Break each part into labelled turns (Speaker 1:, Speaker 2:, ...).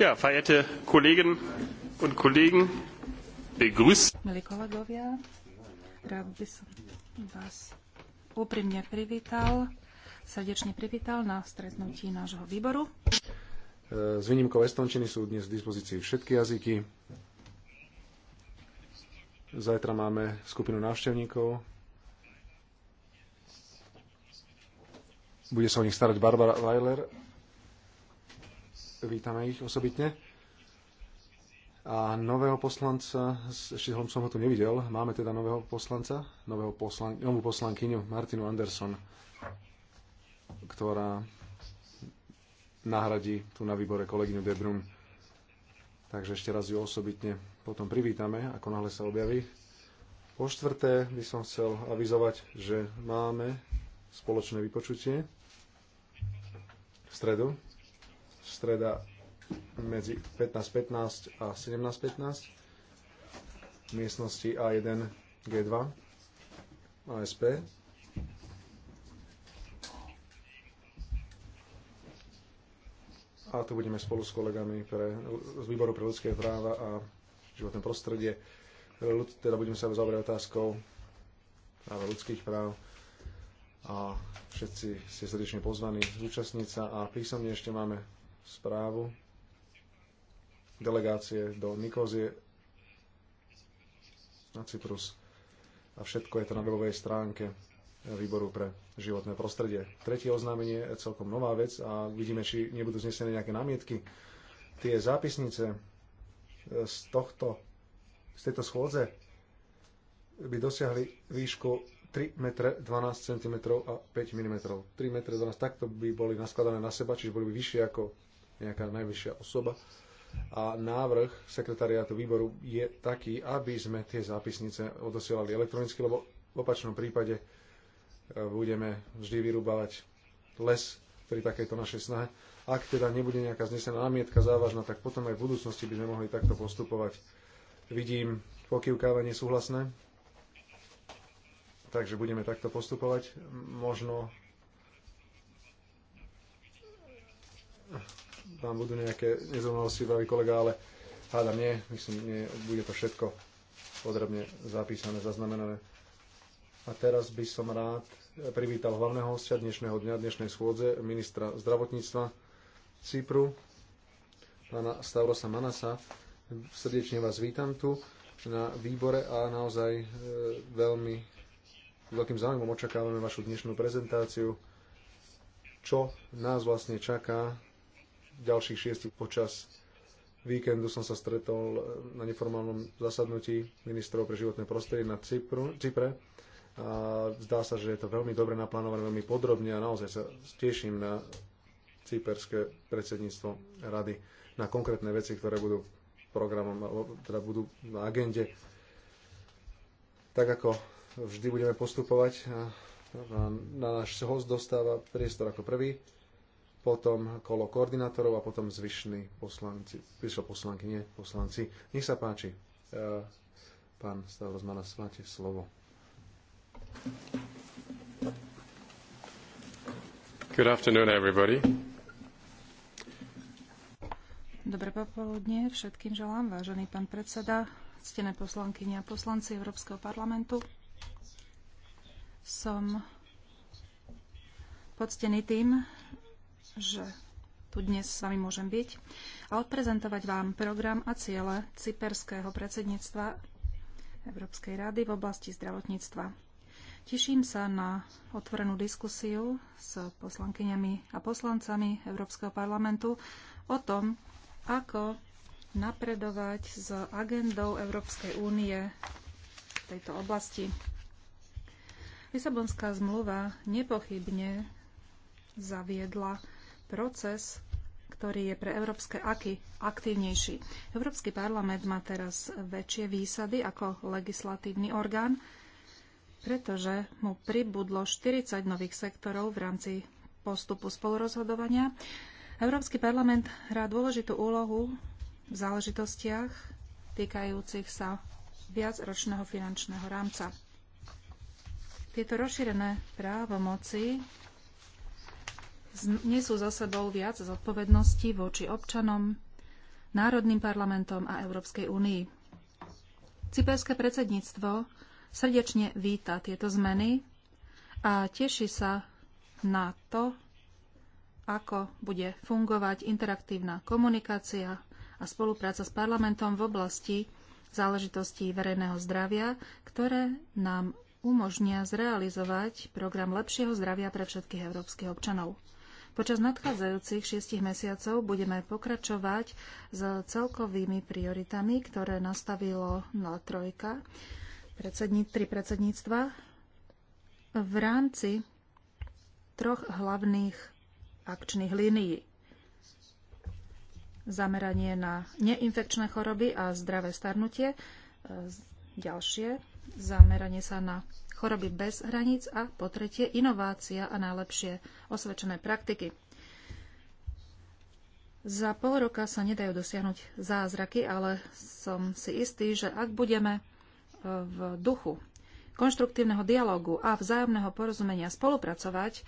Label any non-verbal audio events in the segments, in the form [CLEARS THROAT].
Speaker 1: Ja, verehrte Kolleginnen und Kollegen, begrüßt. úprimne privítal, srdečne privítal na stretnutí nášho výboru.
Speaker 2: S výnimkou estončiny sú dnes v dispozícii všetky jazyky. Zajtra máme skupinu návštevníkov. Bude sa o nich starať Barbara Weiler vítame ich osobitne. A nového poslanca, ešte som ho tu nevidel, máme teda nového poslanca, nového poslan, novú poslankyňu Martinu Anderson, ktorá nahradí tu na výbore kolegyňu Debrun. Takže ešte raz ju osobitne potom privítame, ako náhle sa objaví. Po štvrté by som chcel avizovať, že máme spoločné vypočutie v stredu streda medzi 15.15 a 17.15 v miestnosti A1 G2 ASP. A tu budeme spolu s kolegami pre, z Výboru pre ľudské práva a životné prostredie. Teda budeme sa zaoberať otázkou práve ľudských práv a všetci ste srdečne pozvaní zúčastniť sa a písomne ešte máme správu delegácie do Nikozie na Cyprus. A všetko je to na webovej stránke výboru pre životné prostredie. Tretie oznámenie je celkom nová vec a vidíme, či nebudú znesené nejaké námietky. Tie zápisnice e, z tohto, z tejto schôdze by dosiahli výšku 3 m 12 cm a 5 mm. 3 m 12, takto by boli naskladané na seba, čiže boli by vyššie ako nejaká najvyššia osoba. A návrh sekretariátu výboru je taký, aby sme tie zápisnice odosielali elektronicky, lebo v opačnom prípade e, budeme vždy vyrúbavať les pri takejto našej snahe. Ak teda nebude nejaká znesená námietka závažná, tak potom aj v budúcnosti by sme mohli takto postupovať. Vidím pokývkávanie súhlasné, takže budeme takto postupovať. Možno tam budú nejaké nezrovnalosti, pravý kolega, ale hádam nie, myslím, nie, bude to všetko podrobne zapísané, zaznamenané. A teraz by som rád privítal hlavného hostia dnešného dňa, dnešnej schôdze, ministra zdravotníctva Cypru, pána Stavrosa Manasa. Srdečne vás vítam tu na výbore a naozaj e, veľmi veľkým záujmom očakávame vašu dnešnú prezentáciu, čo nás vlastne čaká ďalších šiestich počas víkendu som sa stretol na neformálnom zasadnutí ministrov pre životné prostredie na Cypru, Cypre. A zdá sa, že je to veľmi dobre naplánované, veľmi podrobne a naozaj sa teším na cyperské predsedníctvo rady na konkrétne veci, ktoré budú programom, alebo teda budú na agende. Tak ako vždy budeme postupovať, na náš host dostáva priestor ako prvý potom kolo koordinátorov a potom zvyšní poslanci, zvyšo poslanky, nie poslanci. Nech sa páči. E, pán Stavros Manas, máte slovo.
Speaker 1: Good afternoon, everybody. Dobré popoludne všetkým želám, vážený pán predseda, ctené poslankyne a poslanci Európskeho parlamentu. Som poctený tým, že tu dnes s vami môžem byť a odprezentovať vám program a ciele cyperského predsedníctva Európskej rady v oblasti zdravotníctva. Teším sa na otvorenú diskusiu s poslankyňami a poslancami Európskeho parlamentu o tom, ako napredovať s agendou Európskej únie v tejto oblasti. Lisabonská zmluva nepochybne zaviedla proces, ktorý je pre európske aky aktívnejší. Európsky parlament má teraz väčšie výsady ako legislatívny orgán, pretože mu pribudlo 40 nových sektorov v rámci postupu spolurozhodovania. Európsky parlament hrá dôležitú úlohu v záležitostiach týkajúcich sa viacročného finančného rámca. Tieto rozšírené právomoci nesú za sebou viac zodpovedností voči občanom, národným parlamentom a Európskej únii. Cyperské predsedníctvo srdečne víta tieto zmeny a teší sa na to, ako bude fungovať interaktívna komunikácia a spolupráca s parlamentom v oblasti záležitostí verejného zdravia, ktoré nám umožnia zrealizovať program lepšieho zdravia pre všetkých európskych občanov. Počas nadchádzajúcich šiestich mesiacov budeme pokračovať s celkovými prioritami, ktoré nastavilo na trojka, predsední, tri predsedníctva, v rámci troch hlavných akčných línií. Zameranie na neinfekčné choroby a zdravé starnutie, e, ďalšie zameranie sa na choroby bez hraníc a po tretie inovácia a najlepšie osvedčené praktiky. Za pol roka sa nedajú dosiahnuť zázraky, ale som si istý, že ak budeme e, v duchu konštruktívneho dialogu a vzájomného porozumenia spolupracovať,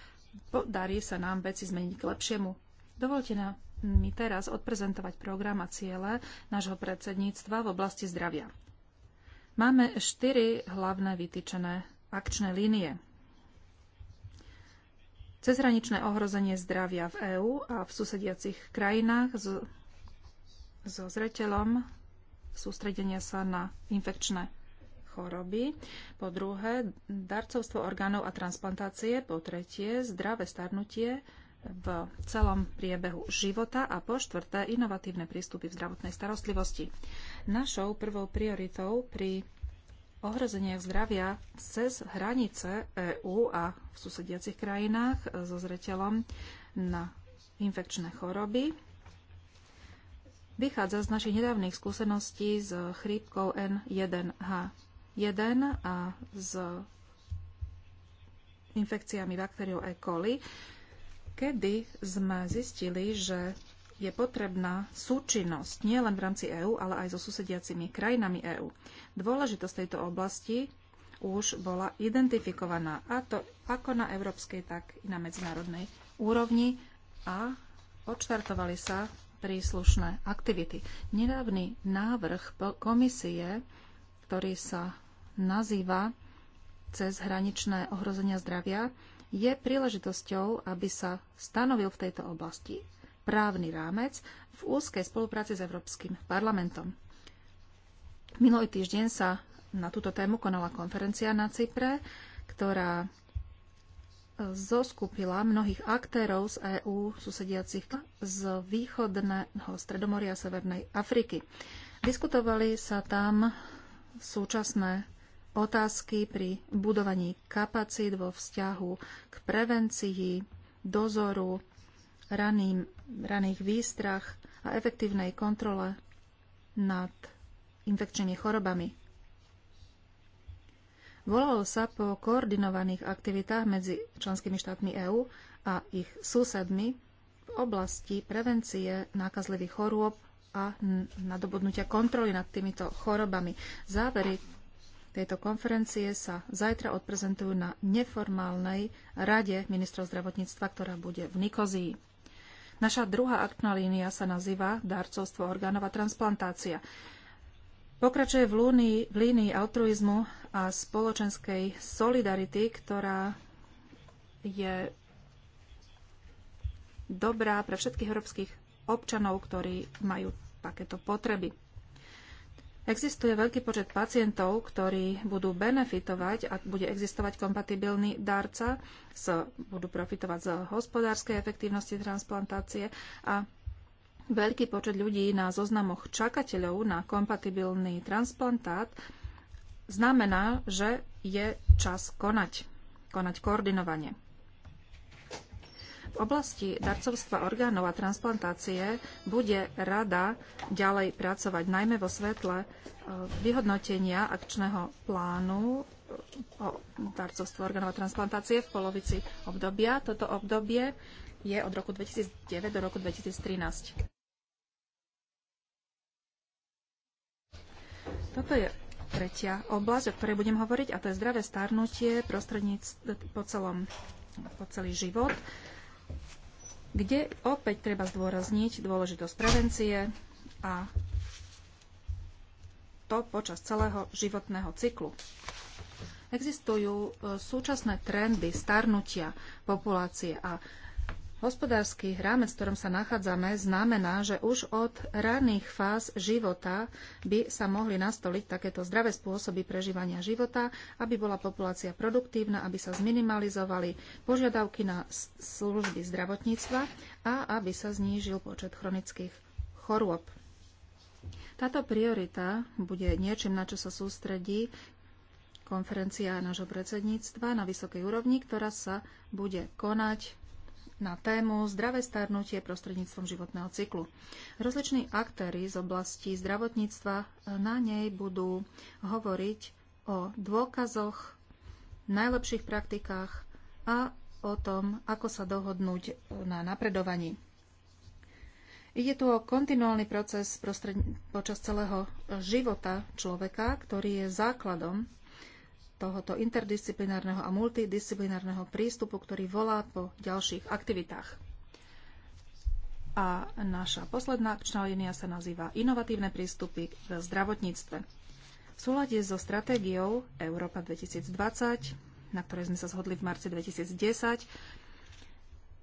Speaker 1: podarí sa nám veci zmeniť k lepšiemu. Dovolte nám mi teraz odprezentovať program a ciele nášho predsedníctva v oblasti zdravia. Máme štyri hlavné vytýčené akčné línie. Cezhraničné ohrozenie zdravia v EÚ a v susediacich krajinách so, so zreteľom sústredenia sa na infekčné choroby, po druhé darcovstvo orgánov a transplantácie, po tretie zdravé starnutie v celom priebehu života a po štvrté inovatívne prístupy v zdravotnej starostlivosti. Našou prvou prioritou pri Ohrozenie zdravia cez hranice EÚ a v susediacich krajinách e, so zreteľom na infekčné choroby vychádza z našich nedávnych skúseností s chrípkou N1H1 a s infekciami baktériou E. coli, kedy sme zistili, že je potrebná súčinnosť nielen v rámci EÚ, ale aj so susediacimi krajinami EÚ. Dôležitosť tejto oblasti už bola identifikovaná, a to ako na európskej, tak i na medzinárodnej úrovni a odštartovali sa príslušné aktivity. Nedávny návrh komisie, ktorý sa nazýva cez hraničné ohrozenia zdravia, je príležitosťou, aby sa stanovil v tejto oblasti právny rámec v úzkej spolupráci s Európskym parlamentom. Minulý týždeň sa na túto tému konala konferencia na Cypre, ktorá e, zoskupila mnohých aktérov z EÚ susediacich z východného Stredomoria a Severnej Afriky. Diskutovali sa tam súčasné otázky pri budovaní kapacít vo vzťahu k prevencii, dozoru, raným, raných výstrach a efektívnej kontrole nad infekčnými chorobami. Volalo sa po koordinovaných aktivitách medzi členskými štátmi EÚ a ich susedmi v oblasti prevencie nákazlivých chorôb a nadobudnutia kontroly nad týmito chorobami. Závery tejto konferencie sa zajtra odprezentujú na neformálnej rade ministrov zdravotníctva, ktorá bude v Nikozii. Naša druhá aktná línia sa nazýva darcovstvo orgánov a transplantácia. Pokračuje v, lúnii, v línii altruizmu a spoločenskej solidarity, ktorá je dobrá pre všetkých európskych občanov, ktorí majú takéto potreby. Existuje veľký počet pacientov, ktorí budú benefitovať a bude existovať kompatibilný darca, s, budú profitovať z hospodárskej efektívnosti transplantácie a veľký počet ľudí na zoznamoch čakateľov na kompatibilný transplantát znamená, že je čas konať, konať koordinovanie. V oblasti darcovstva orgánov a transplantácie bude rada ďalej pracovať, najmä vo svetle e, vyhodnotenia akčného plánu e, o darcovstvo orgánov a transplantácie v polovici obdobia. Toto obdobie je od roku 2009 do roku 2013. Toto je tretia oblasť, o ktorej budem hovoriť, a to je zdravé starnutie prostredníc po, celom, po celý život kde opäť treba zdôrazniť dôležitosť prevencie a to počas celého životného cyklu. Existujú e, súčasné trendy starnutia populácie a Hospodársky rámec, v ktorom sa nachádzame, znamená, že už od raných fáz života by sa mohli nastoliť takéto zdravé spôsoby prežívania života, aby bola populácia produktívna, aby sa zminimalizovali požiadavky na služby zdravotníctva a aby sa znížil počet chronických chorôb. Táto priorita bude niečím, na čo sa sústredí konferencia nášho predsedníctva na vysokej úrovni, ktorá sa bude konať na tému zdravé starnutie prostredníctvom životného cyklu. Rozliční aktéry z oblasti zdravotníctva na nej budú hovoriť o dôkazoch, najlepších praktikách a o tom, ako sa dohodnúť na napredovaní. Ide tu o kontinuálny proces počas celého života človeka, ktorý je základom tohoto interdisciplinárneho a multidisciplinárneho prístupu, ktorý volá po ďalších aktivitách. A naša posledná akčná línia sa nazýva Inovatívne prístupy v zdravotníctve. V súlade so stratégiou Európa 2020, na ktorej sme sa zhodli v marci 2010,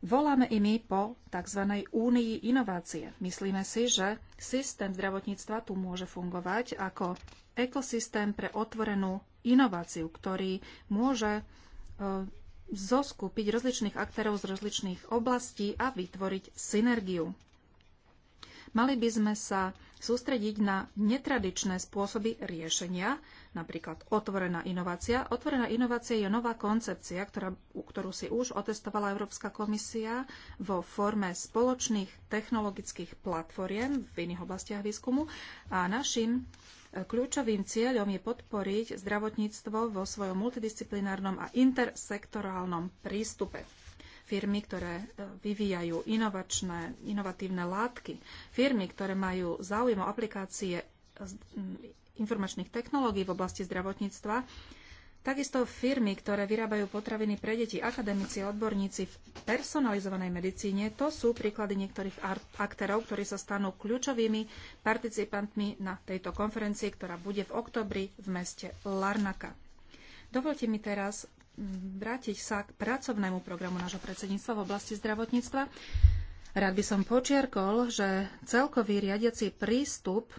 Speaker 1: voláme i my po tzv. únii inovácie. Myslíme si, že systém zdravotníctva tu môže fungovať ako ekosystém pre otvorenú inováciu, ktorý môže e, zoskúpiť rozličných aktérov z rozličných oblastí a vytvoriť synergiu. Mali by sme sa sústrediť na netradičné spôsoby riešenia, napríklad otvorená inovácia. Otvorená inovácia je nová koncepcia, ktorá, ktorú si už otestovala Európska komisia vo forme spoločných technologických platformiem v iných oblastiach výskumu a našim Kľúčovým cieľom je podporiť zdravotníctvo vo svojom multidisciplinárnom a intersektorálnom prístupe firmy, ktoré e, vyvíjajú inovačné, inovatívne látky, firmy, ktoré majú záujem o aplikácie e, informačných technológií v oblasti zdravotníctva, Takisto firmy, ktoré vyrábajú potraviny pre deti, akademici, odborníci v personalizovanej medicíne, to sú príklady niektorých aktérov, ktorí sa stanú kľúčovými participantmi na tejto konferencii, ktorá bude v oktobri v meste Larnaka. Dovolte mi teraz mm, vrátiť sa k pracovnému programu nášho predsedníctva v oblasti zdravotníctva. Rád by som počiarkol, že celkový riadiaci prístup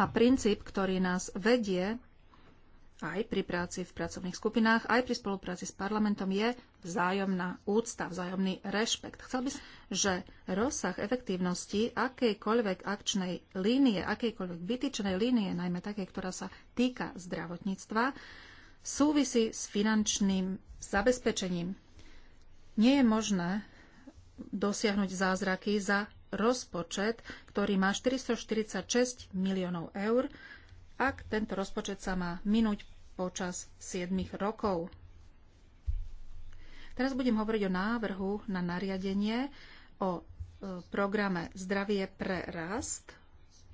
Speaker 1: a princíp, ktorý nás vedie aj pri práci v pracovných skupinách, aj pri spolupráci s parlamentom je vzájomná úcta, vzájomný rešpekt. Chcel by som, že rozsah efektívnosti akejkoľvek akčnej línie, akejkoľvek vytýčenej línie, najmä také, ktorá sa týka zdravotníctva, súvisí s finančným zabezpečením. Nie je možné dosiahnuť zázraky za rozpočet, ktorý má 446 miliónov eur, ak tento rozpočet sa má minúť počas 7 rokov. Teraz budem hovoriť o návrhu na nariadenie o e, programe Zdravie pre rast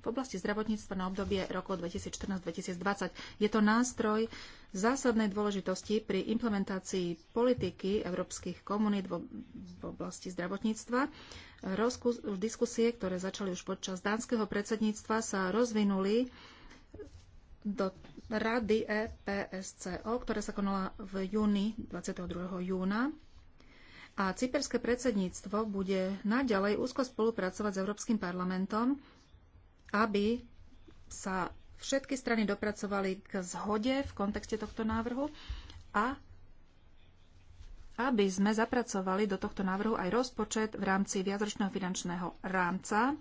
Speaker 1: v oblasti zdravotníctva na obdobie rokov 2014-2020. Je to nástroj zásadnej dôležitosti pri implementácii politiky európskych komunít v oblasti zdravotníctva. Rozkus, diskusie, ktoré začali už počas dánskeho predsedníctva, sa rozvinuli do Rady EPSCO, ktorá sa konala v júni, 22. júna. A cyperské predsedníctvo bude naďalej úzko spolupracovať s Európskym parlamentom, aby sa všetky strany dopracovali k zhode v kontexte tohto návrhu a aby sme zapracovali do tohto návrhu aj rozpočet v rámci viacročného finančného rámca,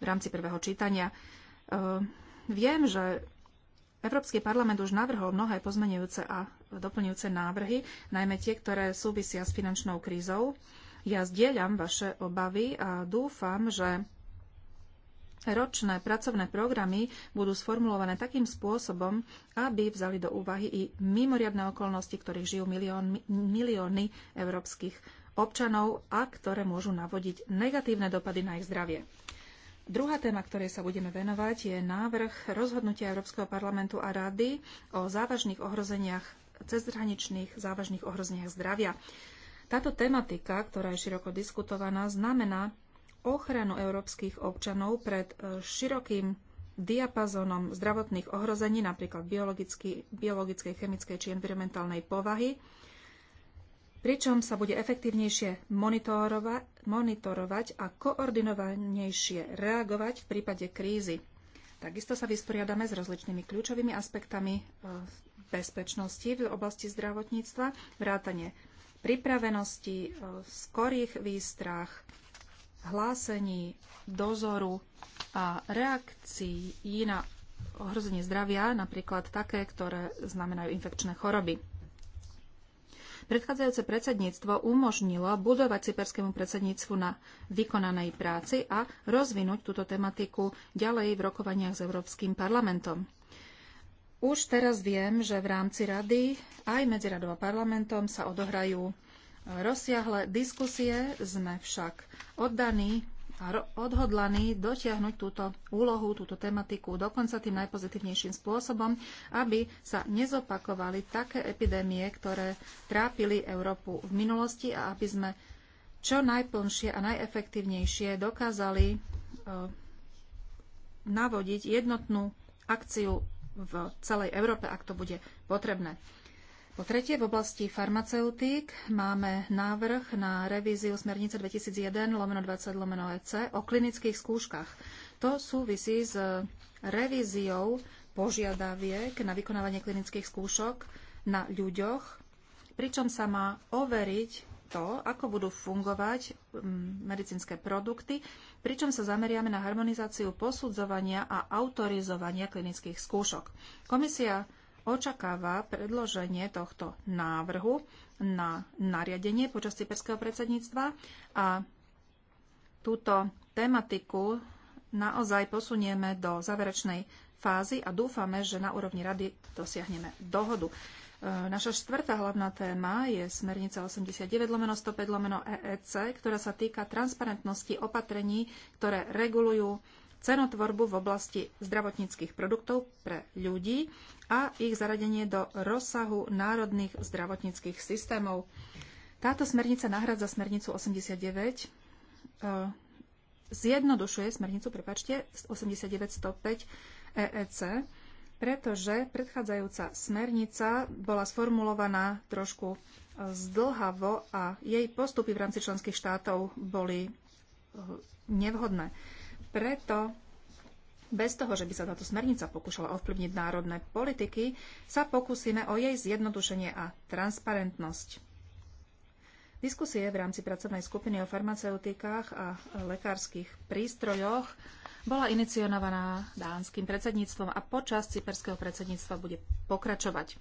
Speaker 1: v rámci prvého čítania. Ehm, viem, že Európsky parlament už navrhol mnohé pozmenujúce a doplňujúce návrhy, najmä tie, ktoré súvisia s finančnou krízou. Ja zdieľam vaše obavy a dúfam, že ročné pracovné programy budú sformulované takým spôsobom, aby vzali do úvahy i mimoriadne okolnosti, ktorých žijú milión, milióny európskych občanov a ktoré môžu navodiť negatívne dopady na ich zdravie. Druhá téma, ktorej sa budeme venovať, je návrh rozhodnutia Európskeho parlamentu a rady o závažných ohrozeniach cezhraničných závažných ohrozeniach zdravia. Táto tematika, ktorá je široko diskutovaná, znamená ochranu európskych občanov pred e, širokým diapazonom zdravotných ohrození, napríklad biologickej, chemickej či environmentálnej povahy, pričom sa bude efektívnejšie monitorova- monitorovať a koordinovanejšie reagovať v prípade krízy. Takisto sa vysporiadame s rozličnými kľúčovými aspektami e, bezpečnosti v oblasti zdravotníctva, vrátanie pripravenosti, e, skorých výstrach, hlásení, dozoru a reakcií na ohrozenie zdravia, napríklad také, ktoré znamenajú infekčné choroby. Predchádzajúce predsedníctvo umožnilo budovať cyperskému predsedníctvu na vykonanej práci a rozvinúť túto tematiku ďalej v rokovaniach s Európskym parlamentom. Už teraz viem, že v rámci rady aj medzi radou a parlamentom sa odohrajú rozsiahle diskusie. Sme však oddaní odhodlaní dotiahnuť túto úlohu, túto tematiku dokonca tým najpozitívnejším spôsobom, aby sa nezopakovali také epidémie, ktoré trápili Európu v minulosti a aby sme čo najplnšie a najefektívnejšie dokázali e, navodiť jednotnú akciu v celej Európe, ak to bude potrebné. Po tretie, v oblasti farmaceutík máme návrh na revíziu smernice 2001 lomeno 20 lomeno EC o klinických skúškach. To súvisí s revíziou požiadaviek na vykonávanie klinických skúšok na ľuďoch, pričom sa má overiť to, ako budú fungovať mm, medicínske produkty, pričom sa zameriame na harmonizáciu posudzovania a autorizovania klinických skúšok. Komisia očakáva predloženie tohto návrhu na nariadenie počas cyperského predsedníctva a túto tematiku naozaj posunieme do záverečnej fázy a dúfame, že na úrovni rady dosiahneme dohodu. E, naša štvrtá hlavná téma je smernica 89 lomeno 105 lomeno EEC, ktorá sa týka transparentnosti opatrení, ktoré regulujú cenotvorbu v oblasti zdravotníckých produktov pre ľudí a ich zaradenie do rozsahu národných zdravotníckých systémov. Táto smernica nahradza smernicu 89, e, zjednodušuje smernicu, prepačte, 8905 EEC, pretože predchádzajúca smernica bola sformulovaná trošku e, zdlhavo a jej postupy v rámci členských štátov boli e, nevhodné. Preto bez toho, že by sa táto smernica pokúšala ovplyvniť národné politiky, sa pokúsime o jej zjednodušenie a transparentnosť. Diskusie v rámci pracovnej skupiny o farmaceutikách a lekárskych prístrojoch bola iniciovaná dánskym predsedníctvom a počas cyperského predsedníctva bude pokračovať.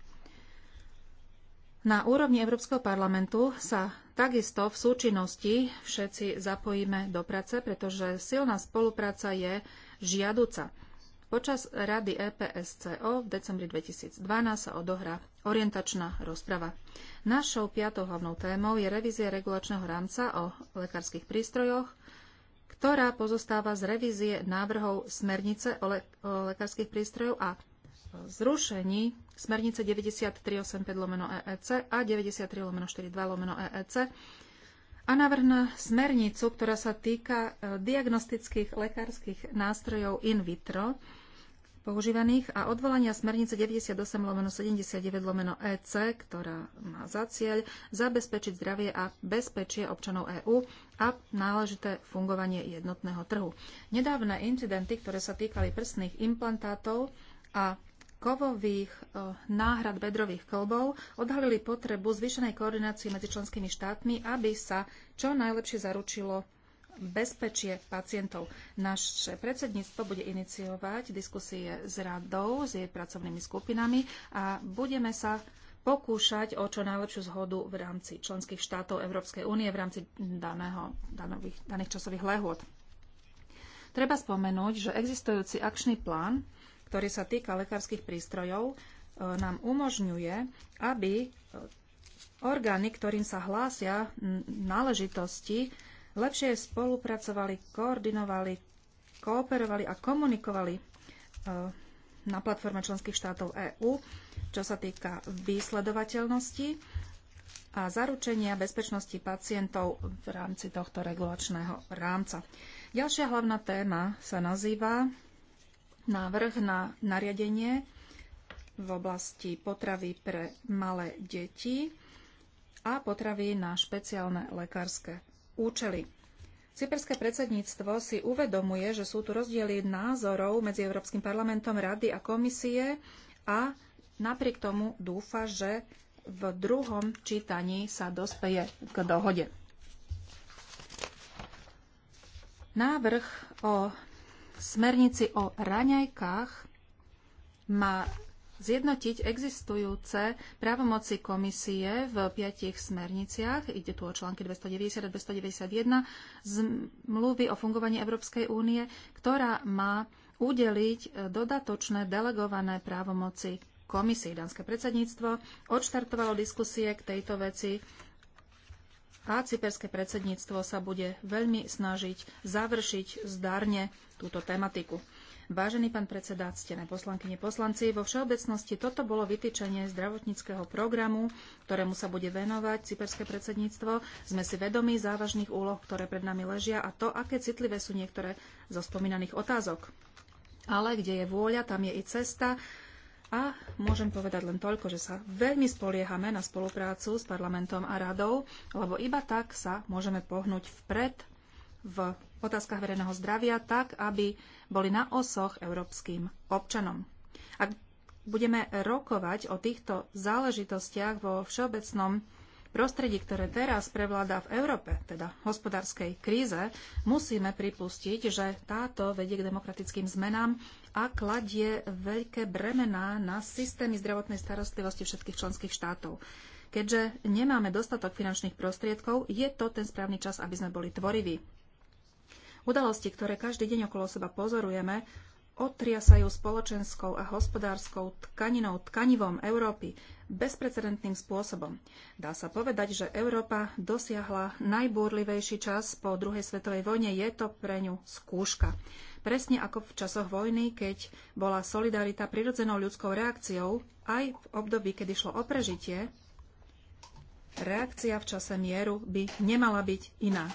Speaker 1: Na úrovni Európskeho parlamentu sa Takisto v súčinnosti všetci zapojíme do práce, pretože silná spolupráca je žiaduca. Počas rady EPSCO v decembri 2012 sa odohrá orientačná rozprava. Našou piatou hlavnou témou je revízia regulačného rámca o lekárskych prístrojoch, ktorá pozostáva z revízie návrhov smernice o, le- o lekárskych prístrojoch, a zrušení smernice 9385 lomeno EEC a 93 42 lomeno EEC e a navrhne smernicu, ktorá sa týka e, diagnostických lekárskych nástrojov in vitro používaných a odvolania smernice 98 79 lomeno EC, e ktorá má za cieľ zabezpečiť zdravie a bezpečie občanov EÚ a náležité fungovanie jednotného trhu. Nedávne incidenty, ktoré sa týkali prstných implantátov a kovových eh, náhrad bedrových kolbov odhalili potrebu zvýšenej koordinácie medzi členskými štátmi, aby sa čo najlepšie zaručilo bezpečie pacientov. Naše predsedníctvo bude iniciovať diskusie s radou, s jej pracovnými skupinami a budeme sa pokúšať o čo najlepšiu zhodu v rámci členských štátov Európskej únie v rámci daného, danových, daných časových lehôd. Treba spomenúť, že existujúci akčný plán ktorý sa týka lekárskych prístrojov, e, nám umožňuje, aby e, orgány, ktorým sa hlásia náležitosti, lepšie spolupracovali, koordinovali, kooperovali a komunikovali e, na platforme členských štátov EÚ, čo sa týka výsledovateľnosti a zaručenia bezpečnosti pacientov v rámci tohto regulačného rámca. Ďalšia hlavná téma sa nazýva návrh na nariadenie v oblasti potravy pre malé deti a potravy na špeciálne lekárske účely. Cyperské predsedníctvo si uvedomuje, že sú tu rozdiely názorov medzi Európskym parlamentom, Rady a komisie a napriek tomu dúfa, že v druhom čítaní sa dospeje k dohode. Návrh o v smernici o raňajkách má zjednotiť existujúce právomoci komisie v piatich smerniciach, ide tu o články 290 a 291, zmluvy o fungovaní Európskej únie, ktorá má udeliť dodatočné delegované právomoci komisii. Dánske predsedníctvo odštartovalo diskusie k tejto veci a cyperské predsedníctvo sa bude veľmi snažiť završiť zdarne túto tematiku. Vážený pán predseda, ctené poslankyne poslanci, vo všeobecnosti toto bolo vytýčenie zdravotníckého programu, ktorému sa bude venovať cyperské predsedníctvo. Sme si vedomi závažných úloh, ktoré pred nami ležia a to, aké citlivé sú niektoré zo spomínaných otázok. Ale kde je vôľa, tam je i cesta a môžem povedať len toľko, že sa veľmi spoliehame na spoluprácu s parlamentom a radou, lebo iba tak sa môžeme pohnúť vpred v otázkach verejného zdravia tak, aby boli na osoch európskym občanom. Ak budeme rokovať o týchto záležitostiach vo všeobecnom prostredí, ktoré teraz prevláda v Európe, teda hospodárskej kríze, musíme pripustiť, že táto vedie k demokratickým zmenám a kladie veľké bremená na systémy zdravotnej starostlivosti všetkých členských štátov. Keďže nemáme dostatok finančných prostriedkov, je to ten správny čas, aby sme boli tvoriví. Udalosti, ktoré každý deň okolo seba pozorujeme, otriasajú spoločenskou a hospodárskou tkaninou, tkanivom Európy bezprecedentným spôsobom. Dá sa povedať, že Európa dosiahla najbúrlivejší čas po druhej svetovej vojne. Je to pre ňu skúška presne ako v časoch vojny, keď bola solidarita prirodzenou ľudskou reakciou, aj v období, kedy šlo o prežitie, reakcia v čase mieru by nemala byť iná.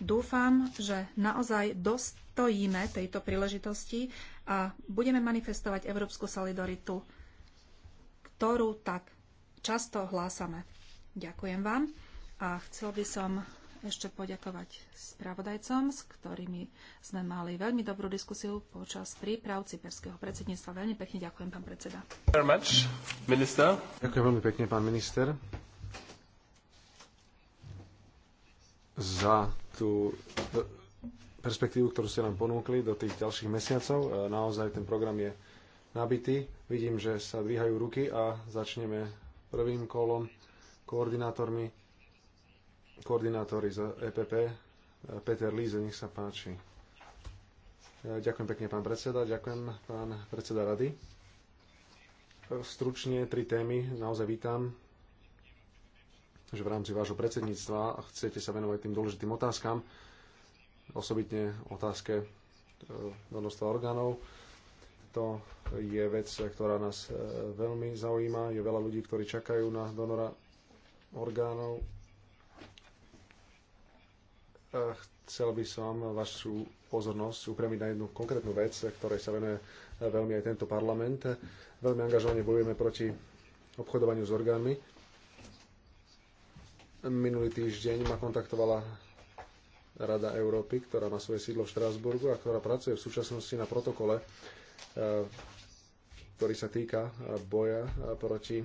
Speaker 1: Dúfam, že naozaj dostojíme tejto príležitosti a budeme manifestovať európsku solidaritu, ktorú tak často hlásame. Ďakujem vám a chcel by som ešte poďakovať spravodajcom, s ktorými sme mali veľmi dobrú diskusiu počas príprav cyperského predsedníctva. Veľmi pekne ďakujem, pán predseda.
Speaker 2: Ďakujem veľmi pekne, pán minister, za tú e, perspektívu, ktorú ste nám ponúkli do tých ďalších mesiacov. E, naozaj ten program je nabitý. Vidím, že sa dvíhajú ruky a začneme prvým kolom koordinátormi koordinátori z EPP. Peter Líze, nech sa páči. Ďakujem pekne, pán predseda. Ďakujem, pán predseda rady. Stručne tri témy. Naozaj vítam, že v rámci vášho predsedníctva chcete sa venovať tým dôležitým otázkam, osobitne otázke množstva e, orgánov. To je vec, ktorá nás e, veľmi zaujíma. Je veľa ľudí, ktorí čakajú na donora orgánov Chcel by som vašu pozornosť upriamiť na jednu konkrétnu vec, ktorej sa venuje veľmi aj tento parlament. Veľmi angažovane bojujeme proti obchodovaniu s orgánmi. Minulý týždeň ma kontaktovala Rada Európy, ktorá má svoje sídlo v Štrásburgu a ktorá pracuje v súčasnosti na protokole, e, ktorý sa týka boja proti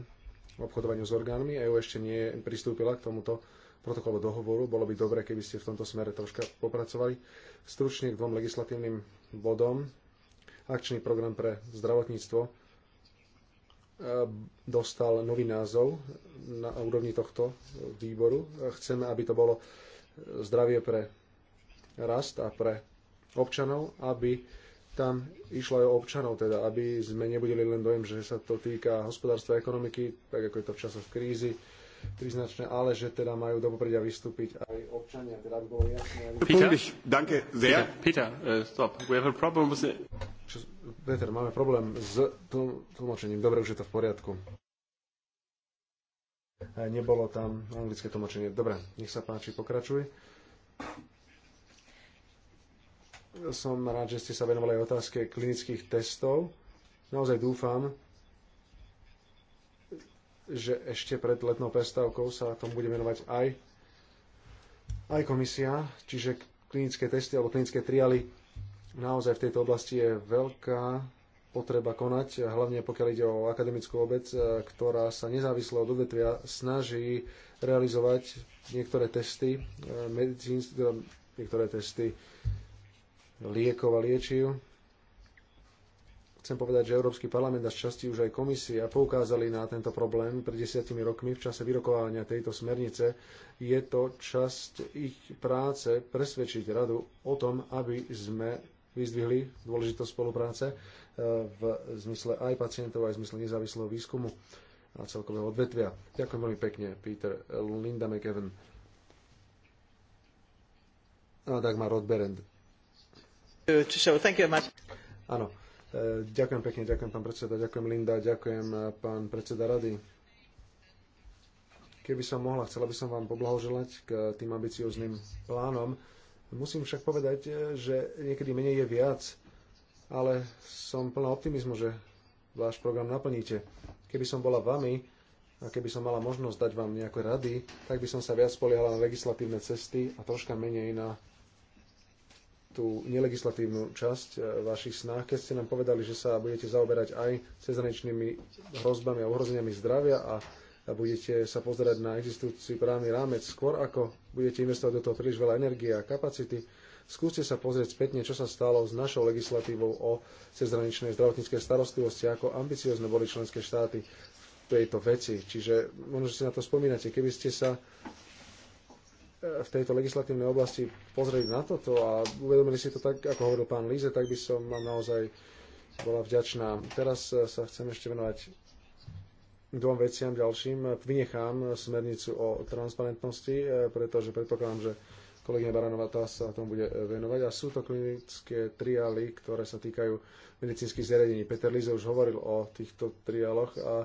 Speaker 2: obchodovaniu s orgánmi. EU ešte nie pristúpila k tomuto protokolu dohovoru. Bolo by dobre, keby ste v tomto smere troška popracovali. Stručne k dvom legislatívnym bodom. Akčný program pre zdravotníctvo e, dostal nový názov na úrovni tohto výboru. Chceme, aby to bolo zdravie pre rast a pre občanov, aby tam išlo aj o občanov, teda aby sme nebudeli len dojem, že sa to týka hospodárstva a ekonomiky, tak ako je to v časoch krízy, príznačné, ale že teda majú do popredia vystúpiť aj občania, teda by bolo jasné. Peter, danke sehr. Peter, Peter uh, stop. We have a problem with the... Čo, Peter, máme problém s tlmočením. Dobre, už je to v poriadku. Nebolo tam anglické tlmočenie. Dobre, nech sa páči, pokračuj. Som rád, že ste sa venovali aj otázke klinických testov. Naozaj dúfam, že ešte pred letnou prestávkou sa tomu bude venovať aj, aj komisia, čiže klinické testy alebo klinické triály. Naozaj v tejto oblasti je veľká potreba konať, hlavne pokiaľ ide o akademickú obec, eh, ktorá sa nezávisle od odvetvia snaží realizovať niektoré testy, eh, medicín, teda niektoré testy liekov a liečiv. Chcem povedať, že Európsky parlament a z časti už aj komisia poukázali na tento problém pred desiatimi rokmi v čase vyrokovania tejto smernice. Je to časť ich práce presvedčiť radu o tom, aby sme vyzdvihli dôležitosť spolupráce e, v zmysle aj pacientov, aj v zmysle nezávislého výskumu a celkového odvetvia. Ďakujem veľmi pekne, Peter Linda McEwen a Dagmar Rodberend. Áno. Eh, ďakujem pekne, ďakujem pán predseda, ďakujem Linda, ďakujem eh, pán predseda rady. Keby som mohla, chcela by som vám poblahoželať k eh, tým ambicióznym plánom. Musím však povedať, že niekedy menej je viac, ale som plná optimizmu, že váš program naplníte. Keby som bola vami a keby som mala možnosť dať vám nejaké rady, tak by som sa viac spoliehala na legislatívne cesty a troška menej na tú nelegislatívnu časť e, vašich snách, keď ste nám povedali, že sa budete zaoberať aj cezhraničnými hrozbami a ohrozeniami zdravia a a budete sa pozerať na existujúci právny rámec skôr, ako budete investovať do toho príliš veľa energie a kapacity. Skúste sa pozrieť spätne, čo sa stalo s našou legislatívou o cezhraničnej zdravotníckej starostlivosti, ako ambiciozne boli členské štáty v tejto veci. Čiže možno, že si na to spomínate, keby ste sa v tejto legislatívnej oblasti pozrieť na toto a uvedomili si to tak, ako hovoril pán Líze, tak by som vám naozaj bola vďačná. Teraz eh, sa chcem ešte venovať dvom veciam ďalším. Vynechám smernicu o transparentnosti, eh, pretože predpokladám, že kolegyňa Baranová tá sa tomu bude eh, venovať. A sú to klinické triály, ktoré sa týkajú medicínskych zariadení. Peter Líze už hovoril o týchto triáloch a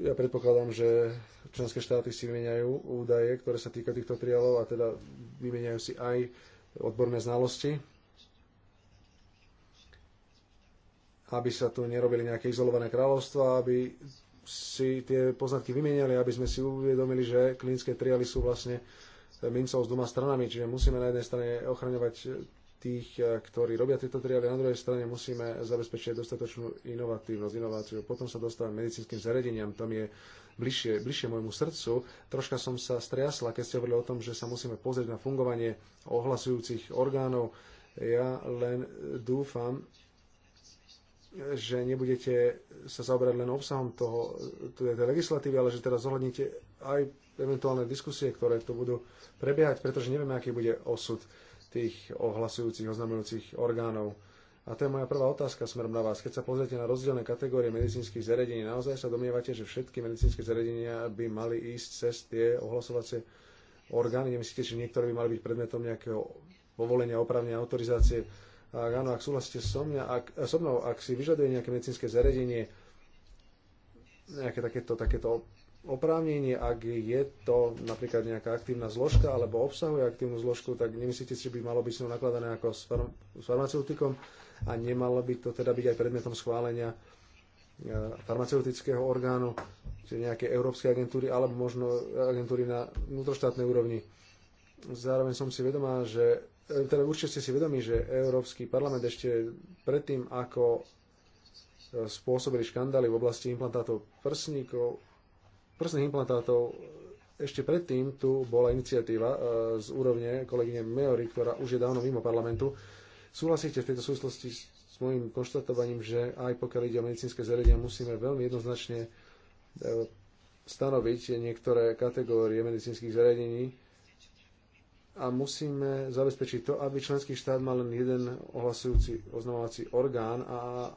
Speaker 2: ja predpokladám, že členské štáty si vymeniajú údaje, ktoré sa týka týchto trialov a teda vymeniajú si aj odborné znalosti, aby sa tu nerobili nejaké izolované kráľovstva, aby si tie poznatky vymenili, aby sme si uvedomili, že klinické triály sú vlastne mincov s dvoma stranami, čiže musíme na jednej strane ochraňovať tých, eh, ktorí robia tieto triály. Na druhej strane musíme zabezpečiť dostatočnú inovatívnosť, inováciu. Potom sa dostávam medicínskym zariadeniam, tam je bližšie, bližšie môjmu srdcu. Troška som sa striasla, keď ste hovorili o tom, že sa musíme pozrieť na fungovanie ohlasujúcich orgánov. Ja len dúfam, že nebudete sa zaoberať len obsahom toho, tej legislatívy, ale že teraz zohľadnite aj eventuálne diskusie, ktoré tu budú prebiehať, pretože nevieme, aký bude osud tých ohlasujúcich, oznamujúcich orgánov. A to je moja prvá otázka smerom na vás. Keď sa pozriete na rozdielne kategórie medicínskych zariadení, naozaj sa domnievate, že všetky medicínske zariadenia by mali ísť cez tie ohlasovacie orgány? Nemyslíte, že niektoré by mali byť predmetom nejakého povolenia, opravnenia, autorizácie? Ak áno, ak súhlasíte so, mňa, ak, so mnou, ak si vyžaduje nejaké medicínske zariadenie nejaké takéto, takéto oprávnenie, ak je to napríklad nejaká aktívna zložka alebo obsahuje aktívnu zložku, tak nemyslíte si, že by malo byť s ňou nakladané ako s, farm- s farmaceutikom a nemalo by to teda byť aj predmetom schválenia e, farmaceutického orgánu, čiže nejaké európske agentúry alebo možno agentúry na vnútroštátnej úrovni. Zároveň som si vedomá, že e, teda určite ste si vedomí, že Európsky parlament ešte predtým, ako e, spôsobili škandály v oblasti implantátov prsníkov, prsných implantátov ešte predtým tu bola iniciatíva e, z úrovne kolegyne Meory, ktorá už je dávno mimo parlamentu. Súhlasíte v tejto súvislosti s môjim konštatovaním, že aj pokiaľ ide o medicínske zariadenia, musíme veľmi jednoznačne e, stanoviť niektoré kategórie medicínskych zariadení a musíme zabezpečiť to, aby členský štát mal len jeden ohlasujúci oznamovací orgán a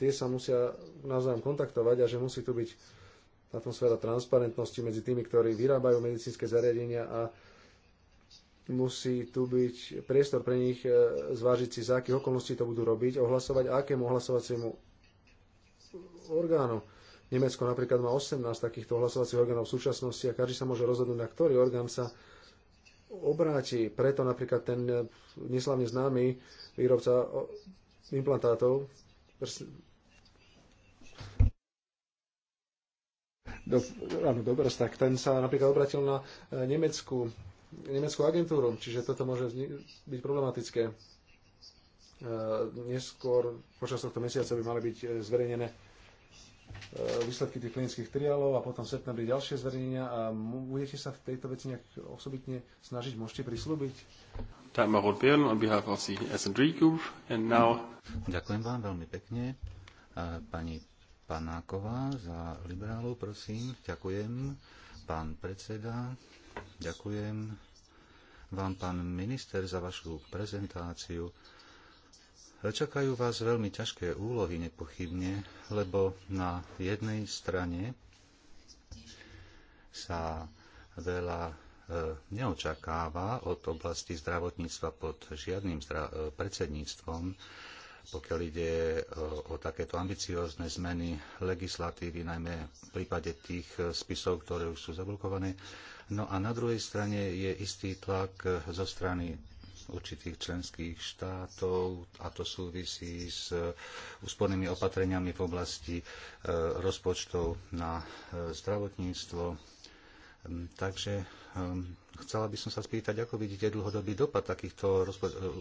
Speaker 2: tie sa musia navzájom kontaktovať a že musí tu byť atmosféra transparentnosti medzi tými, ktorí vyrábajú medicínske zariadenia a musí tu byť priestor pre nich e, zvážiť si, za akých okolností to budú robiť, ohlasovať akému ohlasovaciemu orgánu. Nemecko napríklad má 18 takýchto ohlasovacích orgánov v súčasnosti a každý sa môže rozhodnúť, na ktorý orgán sa obráti. Preto napríklad ten e, neslavne známy výrobca implantátov do, áno, tak ten sa napríklad obratil na nemeckú, nemeckú agentúru, čiže toto môže byť problematické. E, neskôr počas tohto mesiaca by mali byť e, zverejnené e, výsledky tých klinických triálov a potom v septembri ďalšie zverejnenia a budete sa v tejto veci nejak osobitne snažiť, môžete prislúbiť?
Speaker 3: Ďakujem vám veľmi pekne, pani Panáková za liberálov, prosím. Ďakujem. Pán predseda, ďakujem vám, pán minister, za vašu prezentáciu. Čakajú vás veľmi ťažké úlohy, nepochybne, lebo na jednej strane sa veľa e, neočakáva od oblasti zdravotníctva pod žiadnym e, predsedníctvom pokiaľ ide eh, o, takéto ambiciózne zmeny legislatívy, najmä v prípade tých eh, spisov, ktoré už sú zablokované. No a na druhej strane je istý tlak eh, zo strany určitých členských štátov a to súvisí s úspornými opatreniami v oblasti rozpočtov na zdravotníctvo. Mm, takže Ehm, chcela by som sa spýtať, ako vidíte dlhodobý dopad takýchto eh,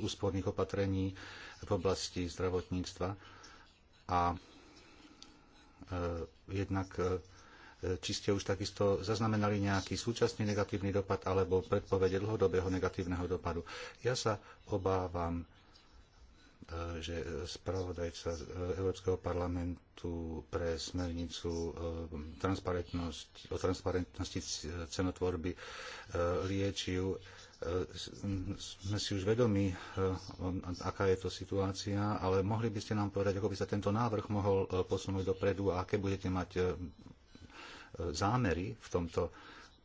Speaker 3: úsporných opatrení v oblasti zdravotníctva a eh, jednak eh, či ste už takisto zaznamenali nejaký súčasný negatívny dopad alebo predpovede dlhodobého negatívneho dopadu. Ja sa obávam, E, že spravodajca e, Európskeho parlamentu pre smernicu e, transparentnosť, o transparentnosti cenotvorby liečiv sme si už vedomi, aká je to situácia, ale mohli by ste nám povedať, ako by sa tento návrh mohol posunúť dopredu a aké budete mať zámery v tomto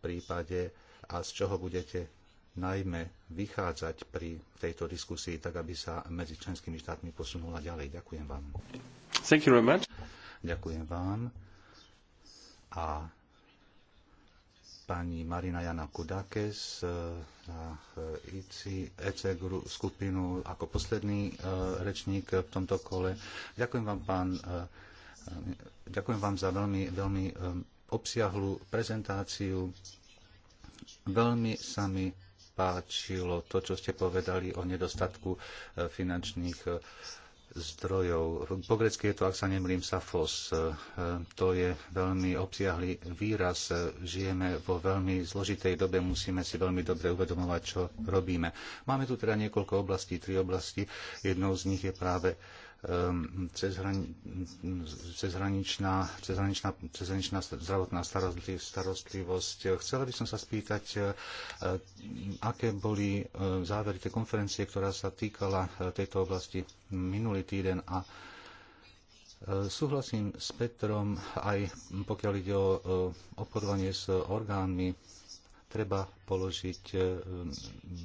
Speaker 3: prípade a z čoho budete najmä vychádzať pri tejto diskusii tak, aby sa medzi členskými štátmi posunula ďalej. Ďakujem vám.
Speaker 1: Thank you very much.
Speaker 3: Ďakujem vám. A pani Marina Jana Kudakes eh, za eh, ICI, EC skupinu ako posledný eh, rečník v tomto kole. Ďakujem vám, pán, ďakujem vám za veľmi, veľmi obsiahlu prezentáciu. Veľmi sa mi páčilo to, čo ste povedali o nedostatku e, finančných e, zdrojov. Po grecky je to, ak sa nemlím, safos. E, to je veľmi obsiahly výraz. Žijeme vo veľmi zložitej dobe, musíme si veľmi dobre uvedomovať, čo robíme. Máme tu teda niekoľko oblastí, tri oblasti. Jednou z nich je práve Ehm, cezhraničná, cezhraničná, cezhraničná zdravotná starostlivosť. Chcela by som sa spýtať, e, aké boli e, závery tej konferencie, ktorá sa týkala e, tejto oblasti minulý týden a Súhlasím s Petrom aj pokiaľ ide o obchodovanie s orgánmi treba položiť e,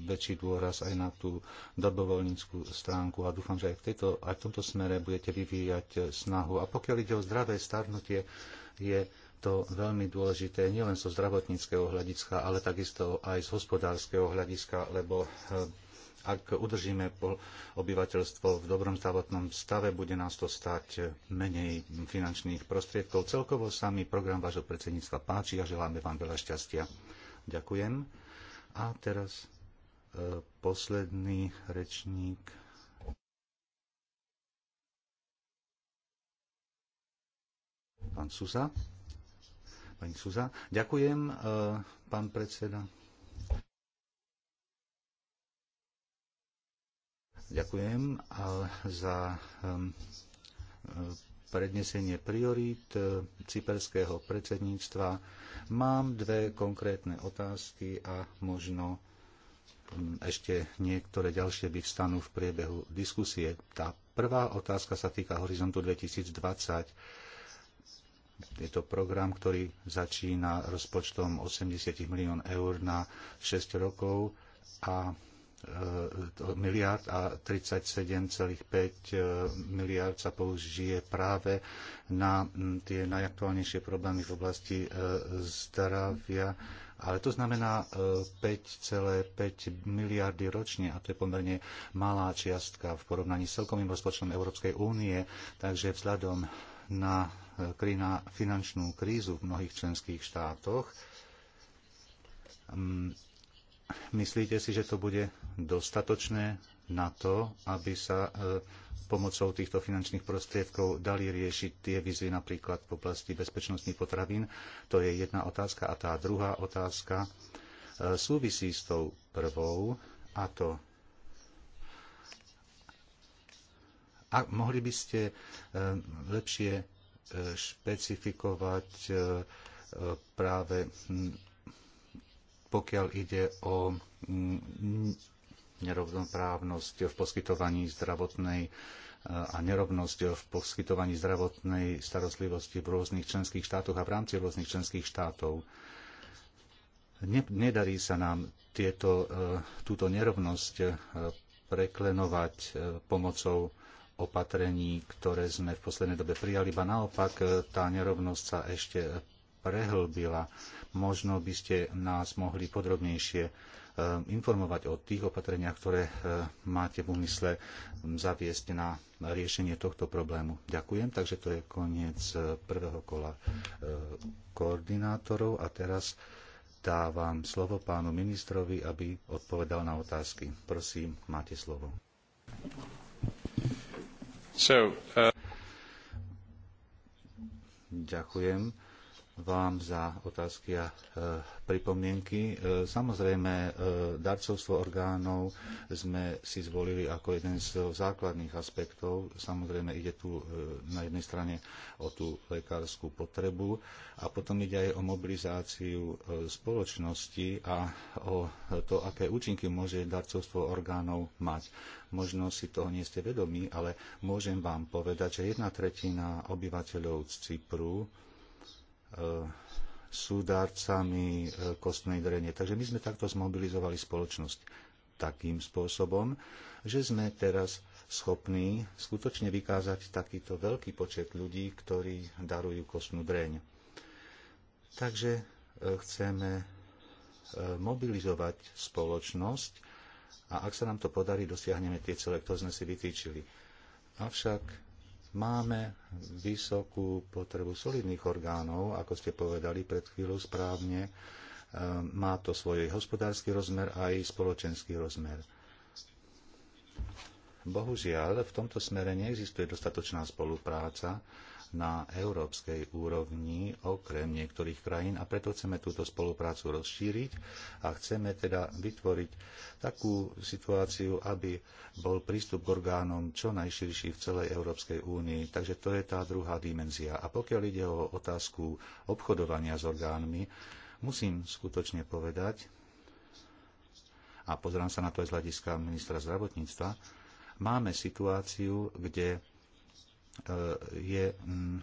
Speaker 3: väčší dôraz aj na tú dobrovoľníckú stránku a dúfam, že aj v, tejto, aj v tomto smere budete vyvíjať e, snahu. A pokiaľ ide o zdravé starnutie, je to veľmi dôležité nielen zo zdravotníckého hľadiska, ale takisto aj z hospodárskeho hľadiska, lebo e, ak udržíme obyvateľstvo v dobrom zdravotnom stave, bude nás to stať menej finančných prostriedkov. Celkovo sa mi program vášho predsedníctva páči a želáme vám veľa šťastia. Ďakujem. A teraz e, posledný rečník. Pán Susa. Pani Susa. Ďakujem, e, pán predseda. Ďakujem za e, prednesenie priorít e, cyperského predsedníctva Mám dve konkrétne otázky a možno hm, ešte niektoré ďalšie vyvstanú v priebehu diskusie. Tá prvá otázka sa týka Horizontu 2020. Je to program, ktorý začína rozpočtom 80 milión eur na 6 rokov a E, miliard a 37,5 e, miliard sa použije práve na tie najaktuálnejšie problémy v oblasti e, zdravia. Ale to znamená 5,5 miliardy ročne a to je pomerne malá čiastka v porovnaní s celkovým rozpočtom Európskej únie. Takže vzhľadom na finančnú krízu v mnohých členských štátoch Myslíte si, že to bude dostatočné na to, aby sa e, pomocou týchto finančných prostriedkov dali riešiť tie výzvy napríklad v oblasti bezpečnostných potravín? To je jedna otázka. A tá druhá otázka e, súvisí s tou prvou, a to A mohli by ste e, lepšie špecifikovať práve pokiaľ ide o mm, nerovnoprávnosť v poskytovaní zdravotnej e, a nerovnosť v poskytovaní zdravotnej starostlivosti v rôznych členských štátoch a v rámci rôznych členských štátov. Nedarí sa nám tieto, e, túto nerovnosť e, preklenovať pomocou opatrení, ktoré sme v poslednej dobe prijali, ba naopak tá nerovnosť sa ešte prehlbila. Možno by ste nás mohli podrobnejšie e, informovať o tých opatreniach, ktoré e, máte v úmysle zaviesť na riešenie tohto problému. Ďakujem. Takže to je koniec e, prvého kola koordinátorov a teraz dávam slovo pánu ministrovi, aby odpovedal na otázky. Prosím, máte slovo. So, uh... Ďakujem vám za otázky a e, pripomienky. E, samozrejme, e, darcovstvo orgánov sme si zvolili ako jeden z základných aspektov. Samozrejme, ide tu na jednej strane o tú lekárskú potrebu a potom ide aj o mobilizáciu spoločnosti a o to, aké účinky môže darcovstvo orgánov mať. Možno si toho nie ste vedomí, ale môžem vám povedať, že jedna tretina obyvateľov z Cypru E, súdarcami e, kostnej drenie. Takže my sme takto zmobilizovali spoločnosť takým spôsobom, že sme teraz schopní skutočne vykázať takýto veľký počet ľudí, ktorí darujú kostnú dreň. Takže e, chceme mobilizovať spoločnosť a ak sa nám to podarí, dosiahneme tie cele, ktoré sme si vytýčili. Avšak Máme vysokú potrebu solidných orgánov, ako ste povedali pred chvíľou správne. Ehm, má to svoj hospodársky rozmer a aj spoločenský rozmer. Bohužiaľ, v tomto smere neexistuje dostatočná spolupráca na európskej úrovni okrem niektorých krajín a preto chceme túto spoluprácu rozšíriť a chceme teda vytvoriť takú situáciu, aby bol prístup k orgánom čo najširší v celej Európskej únii. Takže to je tá druhá dimenzia. A pokiaľ ide o otázku obchodovania s orgánmi, musím skutočne povedať, a pozerám sa na to aj z hľadiska ministra zdravotníctva, máme situáciu, kde E, je mm,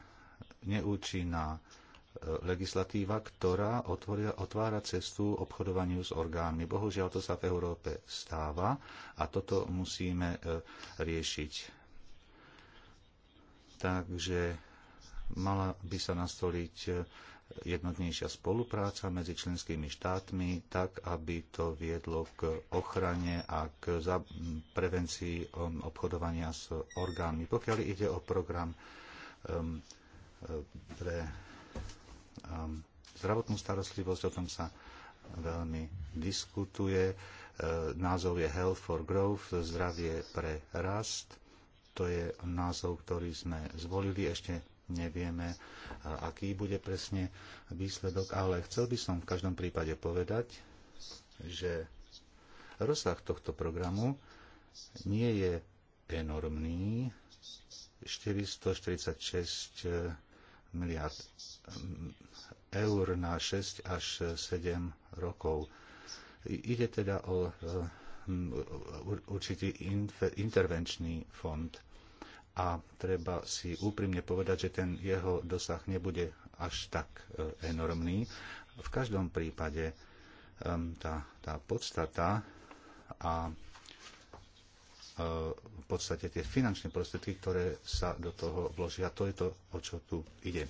Speaker 3: neúčinná e, legislatíva, ktorá otvoria, otvára cestu obchodovaniu s orgánmi. Bohužiaľ, to sa v Európe stáva a toto musíme e, riešiť. Takže mala by sa nastoliť jednotnejšia spolupráca medzi členskými štátmi, tak aby to viedlo k ochrane a k prevencii um, obchodovania s orgánmi. Pokiaľ ide o program um, uh, pre um, zdravotnú starostlivosť, o tom sa veľmi diskutuje. Uh, názov je Health for Growth, zdravie pre rast. To je názov, ktorý sme zvolili. Ešte nevieme, aký bude presne výsledok, ale chcel by som v každom prípade povedať, že rozsah tohto programu nie je enormný. 446 e, miliard mm, eur na 6 až 7 rokov. Ide teda o e, určitý intervenčný fond a treba si úprimne povedať, že ten jeho dosah nebude až tak e, enormný. V každom prípade tá, tá podstata a e, v podstate tie finančné prostriedky, ktoré sa do toho vložia, to je to, o čo tu ide.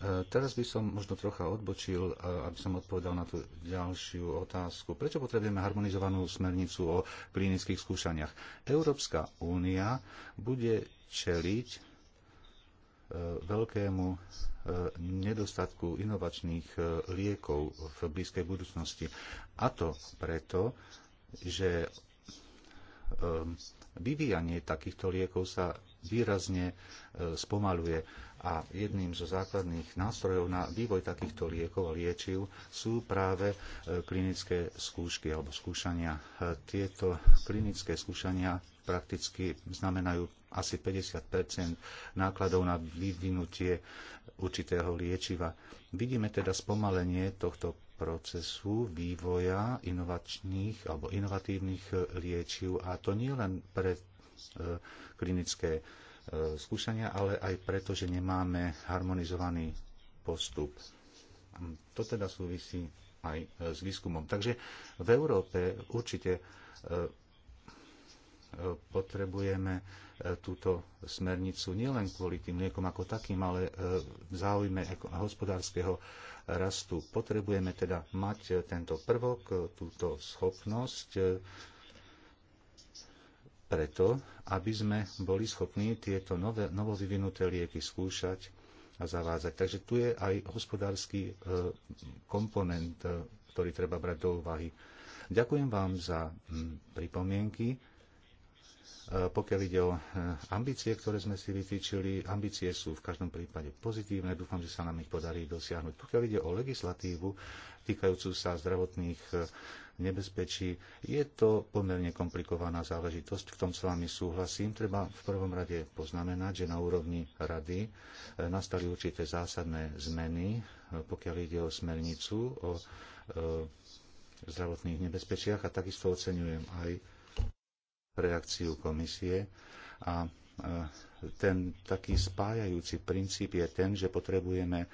Speaker 3: E, teraz by som možno trocha odbočil, e, aby som odpovedal na tú ďalšiu otázku. Prečo potrebujeme harmonizovanú smernicu o klinických skúšaniach? Európska únia bude čeliť e, veľkému nedostatku inovačných liekov v blízkej budúcnosti. A to preto, že vyvíjanie takýchto liekov sa výrazne spomaluje a jedným zo základných nástrojov na vývoj takýchto liekov a liečiv sú práve e, klinické skúšky alebo skúšania. E, tieto klinické skúšania prakticky znamenajú asi 50 nákladov na vyvinutie určitého liečiva. Vidíme teda spomalenie tohto procesu vývoja inovačných alebo inovatívnych e, liečiv a to nie len pre klinické E, skúšania, ale aj preto, že nemáme harmonizovaný postup. To teda súvisí aj e, s výskumom. Takže v Európe určite e, potrebujeme túto smernicu nielen kvôli tým liekom ako takým, ale v záujme hospodárskeho rastu. Potrebujeme teda mať tento prvok, túto schopnosť preto, aby sme boli schopní tieto nové, novovyvinuté lieky skúšať a zavádzať. Takže tu je aj hospodársky e, komponent, e, ktorý treba brať do úvahy. Ďakujem vám za pripomienky. E, pokiaľ ide o ambície, ktoré sme si vytýčili, ambície sú v každom prípade pozitívne, dúfam, že sa nám ich podarí dosiahnuť. Pokiaľ ide o legislatívu týkajúcu sa zdravotných nebezpečí. Je to pomerne komplikovaná záležitosť, v tom s vami súhlasím. Treba v prvom rade poznamenať, že na úrovni rady eh, nastali určité zásadné zmeny, eh, pokiaľ ide o smernicu, o eh, zdravotných nebezpečiach a takisto oceňujem aj reakciu komisie a ten taký spájajúci princíp je ten, že potrebujeme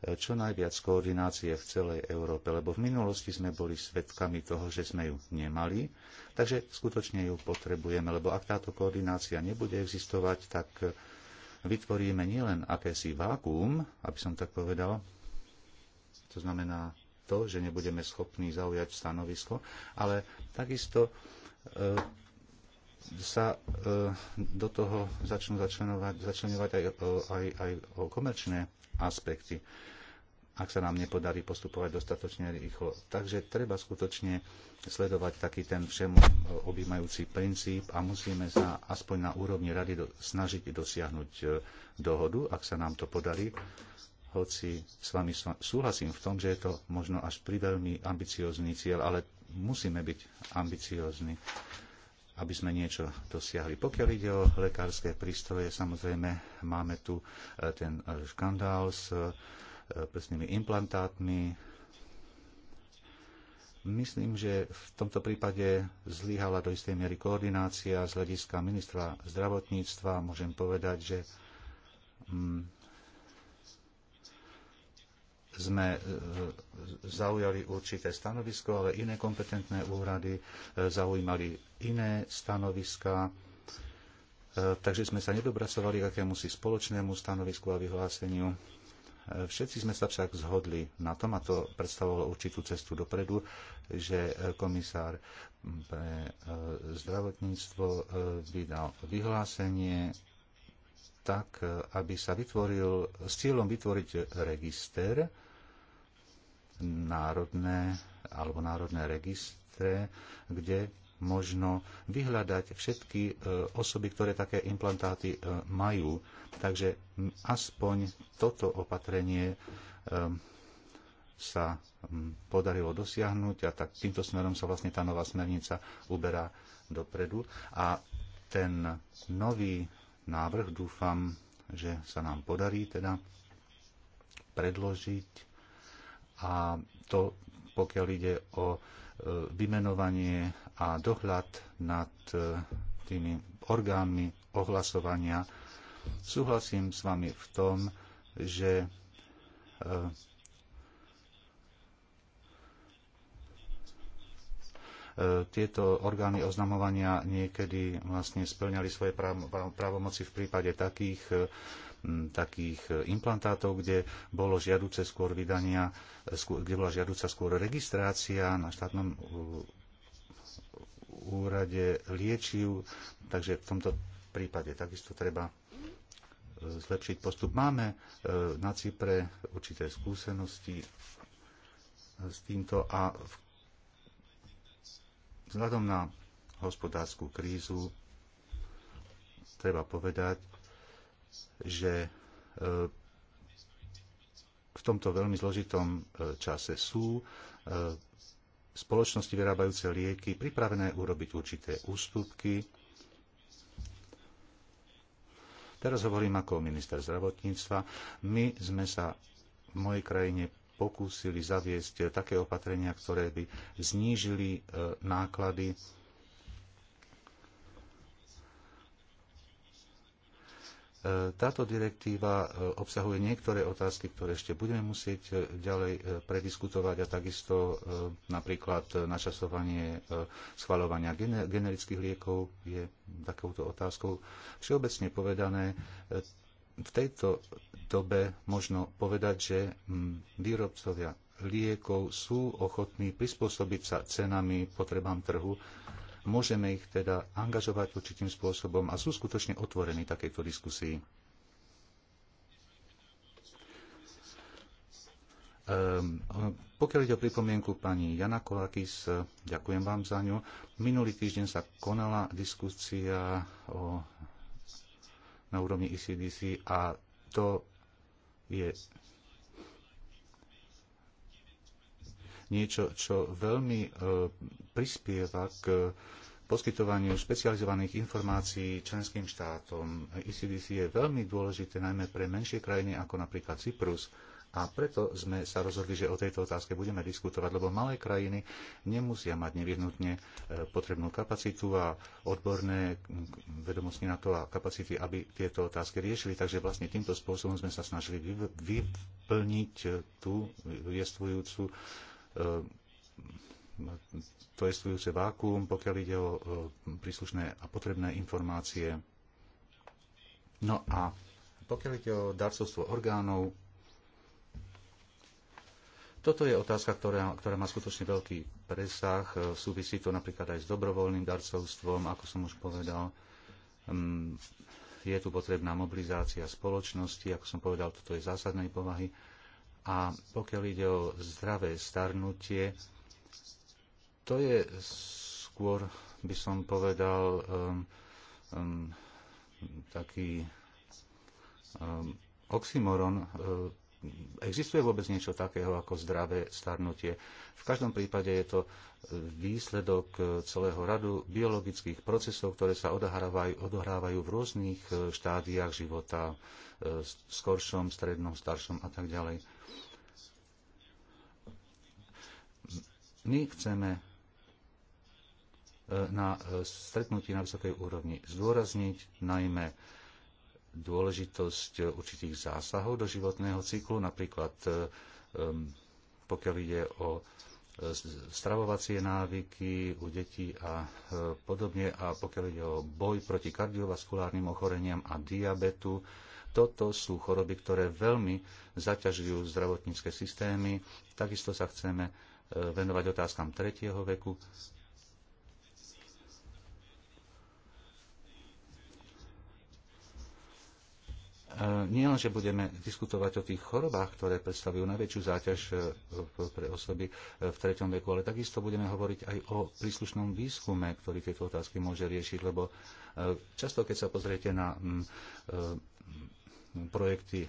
Speaker 3: E, čo najviac koordinácie v celej Európe, lebo v minulosti sme boli svedkami toho, že sme ju nemali, takže skutočne ju potrebujeme, lebo ak táto koordinácia nebude existovať, tak e, vytvoríme nielen akési vákuum, aby som tak povedal, to znamená to, že nebudeme schopní zaujať stanovisko, ale takisto e, sa do toho začnú začlenovať, začlenovať aj, aj, aj o komerčné aspekty ak sa nám nepodarí postupovať dostatočne rýchlo. Takže treba skutočne sledovať taký ten všemu e, objímajúci princíp a musíme sa aspoň na úrovni rady do, snažiť dosiahnuť e, dohodu, ak sa nám to podarí. Hoci s vami súhlasím v tom, že je to možno až priveľmi ambiciózny cieľ, ale musíme byť ambiciózni aby sme niečo dosiahli. Pokiaľ ide o lekárske prístroje, samozrejme máme tu e, ten škandál s E, prsnými implantátmi. Myslím, že v tomto prípade zlyhala do istej miery koordinácia z hľadiska ministra zdravotníctva. Môžem povedať, že mm, sme e, zaujali určité stanovisko, ale iné kompetentné úrady e, zaujímali iné stanoviska. Takže sme sa nedobracovali k akémusi spoločnému stanovisku a vyhláseniu Všetci sme sa však zhodli na tom, a to predstavovalo určitú cestu dopredu, že komisár pre e, zdravotníctvo e, vydal vyhlásenie tak, e, aby sa vytvoril, s cieľom vytvoriť register, národné alebo národné registre, kde možno vyhľadať všetky osoby, ktoré také implantáty majú Takže aspoň toto opatrenie sa podarilo dosiahnuť a tak týmto smerom sa vlastne tá nová smernica uberá dopredu. A ten nový návrh dúfam, že sa nám podarí teda predložiť a to pokiaľ ide o e, vymenovanie a dohľad nad e, tými orgánmi ohlasovania Súhlasím s vami v tom, že e, e, tieto orgány oznamovania niekedy vlastne splňali svoje právomoci v prípade takých, e, takých implantátov, kde bolo žiaduce skôr vydania, kde bola žiaduca skôr registrácia na štátnom úrade liečiv, takže v tomto prípade takisto treba zlepšiť postup. Máme e, na Cypre určité skúsenosti e, s týmto a vzhľadom na hospodárskú krízu treba povedať, že e, v tomto veľmi zložitom čase sú spoločnosti vyrábajúce lieky pripravené urobiť určité ústupky Teraz hovorím ako minister zdravotníctva. My sme sa v mojej krajine pokúsili zaviesť také opatrenia, ktoré by znížili e, náklady E, táto direktíva e, obsahuje niektoré otázky, ktoré ešte budeme musieť e, ďalej prediskutovať a takisto napríklad načasovanie schvaľovania generických liekov je takouto otázkou. Všeobecne povedané, v tejto dobe možno povedať, že výrobcovia liekov sú ochotní prispôsobiť sa cenami potrebám trhu Môžeme ich teda angažovať určitým spôsobom a sú skutočne otvorení takejto diskusii. Ehm, pokiaľ ide o pripomienku pani Jana Kolakis, ďakujem vám za ňu. Minulý týždeň sa konala diskusia o, na úrovni ECDC a to je niečo, čo veľmi e, prispieva k poskytovaniu špecializovaných informácií členským štátom. ECDC e je veľmi dôležité najmä pre menšie krajiny ako napríklad Cyprus. A preto sme sa rozhodli, že o tejto otázke budeme diskutovať, lebo malé krajiny nemusia mať nevyhnutne e, potrebnú kapacitu a odborné vedomosti na to a kapacity, aby tieto otázky riešili. Takže vlastne týmto spôsobom sme sa snažili vyplniť tú jestvujúcu Ehm, to je stujúce vákuum, pokiaľ ide o príslušné a potrebné informácie. No a pokiaľ ide o darcovstvo orgánov, toto je otázka, ktorá, ktorá má skutočne veľký presah. Ehm, súvisí to napríklad aj s dobrovoľným darcovstvom, ako som už povedal. Ehm, je tu potrebná mobilizácia spoločnosti, ako som povedal, toto je zásadnej povahy. A pokiaľ ide o zdravé starnutie, to je skôr, by som povedal, um, um, taký um, oxymoron. Um, existuje vôbec niečo takého ako zdravé starnutie? V každom prípade je to výsledok celého radu biologických procesov, ktoré sa odohrávajú, odohrávajú v rôznych uh, štádiách života, uh, skoršom, strednom, staršom a tak ďalej. My chceme e, na e, stretnutí na vysokej úrovni zdôrazniť najmä dôležitosť e, určitých zásahov do životného cyklu, napríklad pokiaľ ide o stravovacie návyky u detí a podobne a pokiaľ ide o boj proti kardiovaskulárnym ochoreniam a diabetu. Toto sú choroby, ktoré veľmi zaťažujú zdravotnícke systémy. Takisto sa chceme venovať otázkam tretieho veku. E, nie len, že budeme diskutovať o tých chorobách, ktoré predstavujú najväčšiu záťaž e, pre osoby e, v treťom veku, ale takisto budeme hovoriť aj o príslušnom výskume, ktorý tieto otázky môže riešiť, lebo často, keď sa pozriete na mm, projekty e,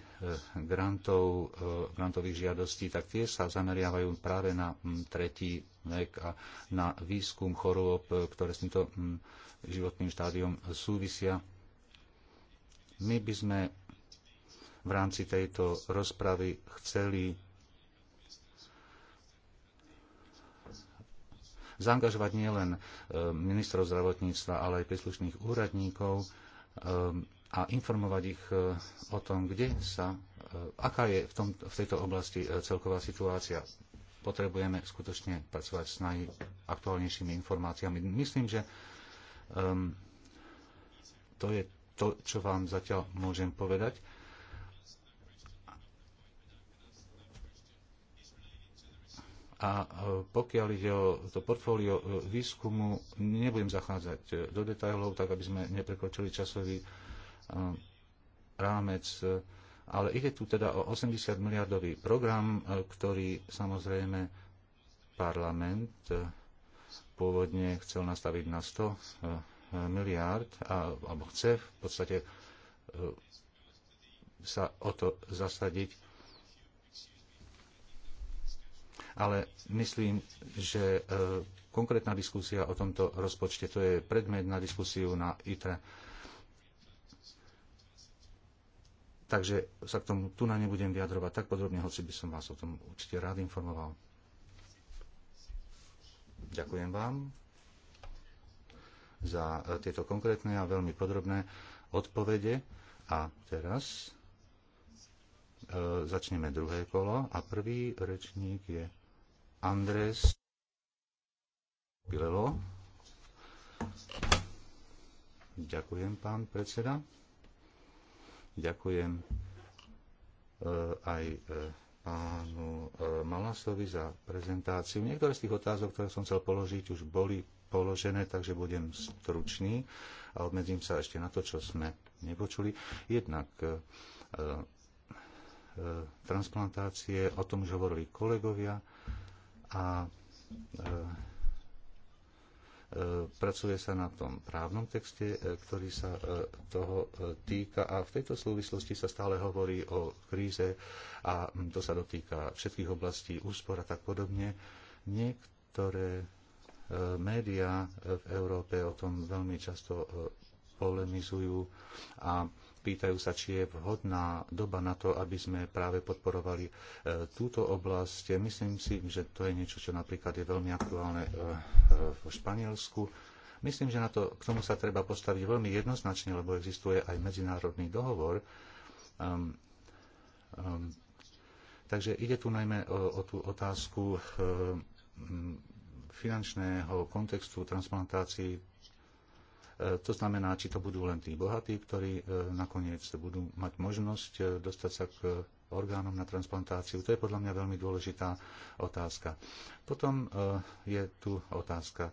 Speaker 3: grantov, e, grantových žiadostí, tak tie sa zameriavajú práve na tretí vek a na výskum chorôb, e, ktoré s týmto životným štádiom súvisia. My by sme v rámci tejto rozpravy chceli zaangažovať nielen ministrov zdravotníctva, ale aj príslušných úradníkov a informovať ich e, o tom, kde sa, e, aká je v, tom, v tejto oblasti e, celková situácia. Potrebujeme skutočne pracovať s najaktuálnejšími informáciami. Myslím, že um, to je to, čo vám zatiaľ môžem povedať. A pokiaľ ide o to portfólio výskumu, nebudem zachádzať do detajlov, tak aby sme neprekročili časový Eh, rámec, eh, ale ide tu teda o 80 miliardový program, eh, ktorý samozrejme parlament pôvodne chcel nastaviť na 100 miliárd, alebo chce v podstate sa o to zasadiť. Ale myslím, že konkrétna diskusia o tomto rozpočte, to je predmet na diskusiu na ITRE Takže sa k tomu tu na nebudem vyjadrovať tak podrobne, hoci by som vás o tom určite rád informoval. Ďakujem vám za e, tieto konkrétne a veľmi podrobné odpovede. A teraz e, začneme druhé kolo a prvý rečník je Andres Pilelo. Ďakujem, pán predseda. Ďakujem eh, aj eh, pánu eh, Malasovi za prezentáciu. Niektoré z tých otázok, ktoré som chcel položiť, už boli položené, takže budem stručný a obmedzím sa ešte na to, čo sme nepočuli. Jednak transplantácie, o tom už hovorili kolegovia a E, pracuje sa na tom právnom texte, e, ktorý sa e, toho týka a v tejto súvislosti sa stále hovorí o kríze a to sa dotýka všetkých oblastí úspor a tak podobne. Niektoré médiá v Európe o tom veľmi často polemizujú a Pýtajú sa, či je vhodná doba na to, aby sme práve podporovali e, túto oblasť. Myslím si, že to je niečo, čo napríklad je veľmi aktuálne e, e, v Španielsku. Myslím, že na to, k tomu sa treba postaviť veľmi jednoznačne, lebo existuje aj medzinárodný dohovor. Um, um, takže ide tu najmä o, o tú otázku um, finančného kontextu transplantácií E, to znamená, či to budú len tí bohatí, ktorí e, nakoniec budú mať možnosť e, dostať sa k orgánom na transplantáciu. To je podľa mňa veľmi dôležitá otázka. Potom je tu otázka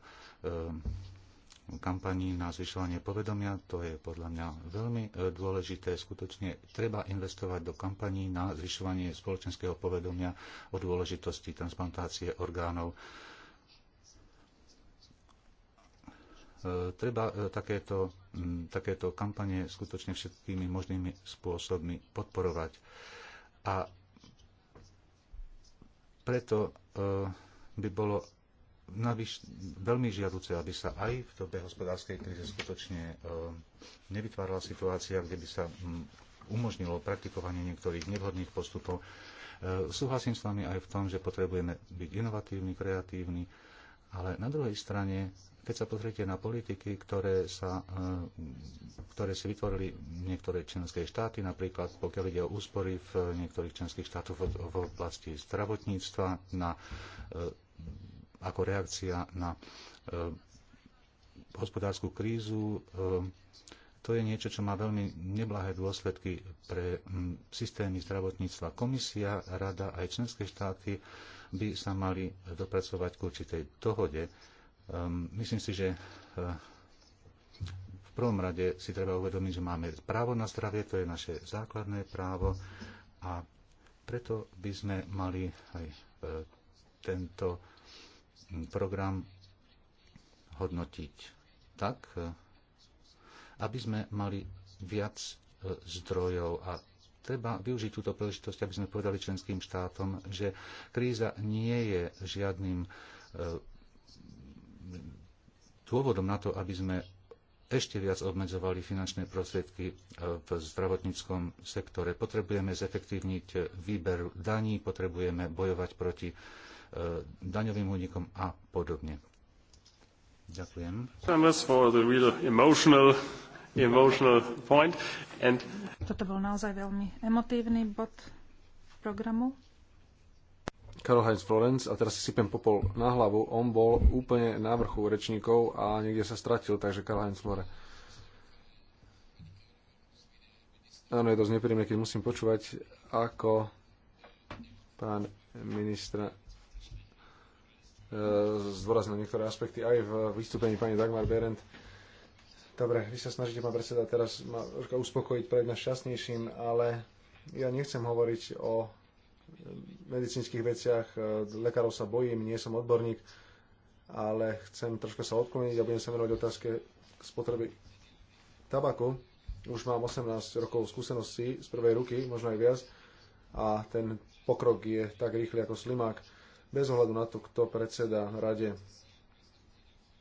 Speaker 3: kampaní na zvyšovanie povedomia. To je podľa mňa veľmi dôležité. Skutočne treba investovať do kampaní na zvyšovanie spoločenského povedomia o dôležitosti transplantácie orgánov E, treba e, takéto, takéto kampanie skutočne všetkými možnými spôsobmi podporovať. A preto e, by bolo navyš, veľmi žiaduce, aby sa aj v dobe hospodárskej kríze skutočne nevytvárala situácia, kde by sa umožnilo praktikovanie niektorých nevhodných postupov. Súhlasím s vami aj v tom, že potrebujeme byť inovatívni, kreatívni, ale na druhej strane, keď sa pozriete na politiky, ktoré, sa, eh, ktoré si vytvorili niektoré členské štáty, napríklad pokiaľ ide o úspory v niektorých členských štátoch v oblasti zdravotníctva, na, eh, ako reakcia na eh, hospodárskú krízu, to je niečo, čo má veľmi neblahé dôsledky pre mm, systémy zdravotníctva. Komisia, rada aj členské štáty by sa mali dopracovať k určitej dohode. Ehm, myslím si, že eh, v prvom rade si treba uvedomiť, že máme právo na zdravie, to je naše základné právo a preto by sme mali aj eh, tento mm, program hodnotiť tak, eh, aby sme mali viac e, zdrojov a treba využiť túto príležitosť, aby sme povedali členským štátom, že kríza nie je žiadnym e, dôvodom na to, aby sme ešte viac obmedzovali finančné prostriedky e, v zdravotníckom sektore. Potrebujeme zefektívniť výber daní, potrebujeme bojovať proti daňovým únikom a podobne.
Speaker 1: Ďakujem emotional point. And... Toto bol naozaj veľmi emotívny bod programu.
Speaker 2: Karol Heinz Florenz a teraz si sypem popol na hlavu. On bol úplne na vrchu rečníkov a niekde sa stratil, takže Karol Heinz Flore. Áno, je dosť nepríjemné, keď musím počúvať, ako pán ministra e, zdôraznil niektoré aspekty aj v vystúpení pani Dagmar Berendt Dobre, vy sa snažíte, pán predseda, teraz ma uspokojiť pre nás šťastnejším, ale ja nechcem hovoriť o medicínskych veciach. Lekárov sa bojím, nie som odborník, ale chcem troška sa odkloniť a budem sa venovať otázke spotreby tabaku. Už mám 18 rokov skúseností z prvej ruky, možno aj viac, a ten pokrok je tak rýchly ako slimák, bez ohľadu na to, kto predseda rade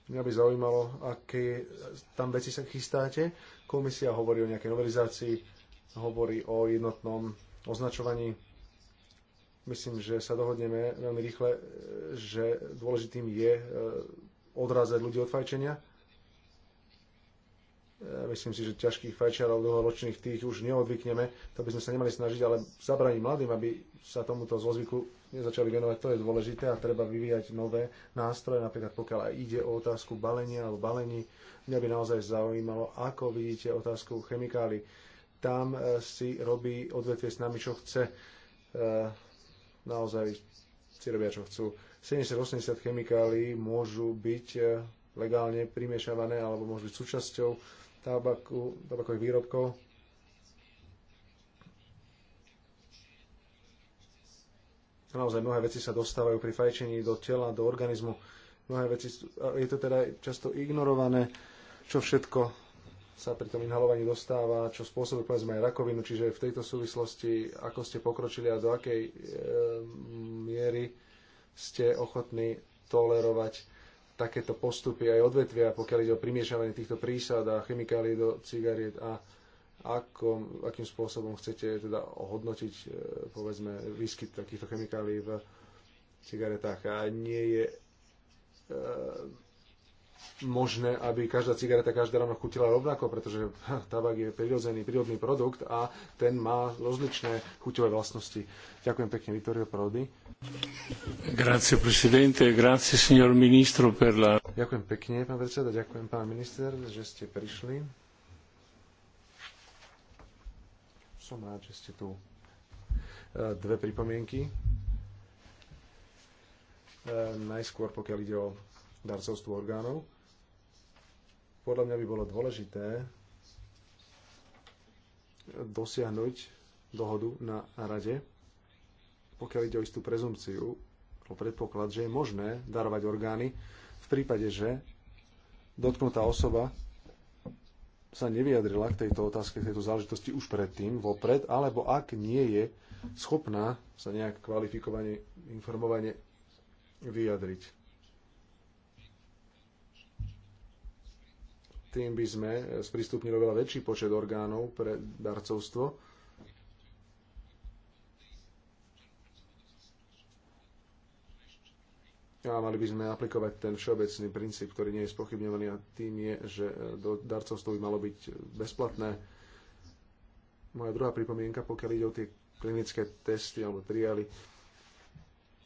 Speaker 2: Mňa by zaujímalo, aké tam veci sa chystáte. Komisia hovorí o nejakej novelizácii, hovorí o jednotnom označovaní. Myslím, že sa dohodneme veľmi rýchle, že dôležitým je eh, odrázať ľudí od fajčenia. Eh, myslím si, že ťažkých fajčiarov dlhoročných tých už neodvykneme. To by sme sa nemali snažiť, ale zabraniť mladým, aby sa tomuto zlozvyku nezačali venovať, to je dôležité a treba vyvíjať nové nástroje, napríklad pokiaľ aj ide o otázku balenia alebo balení. Mňa by naozaj zaujímalo, ako vidíte otázku chemikály. Tam e, si robí odvetvie s nami, čo chce. E, naozaj si robia, čo chcú. 70-80 chemikálií môžu byť e, legálne primiešavané alebo môžu byť súčasťou tabaku, tabakových výrobkov Naozaj mnohé veci sa dostávajú pri fajčení do tela, do organizmu. Mnohé veci, je to teda často ignorované, čo všetko sa pri tom inhalovaní dostáva, čo spôsobuje povedzme aj rakovinu, čiže v tejto súvislosti, ako ste pokročili a do akej e, miery ste ochotní tolerovať takéto postupy aj odvetvia, pokiaľ ide o primiešavanie týchto prísad a chemikálií do cigariet a ako, akým spôsobom chcete teda hodnotiť e, povedzme výskyt takýchto chemikálií v cigaretách. A nie je e, možné, aby každá cigareta každá ráno chutila rovnako, pretože tabak je prirodzený, prírodný produkt a ten má rozličné chuťové vlastnosti. Ďakujem pekne, Vittorio Prodi.
Speaker 3: Grazie, presidente, grazie, signor ministro, per la...
Speaker 2: Ďakujem pekne, pán predseda, ďakujem, pán minister, že ste prišli. Som rád, že ste tu. E, dve pripomienky. E, najskôr, pokiaľ ide o darcovstvo orgánov. Podľa mňa by bolo dôležité dosiahnuť dohodu na rade, pokiaľ ide o istú prezumciu, o predpoklad, že je možné darovať orgány v prípade, že dotknutá osoba sa nevyjadrila k tejto otázke, k tejto záležitosti už predtým, vopred, alebo ak nie je schopná sa nejak kvalifikovane, informovane vyjadriť. Tým by sme sprístupnili oveľa väčší počet orgánov pre darcovstvo a mali by sme aplikovať ten všeobecný princíp, ktorý nie je spochybňovaný a tým je, že e, do darcovstvo by malo byť bezplatné. Moja druhá pripomienka, pokiaľ ide o tie klinické testy alebo triály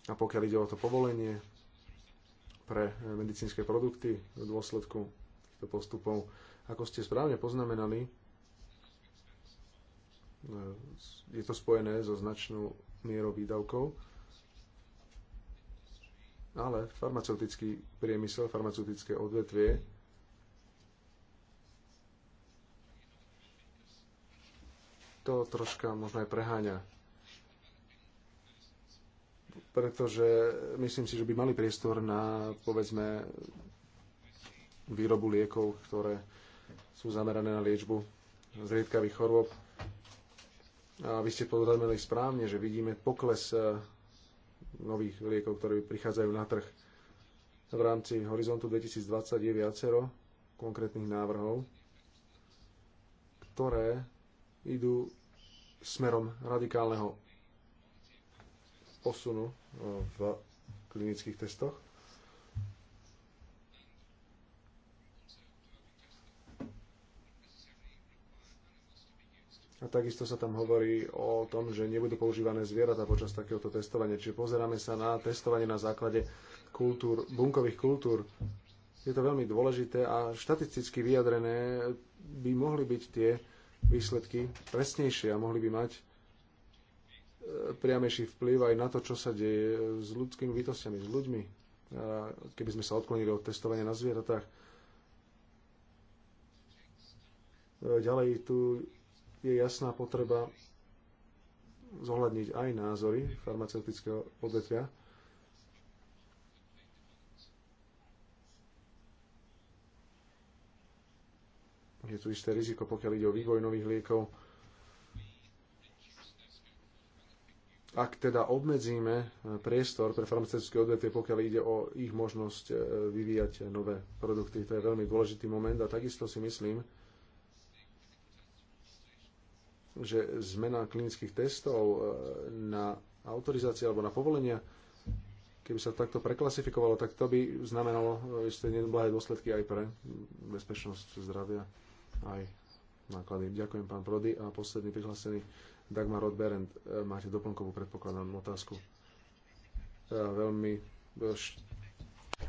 Speaker 2: a pokiaľ ide o to povolenie pre e, medicínske produkty v dôsledku týchto postupov, ako ste správne poznamenali, e, je to spojené so značnou mierou výdavkov ale farmaceutický priemysel, farmaceutické odvetvie to troška možno aj preháňa. Pretože myslím si, že by mali priestor na, povedzme, výrobu liekov, ktoré sú zamerané na liečbu zriedkavých chorôb. A vy ste povedali správne, že vidíme pokles nových liekov, ktoré prichádzajú na trh. V rámci Horizontu 2020 je viacero konkrétnych návrhov, ktoré idú smerom radikálneho posunu eh, v klinických testoch. A takisto sa tam hovorí o tom, že nebudú používané zvieratá počas takéhoto testovania. Čiže pozeráme sa na testovanie na základe kultúr, bunkových kultúr. Je to veľmi dôležité a štatisticky vyjadrené by mohli byť tie výsledky presnejšie a mohli by mať e, priamejší vplyv aj na to, čo sa deje s ľudskými bytostiami, s ľuďmi, e, keby sme sa odklonili od testovania na zvieratách. E, ďalej tu je jasná potreba zohľadniť aj názory farmaceutického odvetvia. Je tu isté riziko, pokiaľ ide o vývoj nových liekov. Ak teda obmedzíme eh, priestor pre farmaceutické odvetvie, pokiaľ ide o ich možnosť eh, vyvíjať eh, nové produkty, to je veľmi dôležitý moment a takisto si myslím, že zmena klinických testov e, na autorizácie alebo na povolenia, keby sa takto preklasifikovalo, tak to by znamenalo e, isté neblahé dôsledky aj pre bezpečnosť zdravia, aj náklady. Ďakujem, pán Prody. A posledný prihlásený Dagmar Rodberend. E, máte doplnkovú, predpokladám, otázku. Veľmi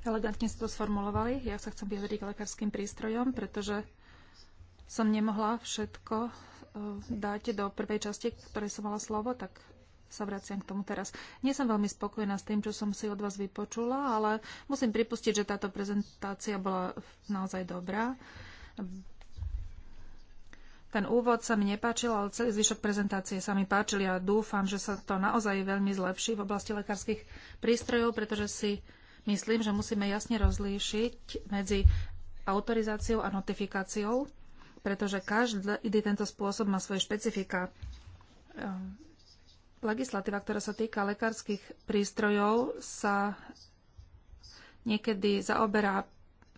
Speaker 1: elegantne ste to sformulovali. Ja sa chcem vyjadriť k lekárským prístrojom, pretože som nemohla všetko eh, dať do prvej časti, ktorej som mala slovo, tak sa vraciam k tomu teraz. Nie som veľmi spokojná s tým, čo som si od vás vypočula, ale musím pripustiť, že táto prezentácia bola naozaj dobrá. Ten úvod sa mi nepáčil, ale celý zvyšok prezentácie sa mi páčil. Ja dúfam, že sa to naozaj veľmi zlepší v oblasti lekárskych prístrojov, pretože si myslím, že musíme jasne rozlíšiť medzi autorizáciou a notifikáciou pretože každý tento spôsob má svoje špecifika. Ehm, legislatíva, ktorá sa týka lekárskych prístrojov, sa niekedy zaoberá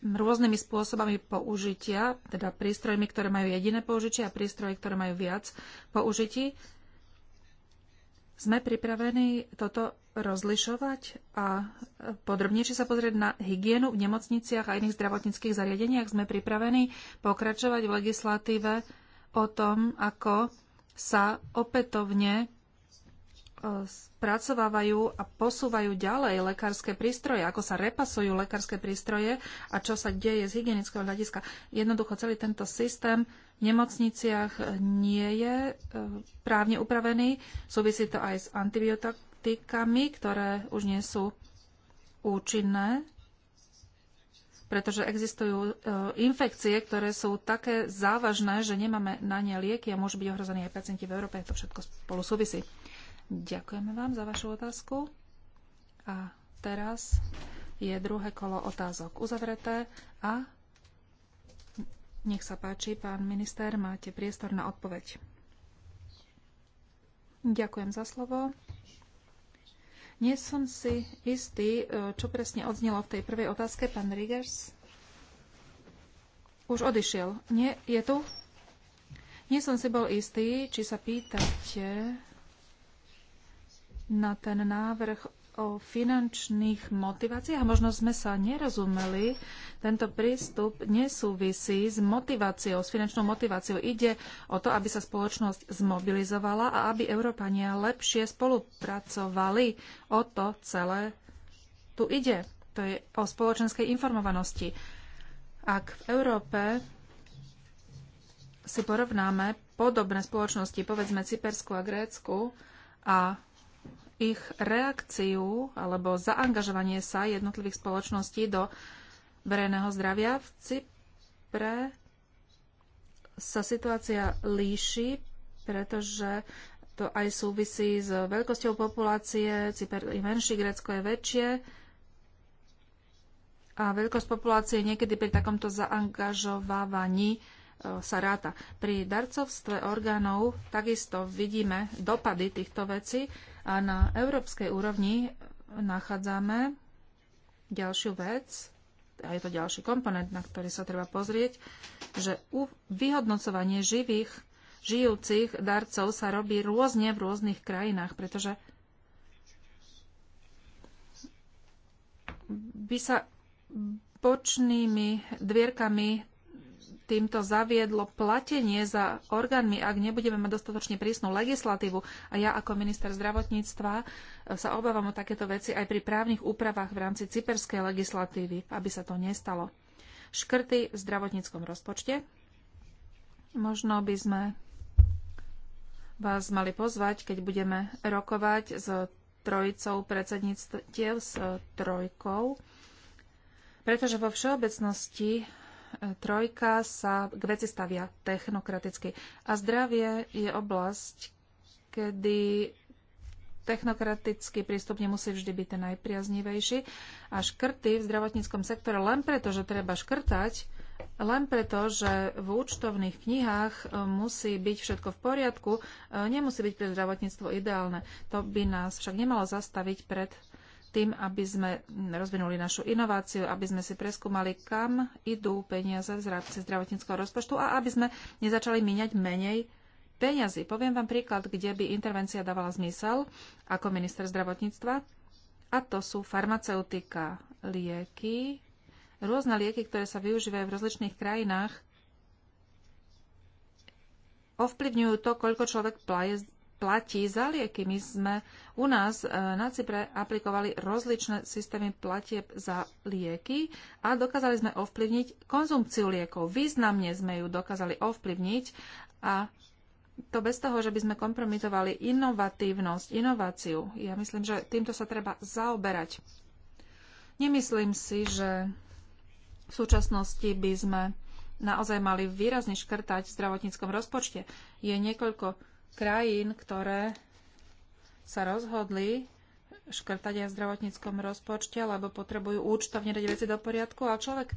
Speaker 1: rôznymi spôsobami použitia, teda prístrojmi, ktoré majú jediné použitie a prístroje, ktoré majú viac použití. Sme pripravení toto rozlišovať a podrobnejšie sa pozrieť na hygienu v nemocniciach a iných zdravotníckých zariadeniach. Sme pripravení pokračovať v legislatíve o tom, ako sa opätovne e, spracovávajú a posúvajú ďalej lekárske prístroje, ako sa repasujú lekárske prístroje a čo sa deje z hygienického hľadiska. Jednoducho celý tento systém v nemocniciach nie je e, právne upravený. Súvisí to aj s antibiotikami politikami, ktoré už nie sú účinné, pretože existujú e, infekcie, ktoré sú také závažné, že nemáme na ne lieky a môžu byť ohrození aj pacienti v Európe. To všetko spolu súvisí. Ďakujeme vám za vašu otázku. A teraz je druhé kolo otázok uzavreté a nech sa páči, pán minister, máte priestor na odpoveď. Ďakujem za slovo. Nie som si istý, e, čo presne odznelo v tej prvej otázke. Pán Rigers už odišiel. Nie, je tu? Nie som si bol istý, či sa pýtate na ten návrh o finančných motiváciách. a Možno sme sa nerozumeli. Tento prístup nesúvisí s motiváciou, s finančnou motiváciou. Ide o to, aby sa spoločnosť zmobilizovala a aby Európania lepšie spolupracovali. O to celé tu ide. To je o spoločenskej informovanosti. Ak v Európe si porovnáme podobné spoločnosti, povedzme Cypersku a Grécku, a ich reakciu alebo zaangažovanie sa jednotlivých spoločností do verejného zdravia. V Cypre sa situácia líši, pretože to aj súvisí s veľkosťou populácie. Cyper je menší, Grécko je väčšie. A veľkosť populácie niekedy pri takomto zaangažovávaní e, sa ráta. Pri darcovstve orgánov takisto vidíme dopady týchto vecí. A na európskej úrovni nachádzame ďalšiu vec, a je to ďalší komponent, na ktorý sa treba pozrieť, že vyhodnocovanie živých, žijúcich darcov sa robí rôzne v rôznych krajinách, pretože by sa bočnými dvierkami týmto zaviedlo platenie za orgánmi, ak nebudeme mať dostatočne prísnu legislatívu. A ja ako minister zdravotníctva e, sa obávam o takéto veci aj pri právnych úpravách v rámci cyperskej legislatívy, aby sa to nestalo. Škrty v zdravotníckom rozpočte. Možno by sme vás mali pozvať, keď budeme rokovať s trojicou predsedníctiev, s trojkou, pretože vo všeobecnosti trojka sa k veci stavia technokraticky. A zdravie je oblasť, kedy technokratický prístup nemusí vždy byť ten najpriaznivejší. A škrty v zdravotníckom sektore len preto, že treba škrtať, len preto, že v účtovných knihách e, musí byť všetko v poriadku, e, nemusí byť pre zdravotníctvo ideálne. To by nás však nemalo zastaviť pred tým, aby sme rozvinuli našu inováciu, aby sme si preskúmali, kam idú peniaze v rámci zdravotníckého rozpočtu a aby sme nezačali míňať menej peniazy. Poviem vám príklad, kde by intervencia dávala zmysel ako minister zdravotníctva. A to sú farmaceutika, lieky, rôzne lieky, ktoré sa využívajú v rozličných krajinách, ovplyvňujú to, koľko človek platí za lieky. My sme u nás e, na Cypre aplikovali rozličné systémy platieb za lieky a dokázali sme ovplyvniť konzumpciu liekov. Významne sme ju dokázali ovplyvniť a to bez toho, že by sme kompromitovali inovatívnosť, inováciu. Ja myslím, že týmto sa treba zaoberať. Nemyslím si, že v súčasnosti by sme naozaj mali výrazne škrtať v zdravotníckom rozpočte. Je niekoľko krajín, ktoré sa rozhodli škrtať aj v zdravotníckom rozpočte, lebo potrebujú účtovne dať veci do poriadku, ale človek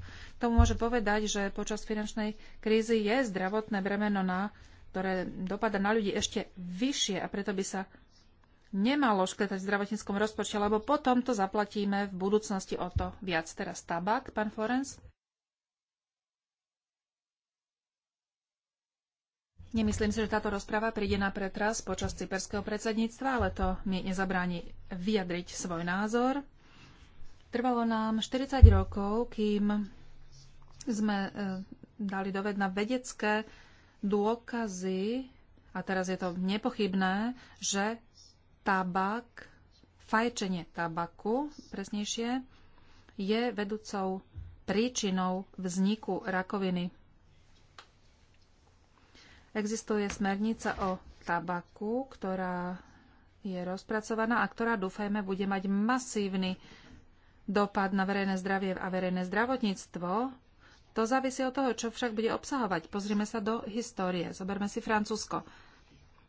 Speaker 1: tomu môže povedať, že počas finančnej krízy je zdravotné bremeno, na, ktoré dopada na ľudí ešte vyššie a preto by sa nemalo škrtať v zdravotníckom rozpočte, lebo potom to zaplatíme v budúcnosti o to viac. Teraz tabak, pán Florence. Nemyslím si, že táto rozprava príde na pretras počas cyperského predsedníctva, ale to mi nezabráni vyjadriť svoj názor. Trvalo nám 40 rokov, kým sme e, dali na vedecké dôkazy, a teraz je to nepochybné, že tabak, fajčenie tabaku presnejšie, je vedúcou príčinou vzniku rakoviny Existuje smernica o tabaku, ktorá je rozpracovaná a ktorá, dúfajme, bude mať masívny dopad na verejné zdravie a verejné zdravotníctvo. To závisí od toho, čo však bude obsahovať. Pozrime sa do histórie. Zoberme si Francúzsko.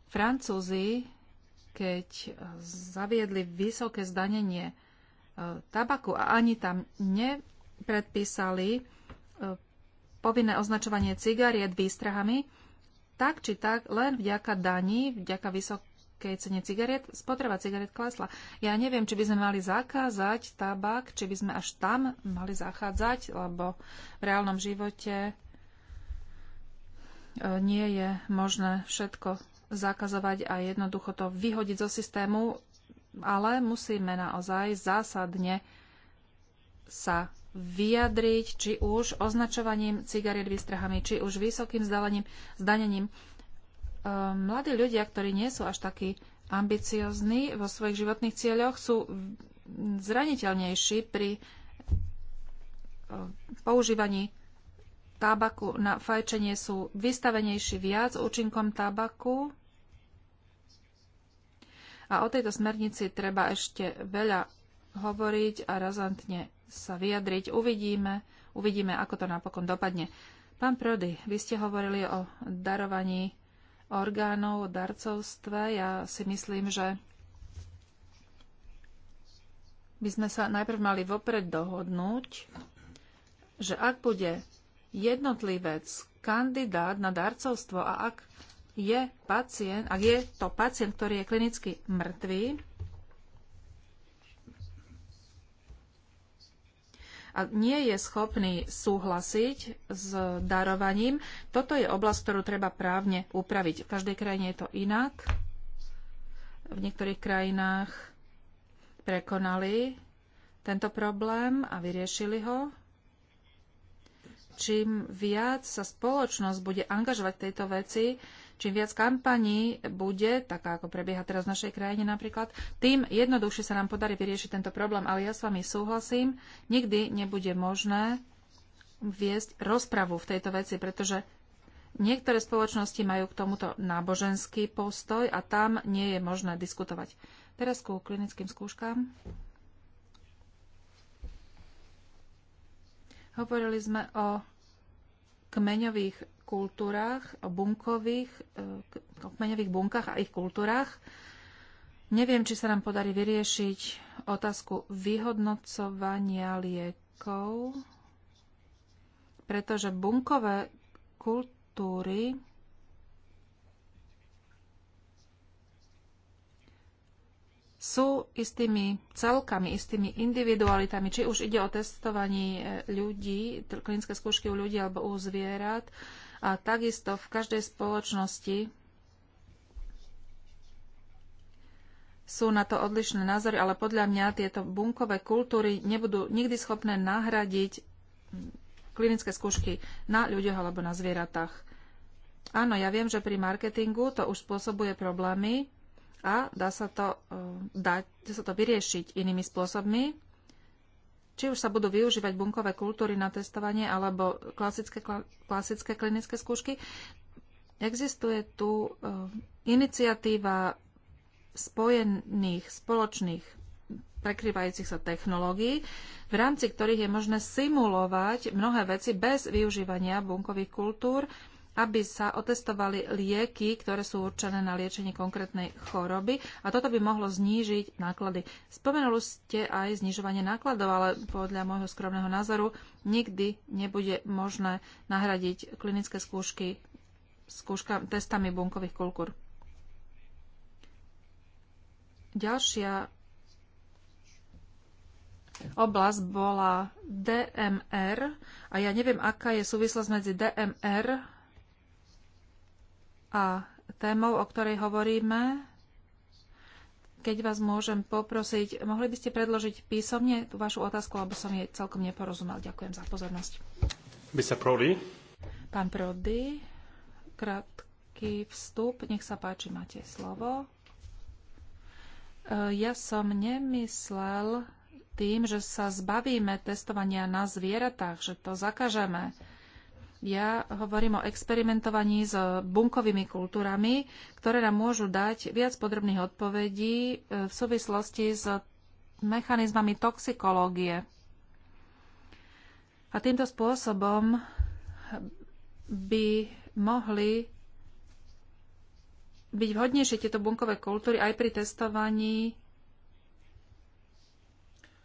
Speaker 1: Francúzi, keď zaviedli vysoké zdanenie e, tabaku a ani tam nepredpísali e, povinné označovanie cigariet výstrahami, tak či tak len vďaka daní, vďaka vysokej cene cigariet, spotreba cigariet klesla. Ja neviem, či by sme mali zakázať tabak, či by sme až tam mali zachádzať, lebo v reálnom živote e, nie je možné všetko zakazovať a jednoducho to vyhodiť zo systému, ale musíme naozaj zásadne sa vyjadriť, či už označovaním cigariet výstrahami, či už vysokým zdalením, zdanením. E, mladí ľudia, ktorí nie sú až takí ambiciozní vo svojich životných cieľoch, sú zraniteľnejší pri e, používaní tabaku na fajčenie sú vystavenejší viac účinkom tabaku. A o tejto smernici treba ešte veľa hovoriť a razantne sa vyjadriť. Uvidíme, uvidíme, ako to napokon dopadne. Pán Prody, vy ste hovorili o darovaní orgánov, o darcovstve. Ja si myslím, že by sme sa najprv mali vopred dohodnúť, že ak bude jednotlivec kandidát na darcovstvo a ak je pacient, ak je to pacient, ktorý je klinicky mŕtvý, a nie je schopný súhlasiť s darovaním, toto je oblasť, ktorú treba právne upraviť. V každej krajine je to inak. V niektorých krajinách prekonali tento problém a vyriešili ho. Čím viac sa spoločnosť bude angažovať v tejto veci, Čím viac kampaní bude, taká ako prebieha teraz v našej krajine napríklad, tým jednoduchšie sa nám podarí vyriešiť tento problém. Ale ja s vami súhlasím, nikdy nebude možné viesť rozpravu v tejto veci, pretože niektoré spoločnosti majú k tomuto náboženský postoj a tam nie je možné diskutovať. Teraz ku klinickým skúškám. Hovorili sme o kmeňových kultúrach, o bunkových, o eh, kmeňových bunkách a ich kultúrach. Neviem, či sa nám podarí vyriešiť otázku vyhodnocovania liekov, pretože bunkové kultúry sú istými celkami, istými individualitami, či už ide o testovanie e, ľudí, klinické skúšky u ľudí alebo u zvierat. A takisto v každej spoločnosti sú na to odlišné názory, ale podľa mňa tieto bunkové kultúry nebudú nikdy schopné nahradiť klinické skúšky na ľuďoch alebo na zvieratách. Áno, ja viem, že pri marketingu to už spôsobuje problémy, a dá sa to, e, dá, dá sa to vyriešiť inými spôsobmi. Či už sa budú využívať bunkové kultúry na testovanie alebo klasické, klasické klinické skúšky, existuje tu e, iniciatíva spojených, spoločných, prekryvajúcich sa technológií, v rámci ktorých je možné simulovať mnohé veci bez využívania bunkových kultúr aby sa otestovali lieky, ktoré sú určené na liečenie konkrétnej choroby a toto by mohlo znížiť náklady. Spomenuli ste aj znižovanie nákladov, ale podľa môjho skromného názoru nikdy nebude možné nahradiť klinické skúšky skúška, testami bunkových kulkúr. Ďalšia oblasť bola DMR a ja neviem, aká je súvislosť medzi DMR a témou, o ktorej hovoríme, keď vás môžem poprosiť, mohli by ste predložiť písomne tú vašu otázku, lebo som jej celkom neporozumel. Ďakujem za pozornosť.
Speaker 3: Mr. Prody.
Speaker 1: Pán Prody, krátky vstup, nech sa páči, máte slovo. E, ja som nemyslel tým, že sa zbavíme testovania na zvieratách, že to zakažeme. Ja hovorím o experimentovaní s bunkovými kultúrami, ktoré nám môžu dať viac podrobných odpovedí e, v súvislosti s mechanizmami toxikológie. A týmto spôsobom by mohli byť vhodnejšie tieto bunkové kultúry aj pri testovaní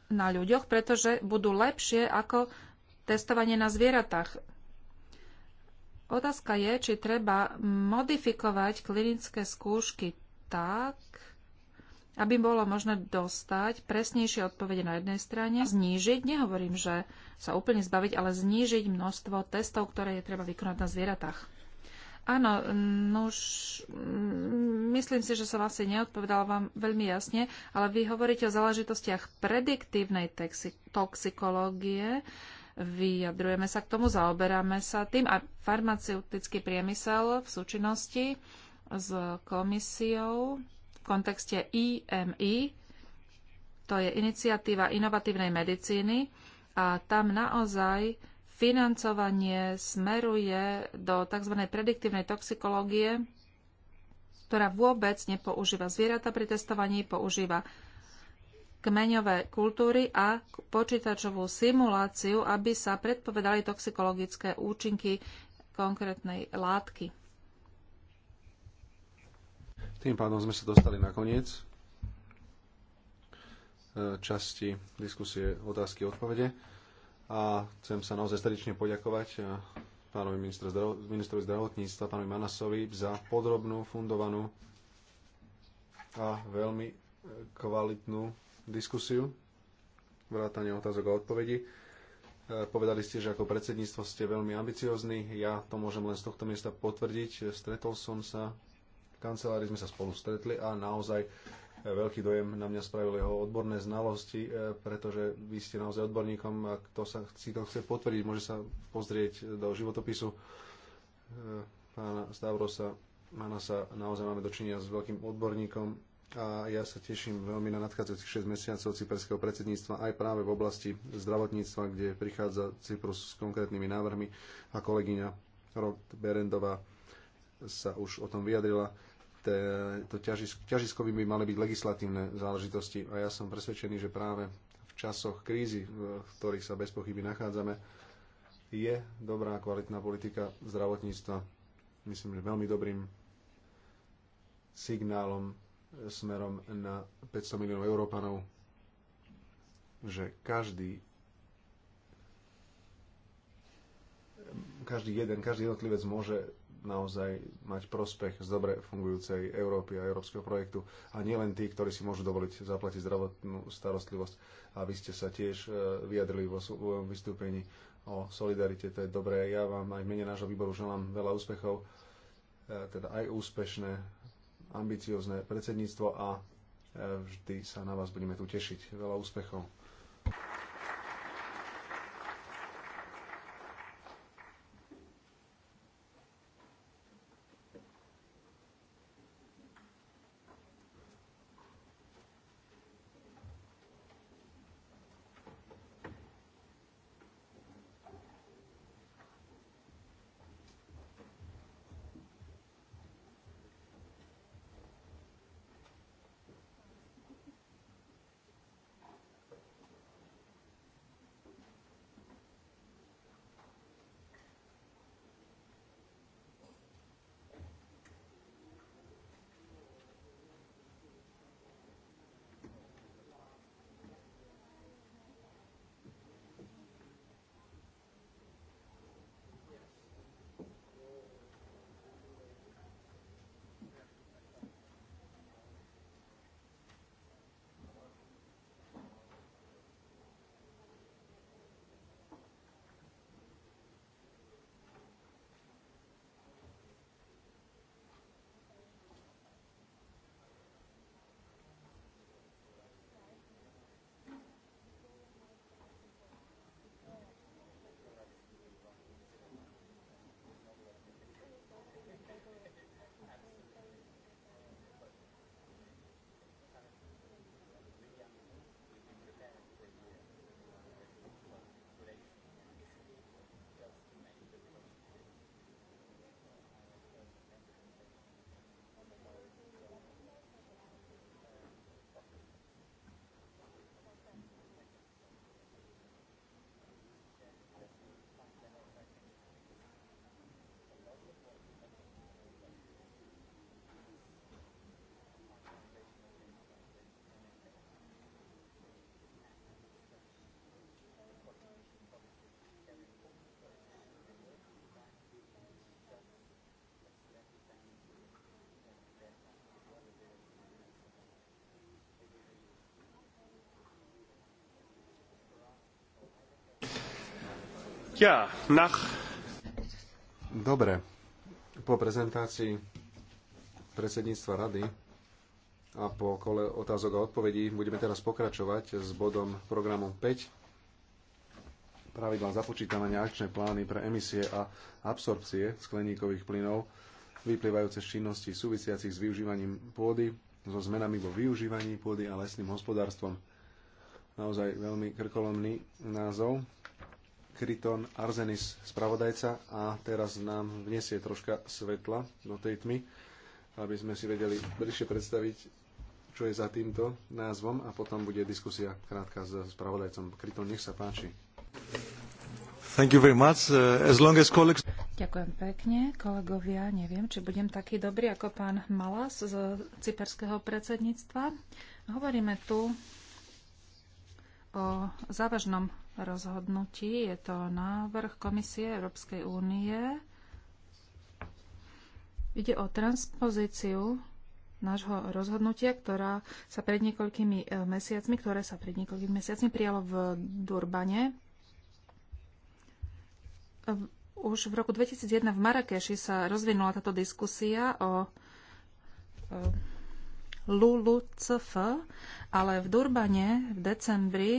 Speaker 1: na ľuďoch, pretože budú lepšie ako testovanie na zvieratách Otázka je, či treba modifikovať klinické skúšky tak, aby bolo možné dostať presnejšie odpovede na jednej strane, znížiť, nehovorím, že sa úplne zbaviť, ale znížiť množstvo testov, ktoré je treba vykonať na zvieratách. Áno, už myslím si, že som asi neodpovedala vám veľmi jasne, ale vy hovoríte o záležitostiach prediktívnej toxikológie, vyjadrujeme sa k tomu, zaoberáme sa tým a farmaceutický priemysel v súčinnosti s komisiou v kontexte IMI, to je iniciatíva inovatívnej medicíny a tam naozaj financovanie smeruje do tzv. prediktívnej toxikológie, ktorá vôbec nepoužíva zvieratá pri testovaní, používa kmeňové kultúry a počítačovú simuláciu, aby sa predpovedali toxikologické účinky konkrétnej látky.
Speaker 2: Tým pádom sme sa dostali na koniec e, časti diskusie otázky a odpovede a chcem sa naozaj srdečne poďakovať e, pánovi ministrovi zdravotníctva, pánovi Manasovi za podrobnú, fundovanú a veľmi e, kvalitnú diskusiu, vrátanie otázok a odpovedí. E, povedali ste, že ako predsedníctvo ste veľmi ambiciozni. Ja to môžem len z tohto miesta potvrdiť. Stretol som sa, v kancelárii sme sa spolu stretli a naozaj e, veľký dojem na mňa spravil jeho odborné znalosti, e, pretože vy ste naozaj odborníkom a kto sa, si to chce potvrdiť, môže sa pozrieť do životopisu pána Stavrosa. Mana sa naozaj máme dočinia s veľkým odborníkom a ja sa teším veľmi na nadchádzajúcich 6 mesiacov cyperského predsedníctva aj práve v oblasti zdravotníctva, kde prichádza Cyprus s konkrétnymi návrhmi a kolegyňa Rod Berendová sa už o tom vyjadrila. To ťažisk, ťažiskovým by mali byť legislatívne záležitosti a ja som presvedčený, že práve v časoch krízy, v ktorých sa bez pochyby nachádzame, je dobrá kvalitná politika zdravotníctva myslím, že veľmi dobrým signálom smerom na 500 miliónov Európanov, že každý každý jeden, každý jednotlivec môže naozaj mať prospech z dobre fungujúcej Európy a európskeho projektu. A nielen tí, ktorí si môžu dovoliť zaplatiť zdravotnú starostlivosť. A vy ste sa tiež e, vyjadrili vo svojom vystúpení o solidarite, to je dobré. Ja vám aj v mene nášho výboru želám veľa úspechov, e, teda aj úspešné ambiciozne predsedníctvo a e, vždy sa na vás budeme tu tešiť. Veľa úspechov. Ja, nach... Dobre, po prezentácii predsedníctva rady a po kole otázok a odpovedí budeme teraz pokračovať s bodom programu 5 pravidla započítavania akčné plány pre emisie a absorpcie skleníkových plynov vyplývajúce z činností súvisiacich s využívaním pôdy, so zmenami vo využívaní pôdy a lesným hospodárstvom. Naozaj veľmi krkolomný názov. Kryton Arzenis, spravodajca, a teraz nám vniesie troška svetla do tej tmy, aby sme si vedeli bližšie predstaviť, čo je za týmto názvom a potom bude diskusia krátka s spravodajcom. Kryton, nech sa páči.
Speaker 3: Thank you very much. Uh, as long as colleagues...
Speaker 1: Ďakujem pekne. Kolegovia, neviem, či budem taký dobrý ako pán Malas z cyperského predsedníctva. Hovoríme tu o závažnom rozhodnutí. Je to návrh Komisie Európskej únie. Ide o transpozíciu nášho rozhodnutia, ktorá sa pred niekoľkými eh, mesiacmi, ktoré sa pred niekoľkými mesiacmi prijalo v Durbane. Už v roku 2001 v Marrakeši sa rozvinula táto diskusia o eh, LULUCF, ale v Durbane v decembri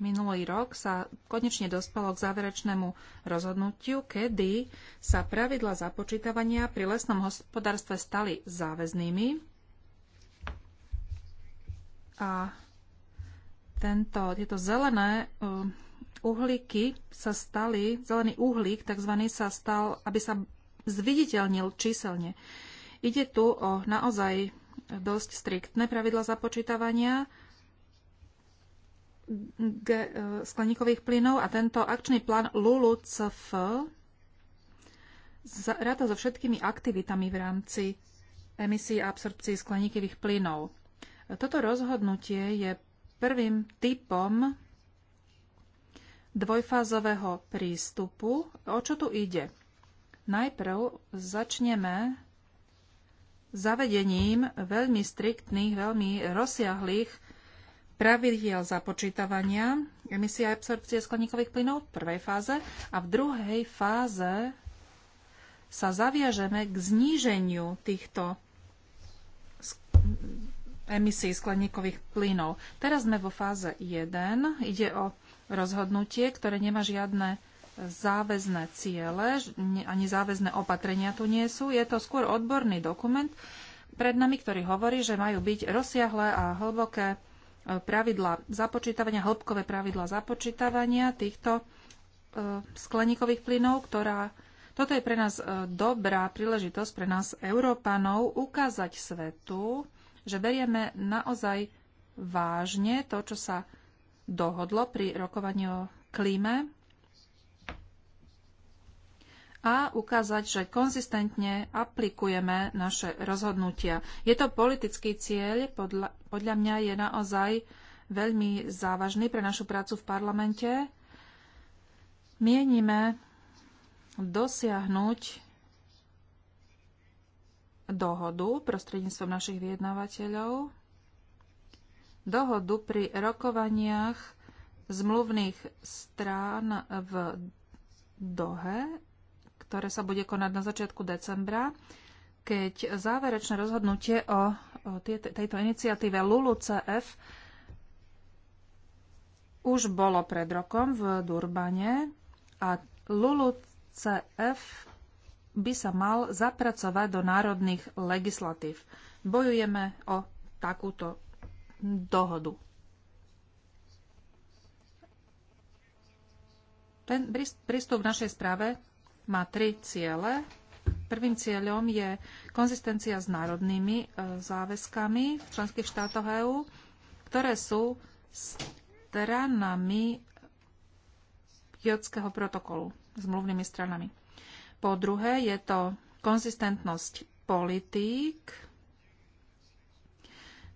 Speaker 1: minulý rok sa konečne dospelo k záverečnému rozhodnutiu, kedy sa pravidla započítavania pri lesnom hospodárstve stali záväznými a tento, tieto zelené eh, uhlíky sa stali, zelený uhlík tzv. sa stal, aby sa zviditeľnil číselne. Ide tu o naozaj dosť striktné pravidla započítavania, E, skleníkových plynov a tento akčný plán LULUCF ráta so všetkými aktivitami v rámci emisí a absorpcií skleníkových plynov. Toto rozhodnutie je prvým typom dvojfázového prístupu. O čo tu ide? Najprv začneme zavedením veľmi striktných, veľmi rozsiahlých pravidiel započítavania emisie a absorpcie skleníkových plynov v prvej fáze a v druhej fáze sa zaviažeme k zníženiu týchto emisí skleníkových plynov. Teraz sme vo fáze 1. Ide o rozhodnutie, ktoré nemá žiadne záväzné ciele, ani záväzné opatrenia tu nie sú. Je to skôr odborný dokument pred nami, ktorý hovorí, že majú byť rozsiahle a hlboké pravidla započítavania, hĺbkové pravidla započítavania týchto e, skleníkových plynov, ktorá toto je pre nás e, dobrá príležitosť, pre nás Európanov, ukázať svetu, že berieme naozaj vážne to, čo sa dohodlo pri rokovaní o klíme a ukázať, že konzistentne aplikujeme naše rozhodnutia. Je to politický cieľ, podľa, podľa mňa je naozaj veľmi závažný pre našu prácu v parlamente. Mienime dosiahnuť dohodu prostredníctvom našich vyjednávateľov, dohodu pri rokovaniach zmluvných strán v Dohe ktoré sa bude konať na začiatku decembra, keď záverečné rozhodnutie o, tejto iniciatíve LULU-CF už bolo pred rokom v Durbane a LULU-CF by sa mal zapracovať do národných legislatív. Bojujeme o takúto dohodu. Ten prístup v našej správe má tri ciele. Prvým cieľom je konzistencia s národnými e, záväzkami v členských štátoch EÚ, ktoré sú stranami Kyotského protokolu, zmluvnými stranami. Po druhé je to konzistentnosť politík.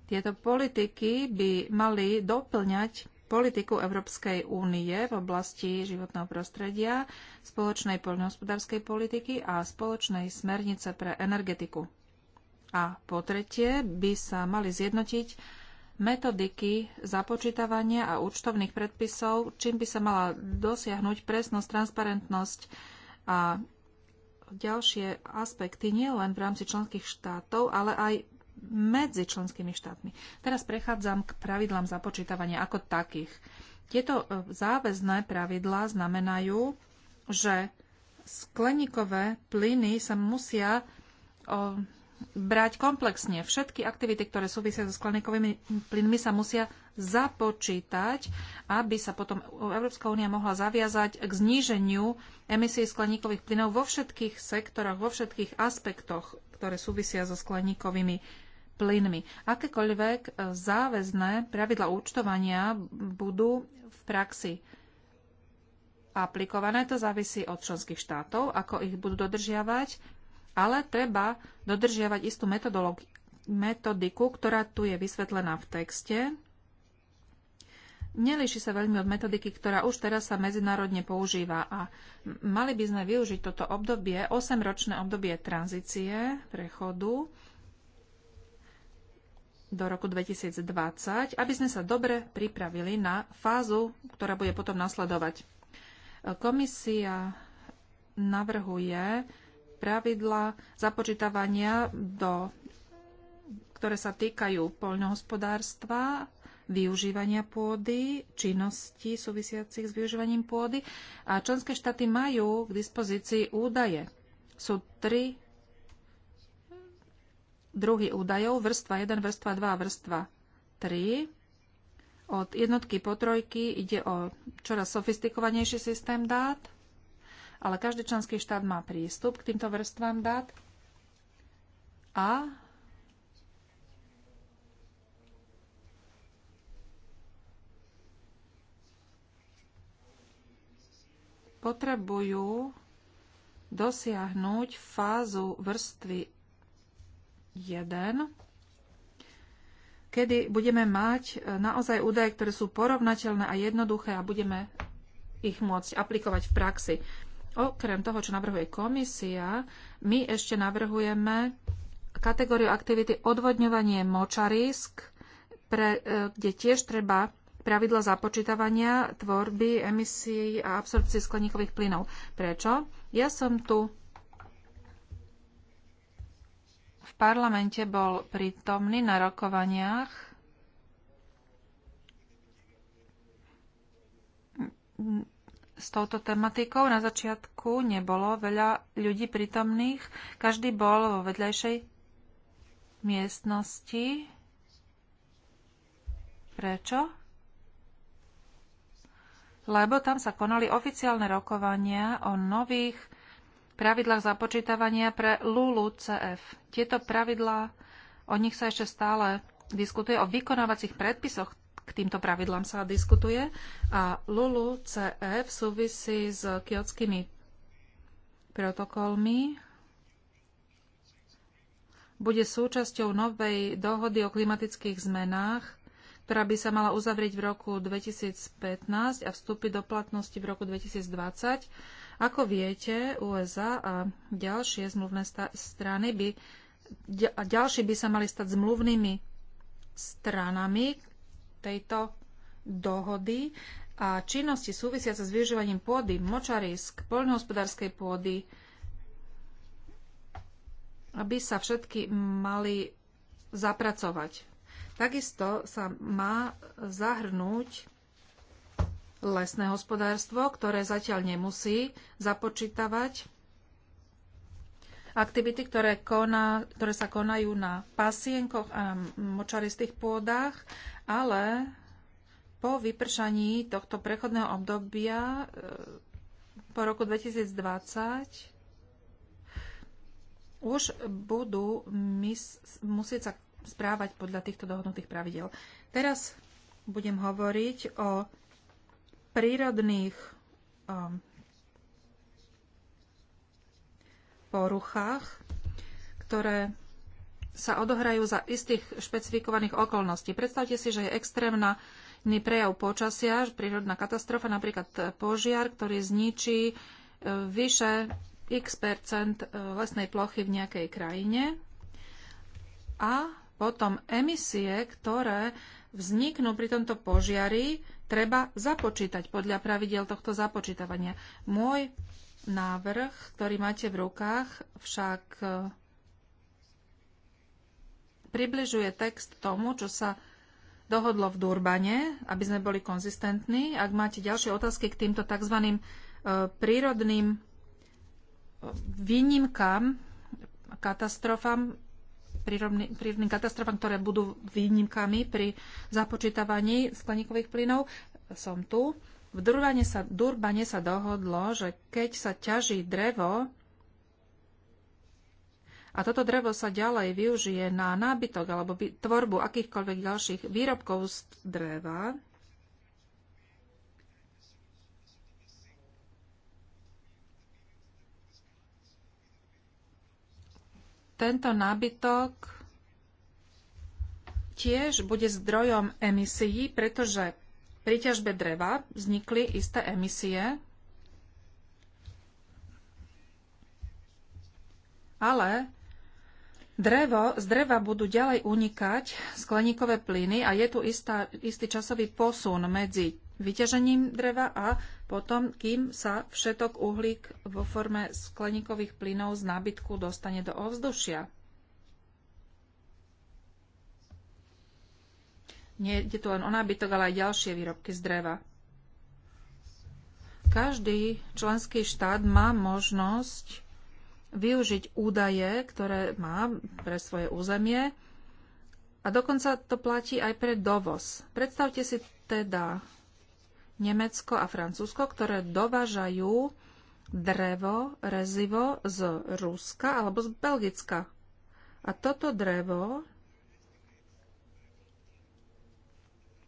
Speaker 1: Tieto politiky by mali doplňať politiku Európskej únie v oblasti životného prostredia, spoločnej poľnohospodárskej politiky a spoločnej smernice pre energetiku. A po tretie by sa mali zjednotiť metodiky započítavania a účtovných predpisov, čím by sa mala dosiahnuť presnosť, transparentnosť a ďalšie aspekty nie len v rámci členských štátov, ale aj medzi členskými štátmi. Teraz prechádzam k pravidlám započítavania ako takých. Tieto e, záväzné pravidlá znamenajú, že skleníkové plyny sa musia o, e, brať komplexne. Všetky aktivity, ktoré súvisia so skleníkovými plynmi, sa musia započítať, aby sa potom Európska únia mohla zaviazať k zníženiu emisí skleníkových plynov vo všetkých sektoroch, vo všetkých aspektoch, ktoré súvisia so skleníkovými plynmi. Akékoľvek e, záväzné pravidla účtovania budú v praxi aplikované. To závisí od členských štátov, ako ich budú dodržiavať, ale treba dodržiavať istú metodiku, ktorá tu je vysvetlená v texte. Nelíši sa veľmi od metodiky, ktorá už teraz sa medzinárodne používa a mali by sme využiť toto obdobie, 8-ročné obdobie tranzície, prechodu, do roku 2020, aby sme sa dobre pripravili na fázu, ktorá bude potom nasledovať. Komisia navrhuje pravidla započítavania, do, ktoré sa týkajú poľnohospodárstva, využívania pôdy, činnosti súvisiacich s využívaním pôdy a členské štáty majú k dispozícii údaje. Sú tri druhy údajov, vrstva 1, vrstva 2 a vrstva 3. Od jednotky po trojky ide o čoraz sofistikovanejší systém dát, ale každý členský štát má prístup k týmto vrstvám dát a potrebujú dosiahnuť fázu vrstvy kedy budeme mať e, naozaj údaje, ktoré sú porovnateľné a jednoduché a budeme ich môcť aplikovať v praxi. Okrem toho, čo navrhuje komisia, my ešte navrhujeme kategóriu aktivity odvodňovanie močarisk, pre, e, kde tiež treba pravidla započítavania tvorby emisí a absorpcie skleníkových plynov. Prečo? Ja som tu v parlamente bol prítomný na rokovaniach. S touto tematikou na začiatku nebolo veľa ľudí prítomných. Každý bol vo vedľajšej miestnosti. Prečo? Lebo tam sa konali oficiálne rokovania o nových pravidlách započítavania pre LULU-CF. Tieto pravidlá, o nich sa ešte stále diskutuje, o vykonávacích predpisoch k týmto pravidlám sa diskutuje a LULU-CF súvisí s kiotskými protokolmi bude súčasťou novej dohody o klimatických zmenách, ktorá by sa mala uzavrieť v roku 2015 a vstúpiť do platnosti v roku 2020. Ako viete, USA a ďalšie zmluvné strany by, ďalší by sa mali stať zmluvnými stranami tejto dohody a činnosti súvisiace s využívaním pôdy, močarisk, poľnohospodárskej pôdy, aby sa všetky mali zapracovať. Takisto sa má zahrnúť lesné hospodárstvo, ktoré zatiaľ nemusí započítavať aktivity, ktoré, koná, ktoré sa konajú na pasienkoch a močaristých pôdach, ale po vypršaní tohto prechodného obdobia e, po roku 2020 už budú mis, musieť sa správať podľa týchto dohodnutých pravidel. Teraz budem hovoriť o prírodných um, poruchách, ktoré sa odohrajú za istých špecifikovaných okolností. Predstavte si, že je extrémna prejav počasia, prírodná katastrofa, napríklad požiar, ktorý zničí e, vyše x percent e, lesnej plochy v nejakej krajine a potom emisie, ktoré vzniknú pri tomto požiari, treba započítať podľa pravidel tohto započítavania. Môj návrh, ktorý máte v rukách, však e, približuje text tomu, čo sa dohodlo v Durbane, aby sme boli konzistentní. Ak máte ďalšie otázky k týmto tzv. E, prírodným e, výnimkám, katastrofám, prírodným katastrofám, ktoré budú výnimkami pri započítavaní skleníkových plynov. Som tu. V Durbane sa, Durbane sa dohodlo, že keď sa ťaží drevo, a toto drevo sa ďalej využije na nábytok alebo tvorbu akýchkoľvek ďalších výrobkov z dreva, tento nábytok tiež bude zdrojom emisií, pretože pri ťažbe dreva vznikli isté emisie, ale drevo, z dreva budú ďalej unikať skleníkové plyny a je tu istá, istý časový posun medzi vyťažením dreva a potom, kým sa všetok uhlík vo forme skleníkových plynov z nábytku dostane do ovzdušia. Nie je tu len o nábytok, ale aj ďalšie výrobky z dreva. Každý členský štát má možnosť využiť údaje, ktoré má pre svoje územie a dokonca to platí aj pre dovoz. Predstavte si teda Nemecko a Francúzsko, ktoré dovážajú drevo, rezivo z Ruska alebo z Belgicka. A toto drevo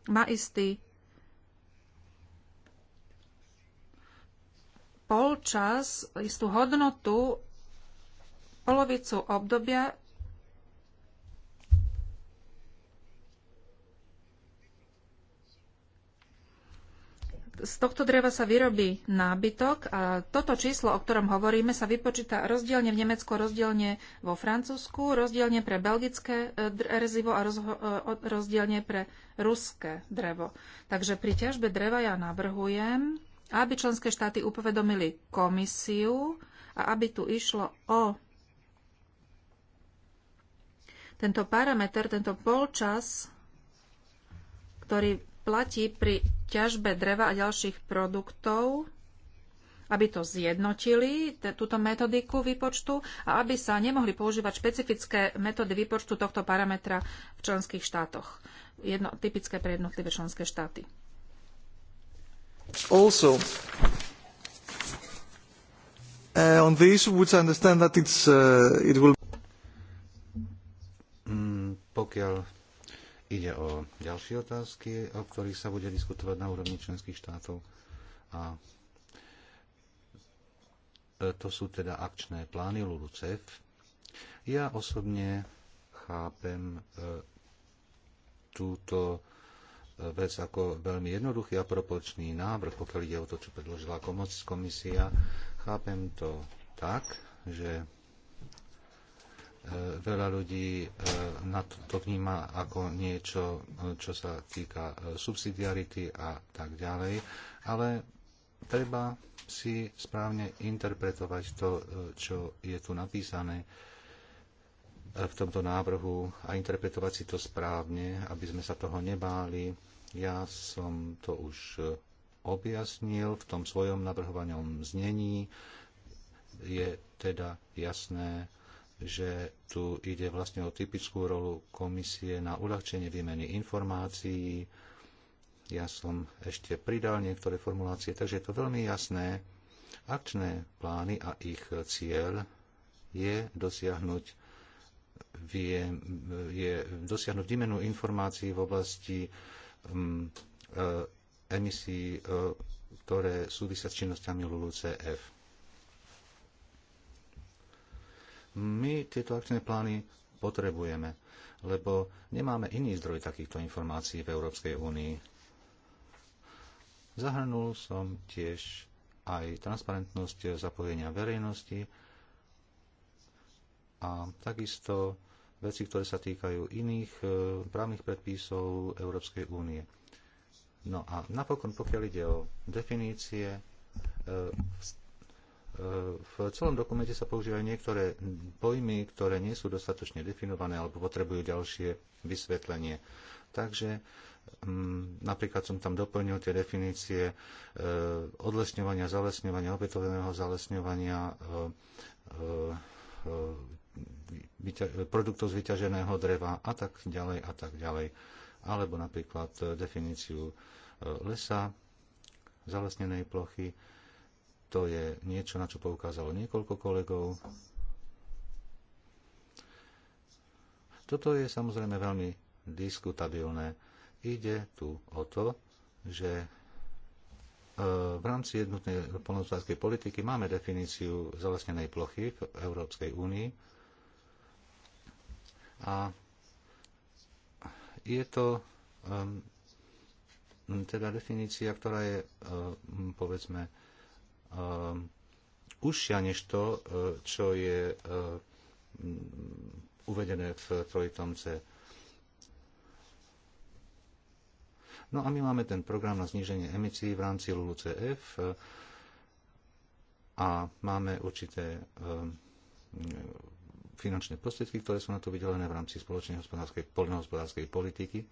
Speaker 1: má istý polčas, istú hodnotu, polovicu obdobia, z tohto dreva sa vyrobí nábytok a toto číslo, o ktorom hovoríme, sa vypočíta rozdielne v Nemecku, rozdielne vo Francúzsku, rozdielne pre belgické e, rezivo a e, rozdielne pre ruské drevo. Takže pri ťažbe dreva ja navrhujem, aby členské štáty upovedomili komisiu a aby tu išlo o tento parameter, tento polčas, ktorý platí pri ťažbe dreva a ďalších produktov, aby to zjednotili, túto metodiku výpočtu a aby sa nemohli používať špecifické metódy výpočtu tohto parametra v členských štátoch. Jedno, typické pre jednotlivé členské štáty. Also,
Speaker 3: uh, on the issue which I understand that it's, uh, it will... Mm, pokiaľ Ide o ďalšie otázky, o ktorých sa bude diskutovať na úrovni členských štátov. A to sú teda akčné plány LULUCEF. Ja osobne chápem e, túto e, vec ako veľmi jednoduchý a propočný návrh, pokiaľ ide o to, čo predložila komisia. Chápem to tak, že Eh, veľa ľudí eh, na to, to vníma ako niečo, eh, čo sa týka subsidiarity a tak ďalej, ale treba si správne interpretovať to, čo je tu napísané v tomto návrhu a interpretovať si to správne, aby sme sa toho nebáli. Ja som to už objasnil v tom svojom navrhovanom znení. Je teda jasné, že tu ide vlastne o typickú rolu komisie na uľahčenie výmeny informácií. Ja som ešte pridal niektoré formulácie, takže je to veľmi jasné. Akčné plány a ich cieľ je dosiahnuť, vie, je dosiahnuť výmenu informácií v oblasti um, emisí, e, ktoré súvisia s činnosťami LULUCF. My tieto akčné plány potrebujeme, lebo nemáme iný zdroj takýchto informácií v Európskej únii. Zahrnul som tiež aj transparentnosť zapojenia verejnosti a takisto veci, ktoré sa týkajú iných e, právnych predpisov Európskej únie. No a napokon, pokiaľ ide o definície, e, v celom dokumente sa používajú niektoré pojmy, ktoré nie sú dostatočne definované alebo potrebujú ďalšie vysvetlenie. Takže mm, napríklad som tam doplnil tie definície e, odlesňovania, zalesňovania, opätovného zalesňovania, e, e, produktov z vyťaženého dreva a tak ďalej a tak ďalej. Alebo napríklad definíciu lesa, zalesnenej plochy, to je niečo, na čo poukázalo niekoľko kolegov. Toto je samozrejme veľmi diskutabilné. Ide tu o to, že e, v rámci jednotnej polnospodárskej politiky máme definíciu zalesnenej plochy v Európskej únii a je to e, teda definícia, ktorá je e, povedzme Um, užšia než to, uh, čo je uh, uvedené v trojitomce. No a my máme ten program na zníženie emisí v rámci LULUCF uh, a máme určité um, finančné prostriedky, ktoré sú na to vydelené v rámci spoločnej hospodárskej, poľnohospodárskej politiky.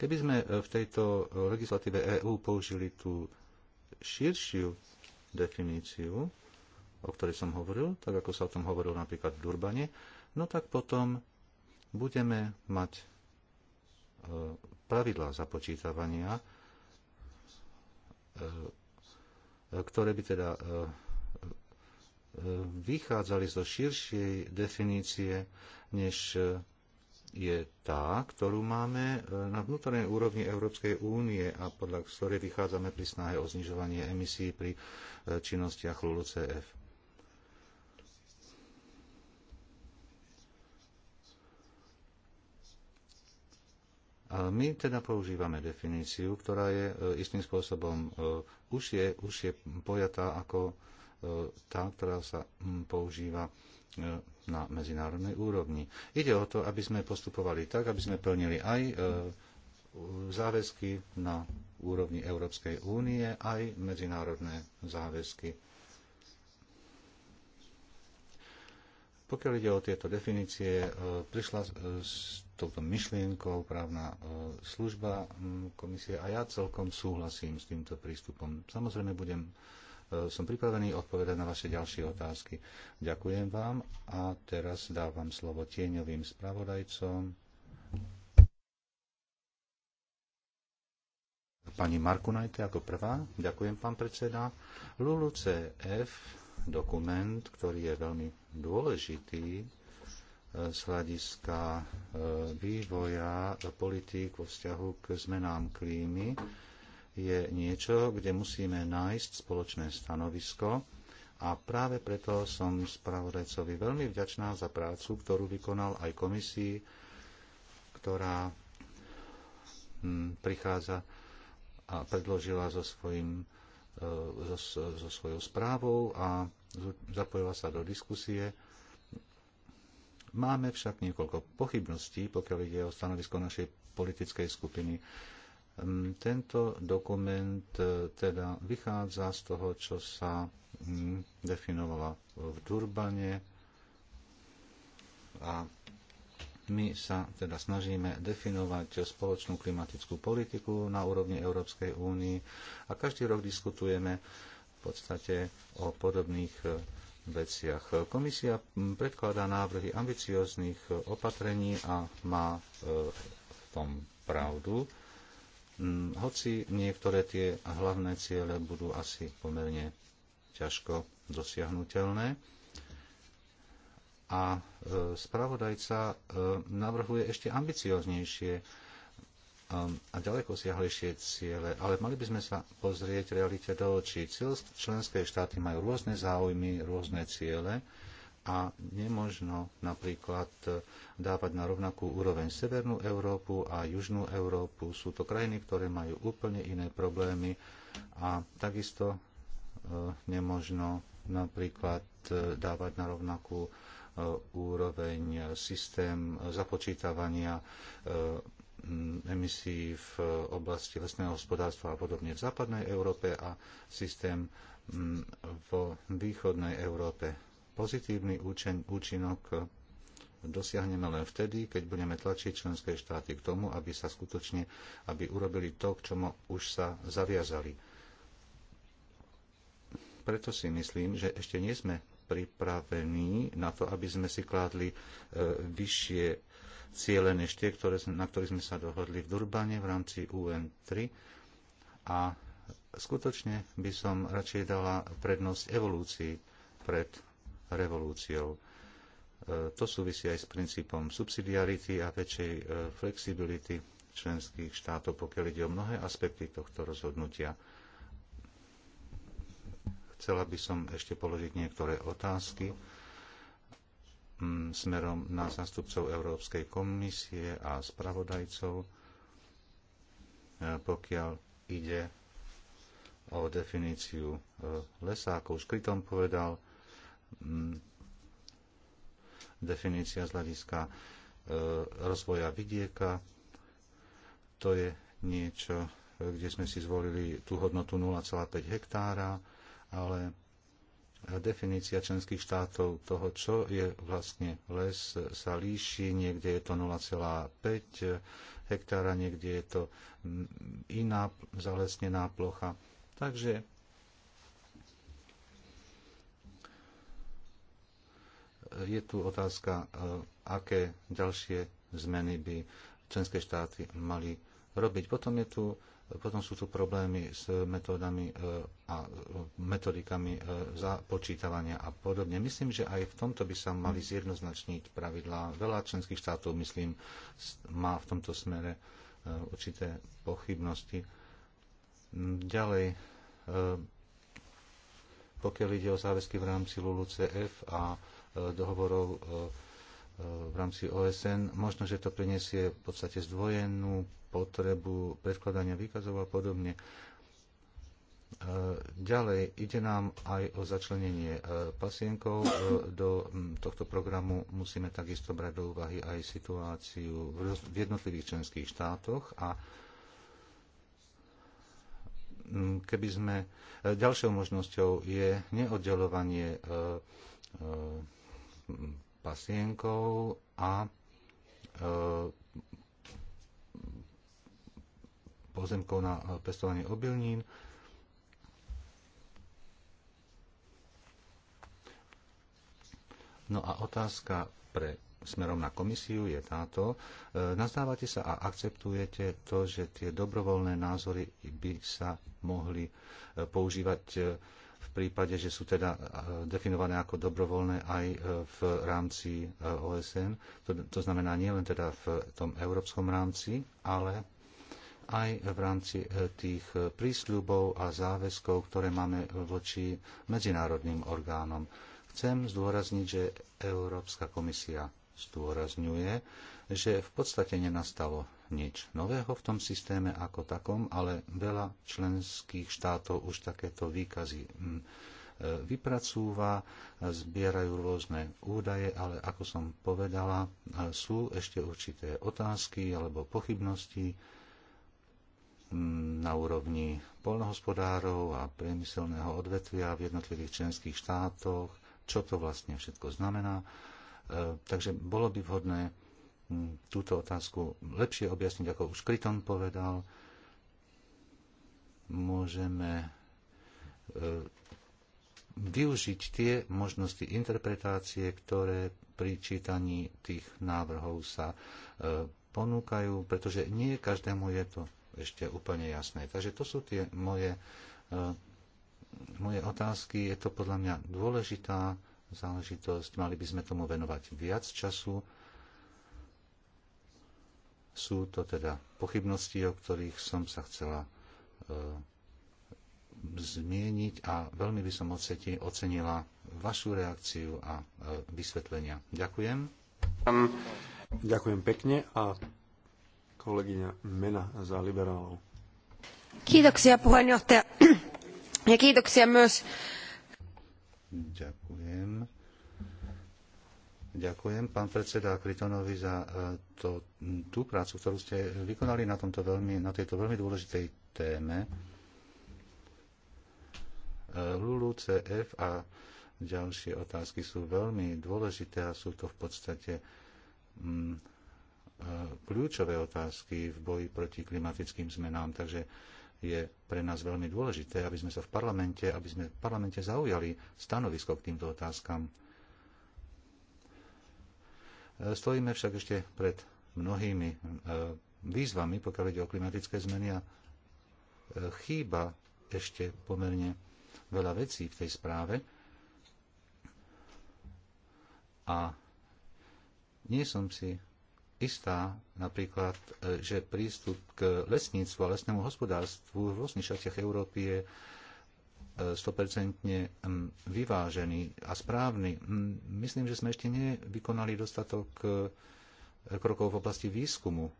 Speaker 3: Keby sme e, v tejto e, legislatíve EÚ použili tú širšiu definíciu, o ktorej som hovoril, tak ako sa o tom hovoril napríklad v Durbane, no tak potom budeme mať e, pravidlá započítavania, ktoré by teda vychádzali zo širšej definície, než je tá, ktorú máme e, na vnútornej úrovni Európskej únie a podľa ktorej vychádzame pri snahe o znižovanie emisí pri e, činnostiach LULUCF. my teda používame definíciu, ktorá je e, istým spôsobom už je, už je pojatá ako tá, ktorá sa používa na medzinárodnej úrovni. Ide o to, aby sme postupovali tak, aby sme plnili aj e, záväzky na úrovni Európskej únie, aj medzinárodné záväzky. Pokiaľ ide o tieto definície, e, prišla e, s touto myšlienkou právna služba komisie a ja celkom súhlasím s týmto prístupom. Samozrejme budem E, som pripravený odpovedať na vaše ďalšie otázky. Ďakujem vám a teraz dávam slovo tieňovým spravodajcom. Pani Markunajte ako prvá. Ďakujem, pán predseda. CF dokument, ktorý je veľmi dôležitý e, z hľadiska e, vývoja politík vo vzťahu k zmenám klímy, je niečo, kde musíme nájsť spoločné stanovisko a práve preto som spravodajcovi veľmi vďačná za prácu, ktorú vykonal aj komisii, ktorá hm, prichádza a predložila so, svojim, e, so, so svojou správou a zapojila sa do diskusie. Máme však niekoľko pochybností, pokiaľ ide o stanovisko našej politickej skupiny. Tento dokument e, teda vychádza z toho, čo sa hm, definovala v Durbane a my sa teda snažíme definovať spoločnú klimatickú politiku na úrovni Európskej únii a každý rok diskutujeme v podstate o podobných e, veciach. Komisia hm, predkladá návrhy ambicióznych opatrení a má e, v tom pravdu. Mm, hoci niektoré tie hlavné ciele budú asi pomerne ťažko dosiahnutelné. A e, spravodajca e, navrhuje ešte ambicioznejšie e, a ďaleko siahlejšie ciele, ale mali by sme sa pozrieť realite do očí. Členské štáty majú rôzne záujmy, rôzne ciele a nemožno napríklad e, dávať na rovnakú úroveň Severnú Európu a Južnú Európu. Sú to krajiny, ktoré majú úplne iné problémy a takisto e, nemožno napríklad e, dávať na rovnakú úroveň systém započítavania emisí v oblasti lesného hospodárstva a podobne v západnej Európe a systém vo východnej Európe pozitívny účen, účinok dosiahneme len vtedy, keď budeme tlačiť členské štáty k tomu, aby sa skutočne, aby urobili to, k čomu už sa zaviazali. Preto si myslím, že ešte nie sme pripravení na to, aby sme si kládli e, vyššie ciele než tie, ktoré, na ktorých sme sa dohodli v Durbane v rámci UN3. A skutočne by som radšej dala prednosť evolúcii pred revolúciou. E, to súvisí aj s princípom subsidiarity a väčšej e, flexibility členských štátov, pokiaľ ide o mnohé aspekty tohto rozhodnutia. Chcela by som ešte položiť niektoré otázky mm, smerom na zástupcov Európskej komisie a spravodajcov, e, pokiaľ ide o definíciu lesa, ako už Krytom povedal, Mm. definícia z hľadiska e, rozvoja vidieka. To je niečo, kde sme si zvolili tú hodnotu 0,5 hektára, ale definícia členských štátov toho, čo je vlastne les, sa líši. Niekde je to 0,5 hektára, niekde je to iná zalesnená plocha. Takže je tu otázka, e, aké ďalšie zmeny by členské štáty mali robiť. Potom, je tu, potom sú tu problémy s metódami e, a metodikami e, započítavania a podobne. Myslím, že aj v tomto by sa mali zjednoznačniť pravidlá. Veľa členských štátov, myslím, má v tomto smere určité pochybnosti. Ďalej, pokiaľ ide o záväzky v rámci CF a E, dohovorov e, e, v rámci OSN. Možno, že to prinesie v podstate zdvojenú potrebu predkladania výkazov a podobne. Ďalej ide nám aj o začlenenie pasienkov. Do tohto programu musíme takisto brať do úvahy aj situáciu v jednotlivých členských štátoch a keby sme... Ďalšou možnosťou je neoddelovanie pasienkou a e, pozemkov na pestovanie obilnín. No a otázka pre smerom na komisiu je táto. E, nazdávate sa a akceptujete to, že tie dobrovoľné názory by sa mohli e, používať prípade, že sú teda eh, definované ako dobrovoľné aj eh, v rámci eh, OSN. To, to znamená nielen teda v tom európskom rámci, ale aj v rámci tých prísľubov a záväzkov, ktoré máme voči medzinárodným orgánom. Chcem zdôrazniť, že Európska komisia zdôrazňuje, že v podstate nenastalo nič nového v tom systéme ako takom, ale veľa členských štátov už takéto výkazy mm, e, vypracúva, zbierajú rôzne údaje, ale ako som povedala, e, sú ešte určité otázky alebo pochybnosti mm, na úrovni polnohospodárov a priemyselného odvetvia v jednotlivých členských štátoch, čo to vlastne všetko znamená. E, takže bolo by vhodné túto otázku lepšie objasniť, ako už Kryton povedal. Môžeme e, využiť tie možnosti interpretácie, ktoré pri čítaní tých návrhov sa e, ponúkajú, pretože nie každému je to ešte úplne jasné. Takže to sú tie moje, e, moje otázky. Je to podľa mňa dôležitá záležitosť. Mali by sme tomu venovať viac času sú to teda pochybnosti, o ktorých som sa chcela e, zmieniť a veľmi by som ocenila vašu reakciu a e, vysvetlenia. Ďakujem. Ďakujem pekne a kolegyňa Mena za liberálov.
Speaker 1: Kiitoksia puheenjohtaja ja kiitoksia myös.
Speaker 3: Ďakujem Ďakujem pán predseda Kritonovi za e, to, tú prácu, ktorú ste vykonali na, tomto veľmi, na tejto veľmi dôležitej téme. E, LULU, CF a ďalšie otázky sú veľmi dôležité a sú to v podstate mm, e, kľúčové otázky v boji proti klimatickým zmenám. Takže je pre nás veľmi dôležité, aby sme sa v parlamente, aby sme v parlamente zaujali stanovisko k týmto otázkam Stojíme však ešte pred mnohými e, výzvami, pokiaľ ide o klimatické zmeny a e, chýba ešte pomerne veľa vecí v tej správe. A nie som si istá napríklad, e, že prístup k lesníctvu a lesnému hospodárstvu v rôznych častiach Európy je stopercentne mm, vyvážený a správny. Mm, myslím, že sme ešte nevykonali dostatok e, krokov v oblasti výskumu.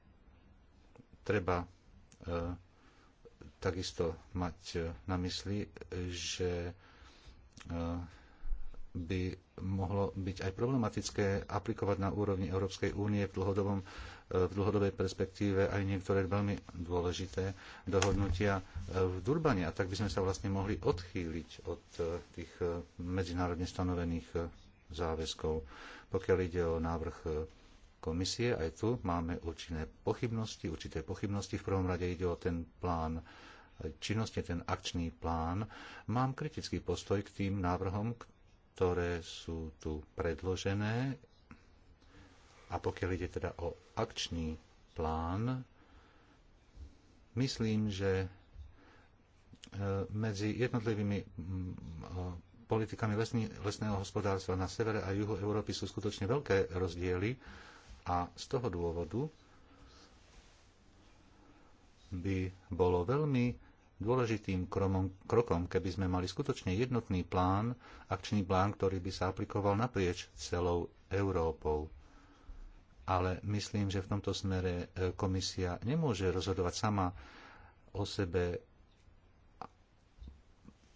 Speaker 3: Treba e, takisto mať e, na mysli, že by mohlo byť aj problematické aplikovať na úrovni Európskej únie v, dlhodobom, e, v dlhodobej perspektíve aj niektoré veľmi dôležité dohodnutia e, v Durbane. A tak by sme sa vlastne mohli odchýliť od e, tých medzinárodne stanovených záväzkov. Pokiaľ ide o návrh komisie, aj tu máme určité pochybnosti, určité pochybnosti. V prvom rade ide o ten plán činnosti, ten akčný plán. Mám kritický postoj k tým návrhom, ktoré sú tu predložené. A pokiaľ ide teda o akčný plán, myslím, že e, medzi jednotlivými mm, e, politikami lesný, lesného hospodárstva na severe a juhu Európy sú skutočne veľké rozdiely a z toho dôvodu by bolo veľmi dôležitým kromom, krokom, keby sme mali skutočne jednotný plán, akčný plán, ktorý by sa aplikoval naprieč celou Európou. Ale myslím, že v tomto smere e, komisia nemôže rozhodovať sama o sebe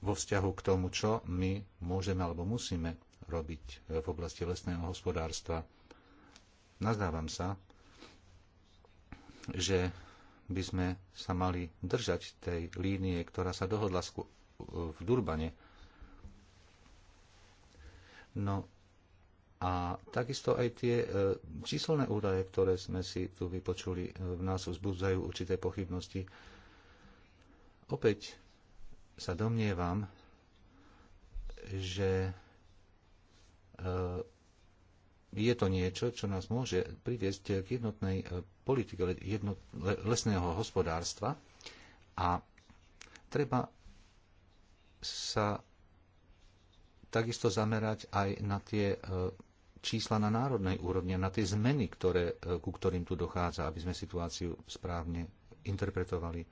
Speaker 3: vo vzťahu k tomu, čo my môžeme alebo musíme robiť e, v oblasti lesného hospodárstva. Nazdávam sa, že by sme sa mali držať tej línie, ktorá sa dohodla v Durbane. No a takisto aj tie e, číselné údaje, ktoré sme si tu vypočuli, e, v nás vzbudzajú určité pochybnosti. Opäť sa domnievam, že e, je to niečo, čo nás môže priviesť k jednotnej politike jedno, lesného hospodárstva a treba sa takisto zamerať aj na tie e, čísla na národnej úrovni, na tie zmeny, ktoré, e, ku ktorým tu dochádza, aby sme situáciu správne interpretovali. E,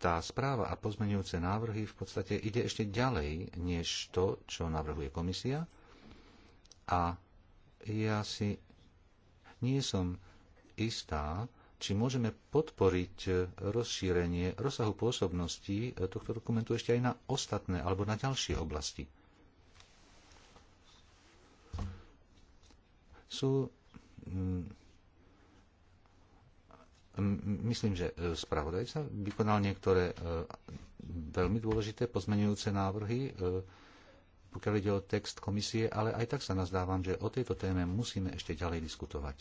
Speaker 3: tá správa a pozmenujúce návrhy v podstate ide ešte ďalej, než to, čo navrhuje komisia a ja si nie som istá, či môžeme podporiť rozšírenie rozsahu pôsobnosti tohto dokumentu ešte aj na ostatné alebo na ďalšie oblasti. Sú mm, mm, myslím, že spravodajca vykonal niektoré e, veľmi dôležité pozmenujúce návrhy, e, pokiaľ ide o text komisie, ale aj tak sa nazdávam, že o tejto téme musíme ešte ďalej diskutovať.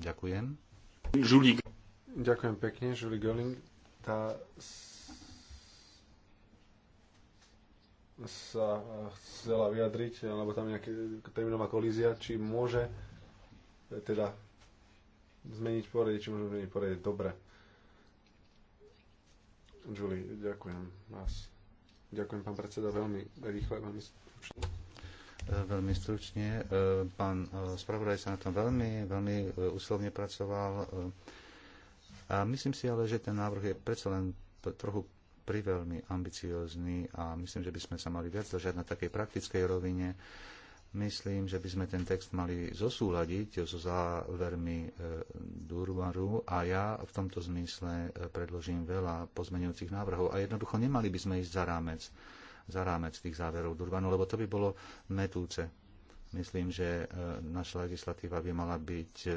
Speaker 3: Ďakujem. Žulík. Ďakujem pekne, Žulík Görling.
Speaker 2: Tá sa chcela vyjadriť, alebo tam nejaká terminová kolízia, či môže e, teda zmeniť poradie, či môže zmeniť poradie. Dobre. Julie, ďakujem vás. Ďakujem, pán predseda, veľmi rýchle,
Speaker 3: veľmi E, veľmi stručne. E, pán e, spravodaj sa na tom veľmi, veľmi úslovne pracoval. A myslím si ale, že ten návrh je predsa len trochu priveľmi ambiciózny a myslím, že by sme sa mali viac držať na takej praktickej rovine. Myslím, že by sme ten text mali zosúľadiť so závermi Durvaru a ja v tomto zmysle predložím veľa pozmenujúcich návrhov a jednoducho nemali by sme ísť za rámec za rámec tých záverov Durbanu, lebo to by bolo metúce. Myslím, že e, naša legislatíva by mala byť e,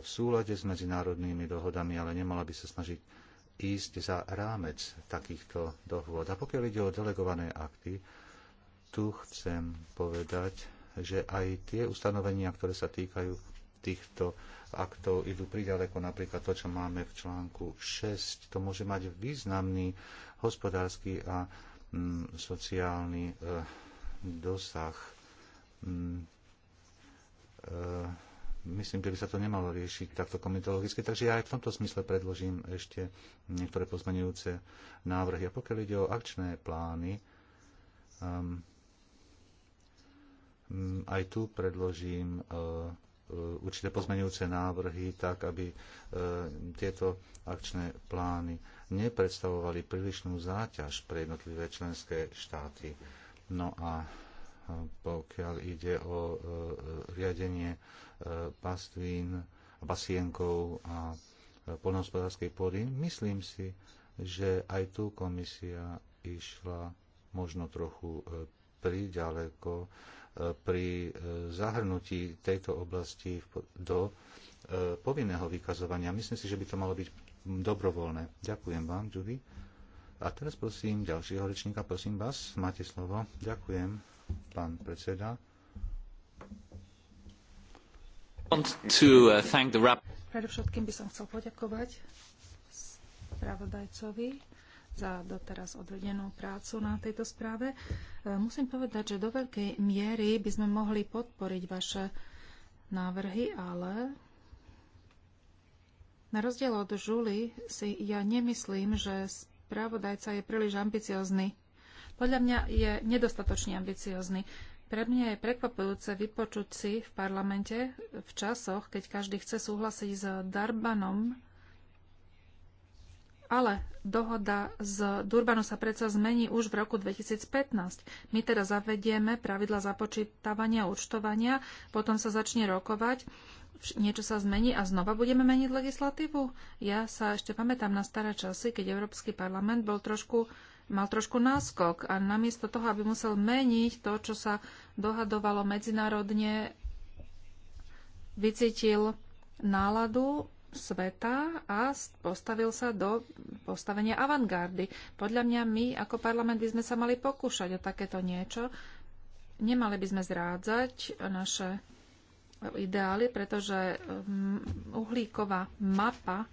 Speaker 3: v súlade s medzinárodnými dohodami, ale nemala by sa snažiť ísť za rámec takýchto dohôd. A pokiaľ ide o delegované akty, tu chcem povedať, že aj tie ustanovenia, ktoré sa týkajú týchto aktov, idú priďaleko. Napríklad to, čo máme v článku 6, to môže mať významný hospodársky a sociálny e, dosah. E, myslím, že by sa to nemalo riešiť takto komitologicky, takže ja aj v tomto smysle predložím ešte niektoré pozmenujúce návrhy. A pokiaľ ide o akčné plány, ehm, aj tu predložím e, určité pozmenujúce návrhy, tak aby tieto akčné plány nepredstavovali prílišnú záťaž pre jednotlivé členské štáty. No a e, pokiaľ ide o e, riadenie e, pastvín, basienkov a poľnohospodárskej pôdy, myslím si, že aj tu komisia išla možno trochu priďaleko pri zahrnutí tejto oblasti do povinného vykazovania. Myslím si, že by to malo byť dobrovoľné. Ďakujem vám, Judy. A teraz prosím ďalšieho rečníka, prosím vás, máte slovo. Ďakujem, pán predseda. Uh,
Speaker 1: Predovšetkým by som chcel poďakovať spravodajcovi za doteraz odvedenú prácu na tejto správe. E, musím povedať, že do veľkej miery by sme mohli podporiť vaše návrhy, ale na rozdiel od Žuly si ja nemyslím, že spravodajca je príliš ambiciozný. Podľa mňa je nedostatočne ambiciozný. Pre mňa je prekvapujúce vypočuť si v parlamente v časoch, keď každý chce súhlasiť s Darbanom, ale dohoda z Durbanu sa predsa zmení už v roku 2015. My teda zavedieme pravidla započítavania a účtovania, potom sa začne rokovať niečo sa zmení a znova budeme meniť legislatívu? Ja sa ešte pamätám na staré časy, keď Európsky parlament bol trošku, mal trošku náskok a namiesto toho, aby musel meniť to, čo sa dohadovalo medzinárodne, vycítil náladu sveta a postavil sa do postavenia avantgardy. Podľa mňa my ako parlament by sme sa mali pokúšať o takéto niečo. Nemali by sme zrádzať naše ideály, pretože mm, uhlíková mapa,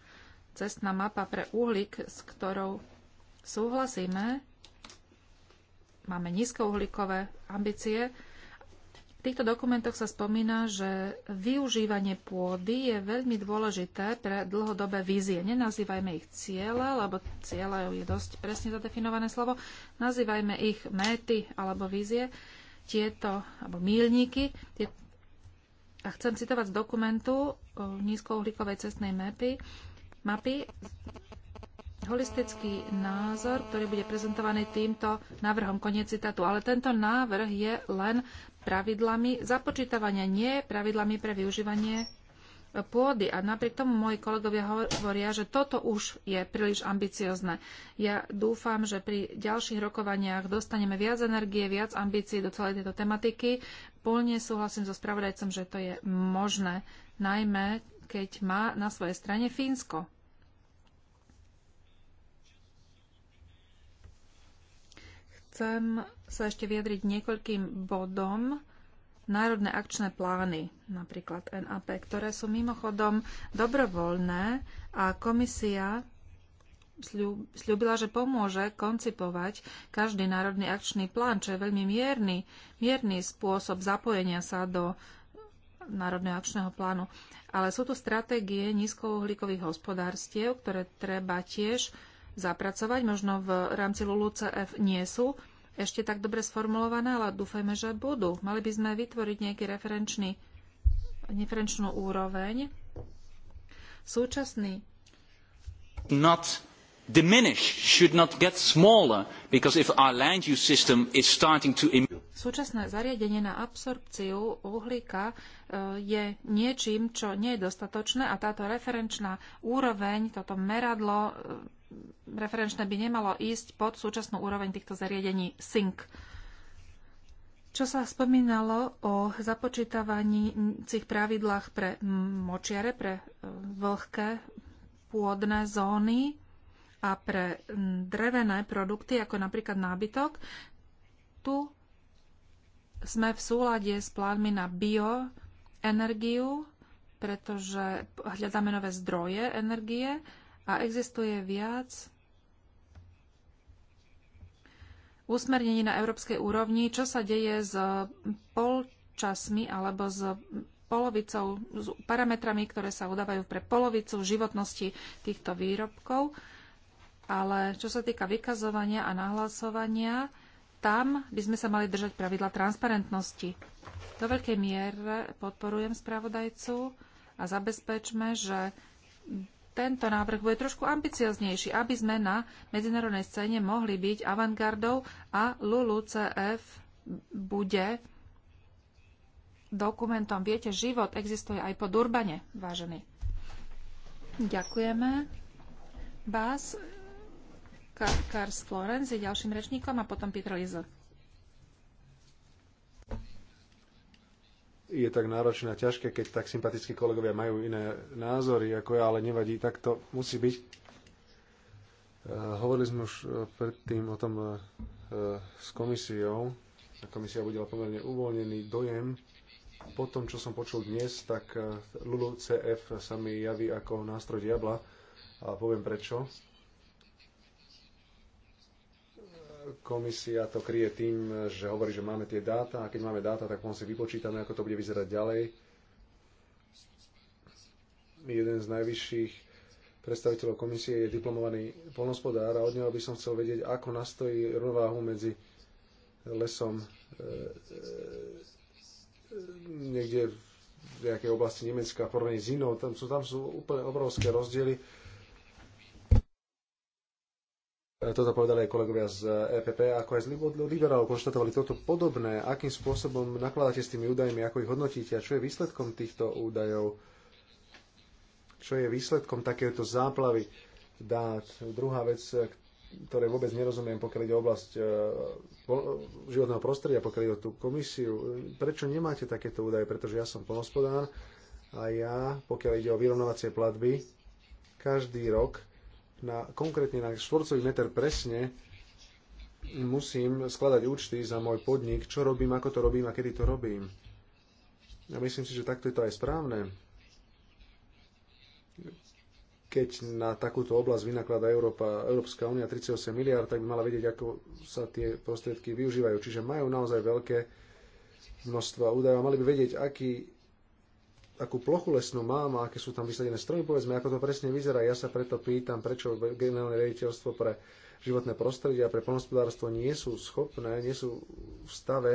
Speaker 1: cestná mapa pre uhlík, s ktorou súhlasíme, máme nízkouhlíkové ambície. V týchto dokumentoch sa spomína, že využívanie pôdy je veľmi dôležité pre dlhodobé vízie. Nenazývajme ich ciele, lebo ciele je dosť presne zadefinované slovo. Nazývajme ich méty alebo vízie tieto, alebo mílniky, tie, a chcem citovať z dokumentu nízkouhlíkovej cestnej mapy, mapy holistický názor, ktorý bude prezentovaný týmto návrhom. Koniec citátu. Ale tento návrh je len pravidlami započítavania, nie pravidlami pre využívanie pôdy. A napriek tomu moji kolegovia hovoria, že toto už je príliš ambiciozne. Ja dúfam, že pri ďalších rokovaniach dostaneme viac energie, viac ambícií do celej tejto tematiky. Polne súhlasím so spravodajcom, že to je možné, najmä keď má na svojej strane Fínsko. Chcem sa ešte vyjadriť niekoľkým bodom, národné akčné plány, napríklad NAP, ktoré sú mimochodom dobrovoľné a komisia slúbila, že pomôže koncipovať každý národný akčný plán, čo je veľmi mierny, mierny spôsob zapojenia sa do národného akčného plánu. Ale sú tu stratégie nízkouhlíkových hospodárstiev, ktoré treba tiež zapracovať, možno v rámci LULUCF nie sú, ešte tak dobre sformulované, ale dúfajme, že budú. Mali by sme vytvoriť nejaký referenčný, referenčnú úroveň. Súčasný
Speaker 3: not diminish, should not get smaller, because if our land use system is starting to...
Speaker 1: Súčasné zariadenie na absorpciu uhlíka e, je niečím, čo nie je dostatočné a táto referenčná úroveň, toto meradlo e, referenčné by nemalo ísť pod súčasnú úroveň týchto zariadení SYNC. Čo sa spomínalo o započítavaných pravidlách pre močiare, pre e, vlhké pôdne zóny a pre drevené produkty, ako napríklad nábytok, tu sme v súlade s plánmi na bioenergiu, pretože hľadáme nové zdroje energie a existuje viac usmernení na európskej úrovni, čo sa deje s polčasmi alebo s polovicou, s parametrami, ktoré sa udávajú pre polovicu životnosti týchto výrobkov. Ale čo sa týka vykazovania a nahlasovania, tam by sme sa mali držať pravidla transparentnosti. Do veľkej miere podporujem spravodajcu a zabezpečme, že tento návrh bude trošku ambicioznejší, aby sme na medzinárodnej scéne mohli byť avantgardou a LULUCF bude dokumentom. Viete, život existuje aj po Durbane, vážení. Ďakujeme. Bás Kars Florenz je ďalším rečníkom a potom Peter Lizl.
Speaker 2: je tak náročné a ťažké, keď tak sympatickí kolegovia majú iné názory ako ja, ale nevadí, tak to musí byť. E, hovorili sme už e, predtým o tom e, s komisiou. Komisia budela pomerne uvoľnený dojem. Po tom, čo som počul dnes, tak LULU CF sa mi javí ako nástroj diabla a poviem prečo komisia to kryje tým, že hovorí, že máme tie dáta a keď máme dáta, tak potom si vypočítame, ako to bude vyzerať ďalej. Jeden z najvyšších predstaviteľov komisie je diplomovaný polnospodár a od neho by som chcel vedieť, ako nastojí rovnováhu medzi lesom e, e, niekde v nejakej oblasti Nemecka a porovnaní s inou. Tam sú, tam sú úplne obrovské rozdiely E, toto povedali aj kolegovia z EPP, e ako aj z liberálov konštatovali toto podobné, akým spôsobom nakladáte s tými údajmi, ako ich hodnotíte a čo je výsledkom týchto údajov, čo je výsledkom takéto záplavy dát. Druhá vec, e, ktoré vôbec nerozumiem, pokiaľ ide o oblasť životného prostredia, pokiaľ ide o tú komisiu, prečo nemáte takéto údaje, pretože ja som polnospodár a ja, pokiaľ ide o vyrovnovacie platby, každý rok na, konkrétne na štvorcový meter presne musím skladať účty za môj podnik, čo robím, ako to robím a kedy to robím. A myslím si, že takto je to aj správne. Keď na takúto oblasť vynaklada Európa, Európska únia 38 miliard, tak by mala vedieť, ako sa tie prostriedky využívajú. Čiže majú naozaj veľké množstva údajov mali by vedieť, aký akú plochu lesnú mám a aké sú tam vysadené stromy, povedzme, ako to presne vyzerá. Ja sa preto pýtam, prečo generálne riaditeľstvo pre životné prostredie a pre plnohospodárstvo nie sú schopné, nie sú v stave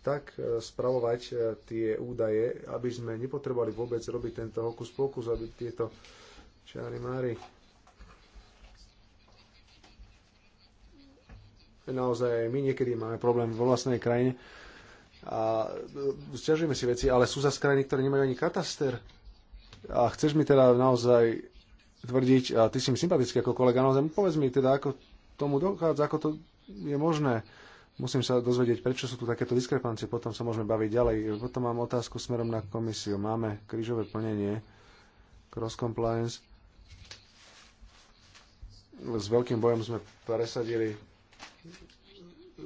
Speaker 2: tak e, spravovať e, tie údaje, aby sme nepotrebovali vôbec robiť tento hokus pokus, aby tieto čári mári naozaj my niekedy máme problém vo vlastnej krajine a e, stiažujeme si veci, ale sú za krajiny, ktoré nemajú ani kataster. A chceš mi teda naozaj tvrdiť, a ty si mi sympatický ako kolega, naozaj povedz mi teda, ako tomu dochádza, ako to je možné. Musím sa dozvedieť, prečo sú tu takéto diskrepancie, potom sa môžeme baviť ďalej. Potom mám otázku smerom na komisiu. Máme krížové plnenie, cross compliance. S veľkým bojom sme presadili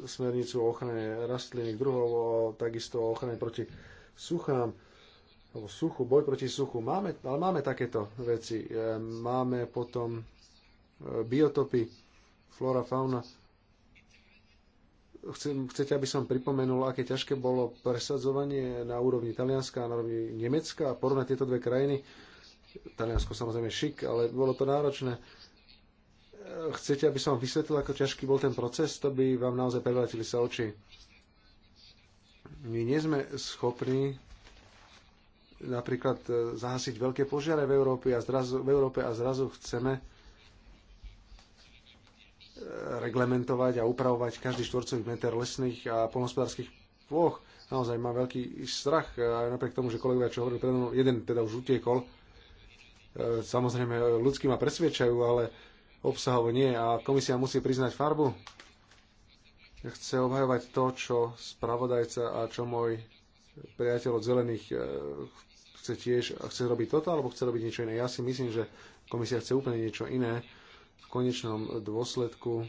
Speaker 2: smernicu o ochrane rastlinných druhov, o, takisto o ochrane proti suchám, alebo suchu, boj proti suchu. Máme, ale máme takéto veci. E, máme potom e, biotopy, flora, fauna. Chcem, chcete, aby som pripomenul, aké ťažké bolo presadzovanie na úrovni Talianska a na úrovni Nemecka a porovnať tieto dve krajiny. Taliansko samozrejme šik, ale bolo to náročné chcete, aby som vám vysvetlil, ako ťažký bol ten proces, to by vám naozaj prevrátili sa oči. My nie sme schopní napríklad e, zahasiť veľké požiare v Európe a zrazu, v Európe a zrazu chceme e, reglementovať a upravovať každý štvorcový meter lesných a polnospodárských ploch. Naozaj mám veľký strach, e, aj napriek tomu, že kolegovia, čo hovorili predo mnou, jeden teda už utiekol, samozrejme ľudský ma presvedčajú, ale obsahovo nie. A komisia musí priznať farbu. Chce obhajovať to, čo spravodajca a čo môj priateľ od zelených e, chce tiež, a chce robiť toto, alebo chce robiť niečo iné. Ja si myslím, že komisia chce úplne niečo iné. V konečnom dôsledku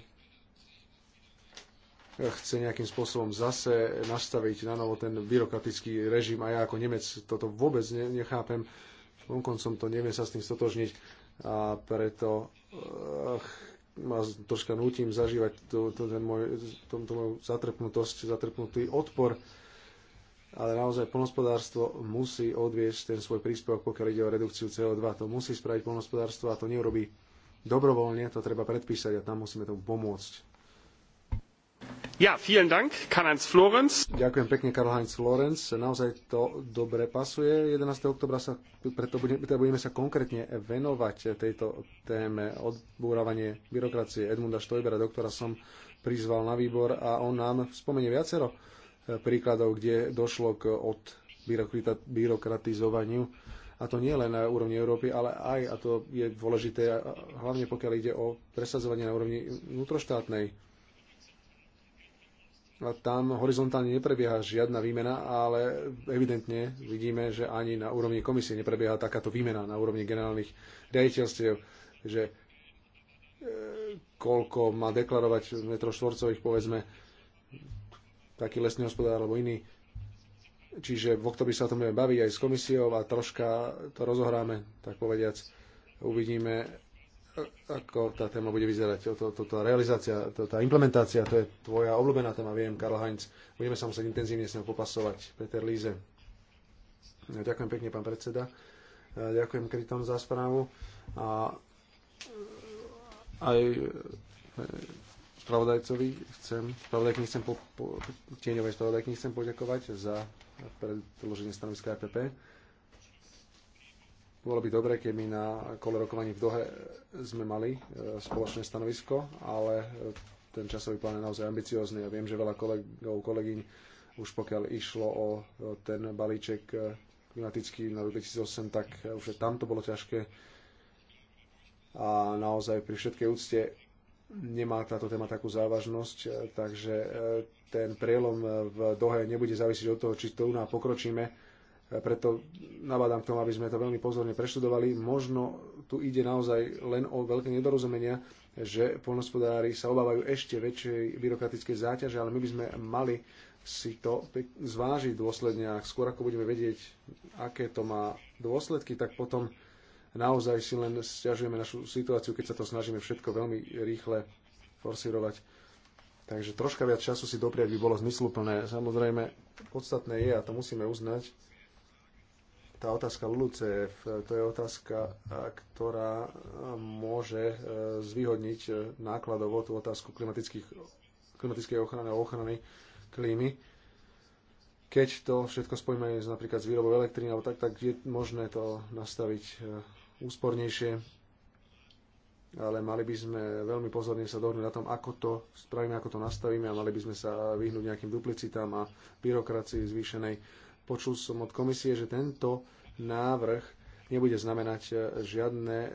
Speaker 2: e, chce nejakým spôsobom zase nastaviť na novo ten byrokratický režim a ja ako Nemec toto vôbec nechápem. Vonkoncom to neviem sa s tým stotožniť a preto eh, ma troška nutím zažívať tú, tú, ten môj, tú, tú moju zatrpnutosť, zatrpnutý odpor, ale naozaj polnospodárstvo musí odviesť ten svoj príspevok, pokiaľ ide o redukciu CO2. To musí spraviť polnospodárstvo a to neurobí dobrovoľne, to treba predpísať a tam musíme tomu pomôcť.
Speaker 1: Ja, vielen Dank, Karl-Heinz Florenz.
Speaker 2: Ďakujem pekne, Karl-Heinz Florenz. Naozaj to dobre pasuje. 11. oktobra sa, preto budeme, budeme sa konkrétne venovať tejto téme odbúravanie byrokracie Edmunda Štojbera, doktora som prizval na výbor a on nám spomenie viacero eh, príkladov, kde došlo k odbyrokratizovaniu. A to nie len na úrovni Európy, ale aj, a to je dôležité, hlavne pokiaľ ide o presadzovanie na úrovni vnútroštátnej a tam horizontálne neprebieha žiadna výmena, ale evidentne vidíme, že ani na úrovni komisie neprebieha takáto výmena na úrovni generálnych riaditeľstiev, že e, koľko má deklarovať metro štvorcových, povedzme, taký lesný hospodár alebo iný. Čiže v oktobri sa o tom budeme baviť aj s komisiou a troška to rozohráme, tak povediac. Uvidíme, ako tá téma bude vyzerať, to, to, tá realizácia, to, tá implementácia, to je tvoja obľúbená téma, viem, Karl Heinz. Budeme sa musieť intenzívne s ňou popasovať. Peter Líze. Ďakujem pekne, pán predseda. Ďakujem Kryton za správu. A aj e, spravodajcovi chcem, spravodajkni chcem po, po, tieňovej spravodajkni chcem poďakovať za predloženie stanoviska EPP bolo by dobre, keby na kole rokovaní v Dohe sme mali e, spoločné stanovisko, ale e, ten časový plán je naozaj ambiciózny. Ja viem, že veľa kolegov, kolegyň už pokiaľ išlo o ten balíček e, klimatický na rok 2008, tak už tam to bolo ťažké. A naozaj pri všetkej úcte nemá táto téma takú závažnosť, takže ten prielom v Dohe nebude závisiť od toho, či to u nás pokročíme, preto nabádam k tomu, aby sme to veľmi pozorne preštudovali. Možno tu ide naozaj len o veľké nedorozumenia, že poľnospodári sa obávajú ešte väčšej byrokratickej záťaže, ale my by sme mali si to zvážiť dôsledne a skôr ako budeme vedieť, aké to má dôsledky, tak potom naozaj si len stiažujeme našu situáciu, keď sa to snažíme všetko veľmi rýchle forsirovať. Takže troška viac času si dopriať by bolo zmysluplné. Samozrejme, podstatné je, a to musíme uznať, tá otázka LULUCF, to je otázka, ktorá môže e, zvýhodniť e, nákladovo tú otázku klimatickej ochrany a ochrany klímy. Keď to všetko spojíme napríklad s výrobou elektriny, alebo tak, tak je možné to nastaviť e, úspornejšie, ale mali by sme veľmi pozorne sa dohodnúť na tom, ako to spravíme, ako to nastavíme a mali by sme sa vyhnúť nejakým duplicitám a byrokracii zvýšenej Počul som od komisie, že tento návrh nebude znamenať e, žiadne, e,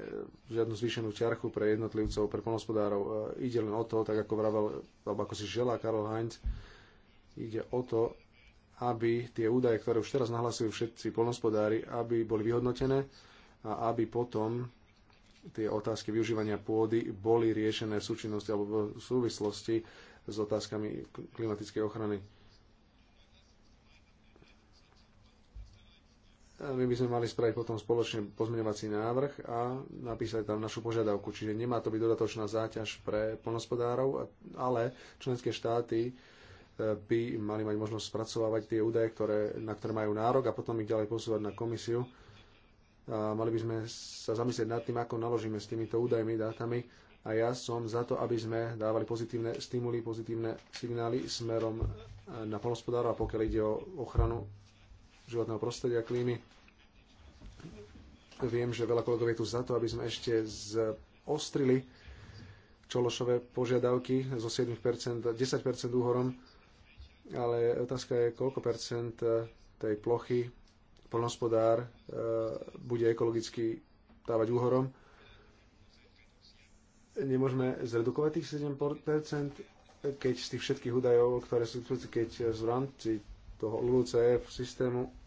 Speaker 2: žiadnu zvýšenú ťarchu pre jednotlivcov, pre polnospodárov. E, ide len o to, tak ako vravel, alebo ako si želá Karol Heinz, ide o to, aby tie údaje, ktoré už teraz nahlasujú všetci polnospodári, aby boli vyhodnotené a aby potom tie otázky využívania pôdy boli riešené v súčinnosti alebo v súvislosti s otázkami klimatickej ochrany my by sme mali spraviť potom spoločne pozmeňovací návrh a napísať tam našu požiadavku. Čiže nemá to byť dodatočná záťaž pre plnospodárov, ale členské štáty e, by mali mať možnosť spracovávať tie údaje, ktoré, na ktoré majú nárok a potom ich ďalej posúvať na komisiu. A mali by sme sa zamyslieť nad tým, ako naložíme s týmito údajmi, dátami a ja som za to, aby sme dávali pozitívne stimuly, pozitívne signály smerom na polnospodárov a pokiaľ ide o ochranu životného prostredia klímy. Viem, že veľa kolegov je tu za to, aby sme ešte zostrili čološové požiadavky zo 7%, 10% úhorom, ale otázka je, koľko percent eh, tej plochy polnospodár eh, bude ekologicky dávať úhorom. Nemôžeme zredukovať tých 7%, keď z tých všetkých údajov, ktoré sú keď v rámci toho LUCF systému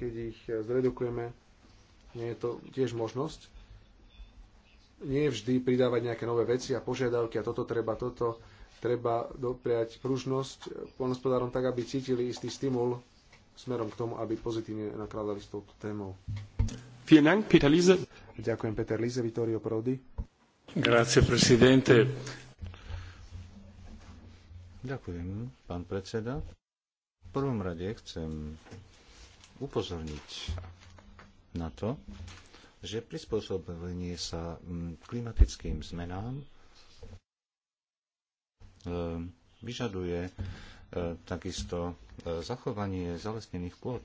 Speaker 2: keď ich zredukujeme, nie je to tiež možnosť. Nie vždy pridávať nejaké nové veci a požiadavky a toto treba, toto treba dopriať pružnosť poľnospodárom tak, aby cítili istý stimul smerom k tomu, aby pozitívne nakladali s touto témou. Vielen Peter Liese. Ďakujem, Peter Liese, Vittorio Prodi.
Speaker 3: Grazie, presidente. Ďakujem, pán predseda. V prvom rade chcem upozorniť na to, že prispôsobenie sa mm, klimatickým zmenám ehm, vyžaduje e, takisto e, zachovanie zalesnených pôd.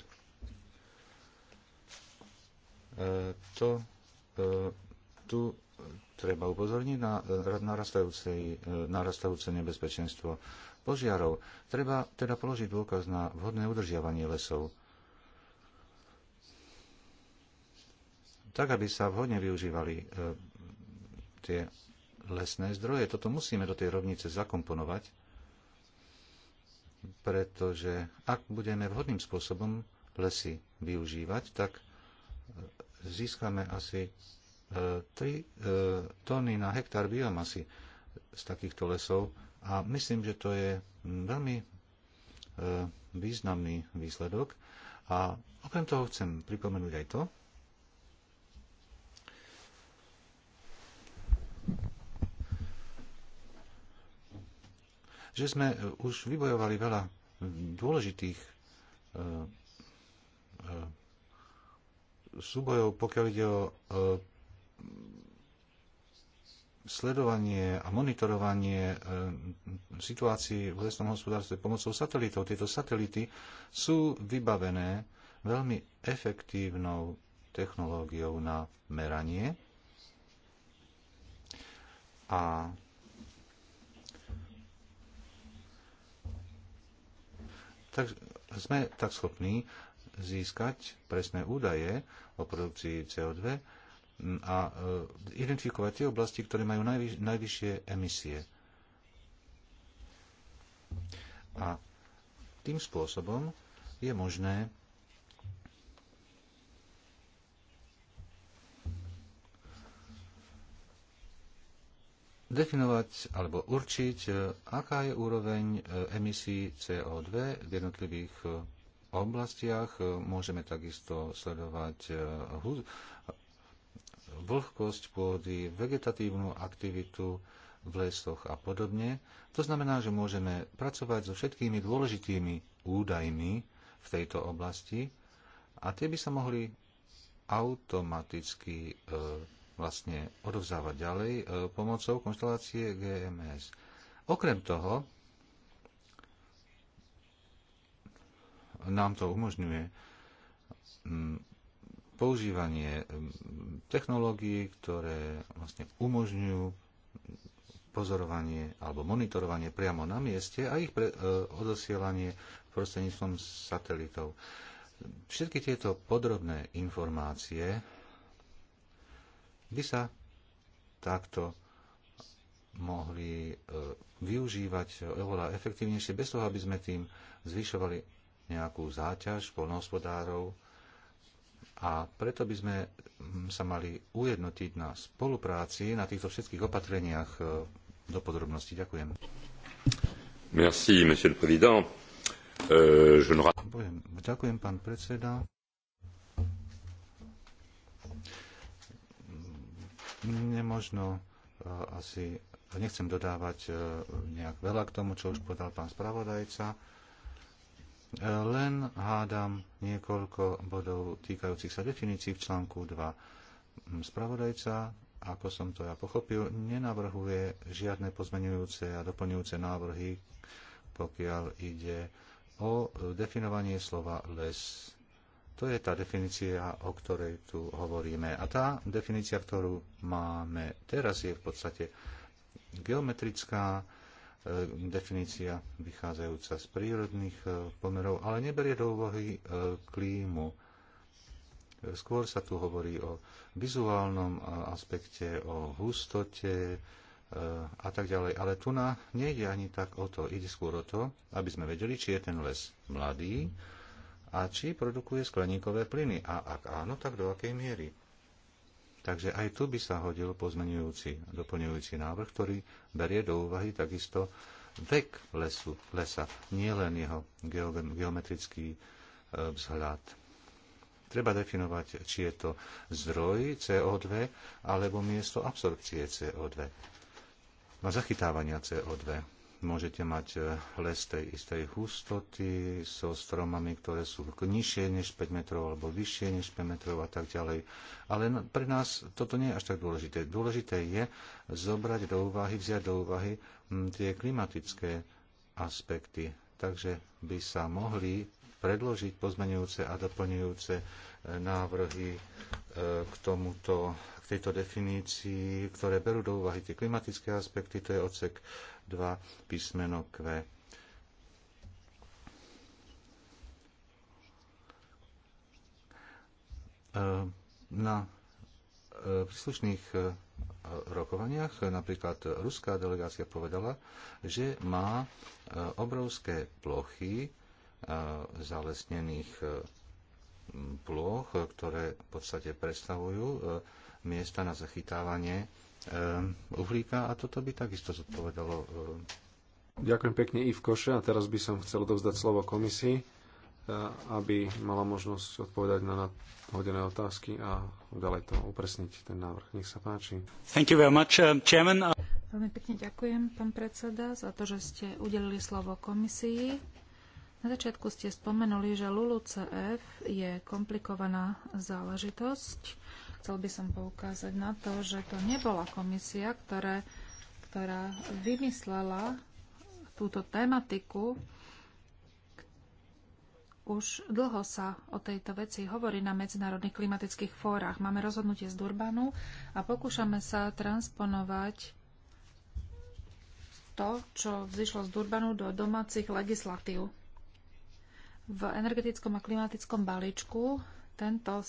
Speaker 3: E, to tu treba upozorniť na narastajúce nebezpečenstvo požiarov. Treba teda položiť dôkaz na vhodné udržiavanie lesov. tak, aby sa vhodne využívali e, tie lesné zdroje. Toto musíme do tej rovnice zakomponovať, pretože ak budeme vhodným spôsobom lesy využívať, tak e, získame asi 3 e, tóny na hektár biomasy z takýchto lesov a myslím, že to je veľmi významný výsledok. A okrem toho chcem pripomenúť aj to, že sme e, už vybojovali veľa dôležitých e, e, súbojov, pokiaľ ide o sledovanie a monitorovanie situácií v lesnom hospodárstve pomocou satelitov. Tieto satelity sú vybavené veľmi efektívnou technológiou na meranie a tak sme tak schopní získať presné údaje o produkcii CO2 a e, identifikovať tie oblasti, ktoré majú najvyš- najvyššie emisie. A tým spôsobom je možné definovať alebo určiť, e, aká je úroveň e, emisí CO2 v jednotlivých e, oblastiach. Môžeme takisto sledovať vlhkosť pôdy, vegetatívnu aktivitu v lesoch a podobne. To znamená, že môžeme pracovať so všetkými dôležitými údajmi v tejto oblasti a tie by sa mohli automaticky vlastne odovzávať ďalej e, pomocou konštelácie GMS. Okrem toho, nám to umožňuje mm, používanie mm, technológií, ktoré vlastne umožňujú pozorovanie alebo monitorovanie priamo na mieste a ich pre, e, odosielanie prostredníctvom satelitov. Všetky tieto podrobné informácie by sa takto mohli e, využívať oveľa efektívnejšie, bez toho, aby sme tým zvyšovali nejakú záťaž polnohospodárov. A preto by sme mm, sa mali ujednotiť na spolupráci na týchto všetkých opatreniach e, do podrobnosti. Ďakujem. Merci, monsieur le président. Euh, je ne... Ďakujem, pán predseda. nemožno e, asi, nechcem dodávať e, nejak veľa k tomu, čo už povedal pán spravodajca, e, len hádam niekoľko bodov týkajúcich sa definícií v článku 2. Spravodajca, ako som to ja pochopil, nenavrhuje žiadne pozmenujúce a doplňujúce návrhy, pokiaľ ide o definovanie slova les to je tá definícia, o ktorej tu hovoríme. A tá definícia, ktorú máme teraz, je v podstate geometrická e, definícia vychádzajúca z prírodných e, pomerov, ale neberie do úvahy e, klímu. Skôr sa tu hovorí o vizuálnom aspekte, o hustote a tak ďalej. Ale tu nejde ani tak o to. Ide skôr o to, aby sme vedeli, či je ten les mladý, a či produkuje skleníkové plyny a ak áno, tak do akej miery. Takže aj tu by sa hodil pozmenujúci, doplňujúci návrh, ktorý berie do úvahy takisto vek lesu, lesa, nielen jeho geometrický e, vzhľad. Treba definovať, či je to zdroj CO2 alebo miesto absorpcie CO2 a no zachytávania CO2 môžete mať e, les tej istej hustoty so stromami, ktoré sú nižšie než 5 metrov alebo vyššie než 5 metrov a tak ďalej. Ale no, pre nás toto nie je až tak dôležité. Dôležité je zobrať do úvahy, vziať do úvahy tie klimatické aspekty. Takže by sa mohli predložiť pozmenujúce a doplňujúce e, návrhy e, k tomuto v tejto definícii, ktoré berú do úvahy tie klimatické aspekty, to je odsek 2 písmeno Q. Ehm, na ehm, príslušných ehm, rokovaniach napríklad ruská delegácia povedala, že má obrovské plochy zalesnených ploch, ktoré v podstate predstavujú miesta na zachytávanie eh, uhlíka a toto by takisto zodpovedalo. Eh,
Speaker 2: ďakujem pekne i v koše a teraz by som chcel dovzdať slovo komisii, eh, aby mala možnosť odpovedať na hodené otázky a ďalej to upresniť ten návrh. Nech sa páči.
Speaker 3: Thank you very much, um, chairman. Uh,
Speaker 1: Veľmi pekne ďakujem, pán predseda, za to, že ste udelili slovo komisii. Na začiatku ste spomenuli, že LULU-CF je komplikovaná záležitosť Chcel by som poukázať na to, že to nebola komisia, ktoré, ktorá vymyslela túto tematiku. Už dlho sa o tejto veci hovorí na medzinárodných klimatických fórach. Máme rozhodnutie z Durbanu a pokúšame sa transponovať to, čo vzýšlo z Durbanu do domácich legislatív. V energetickom a klimatickom balíčku tento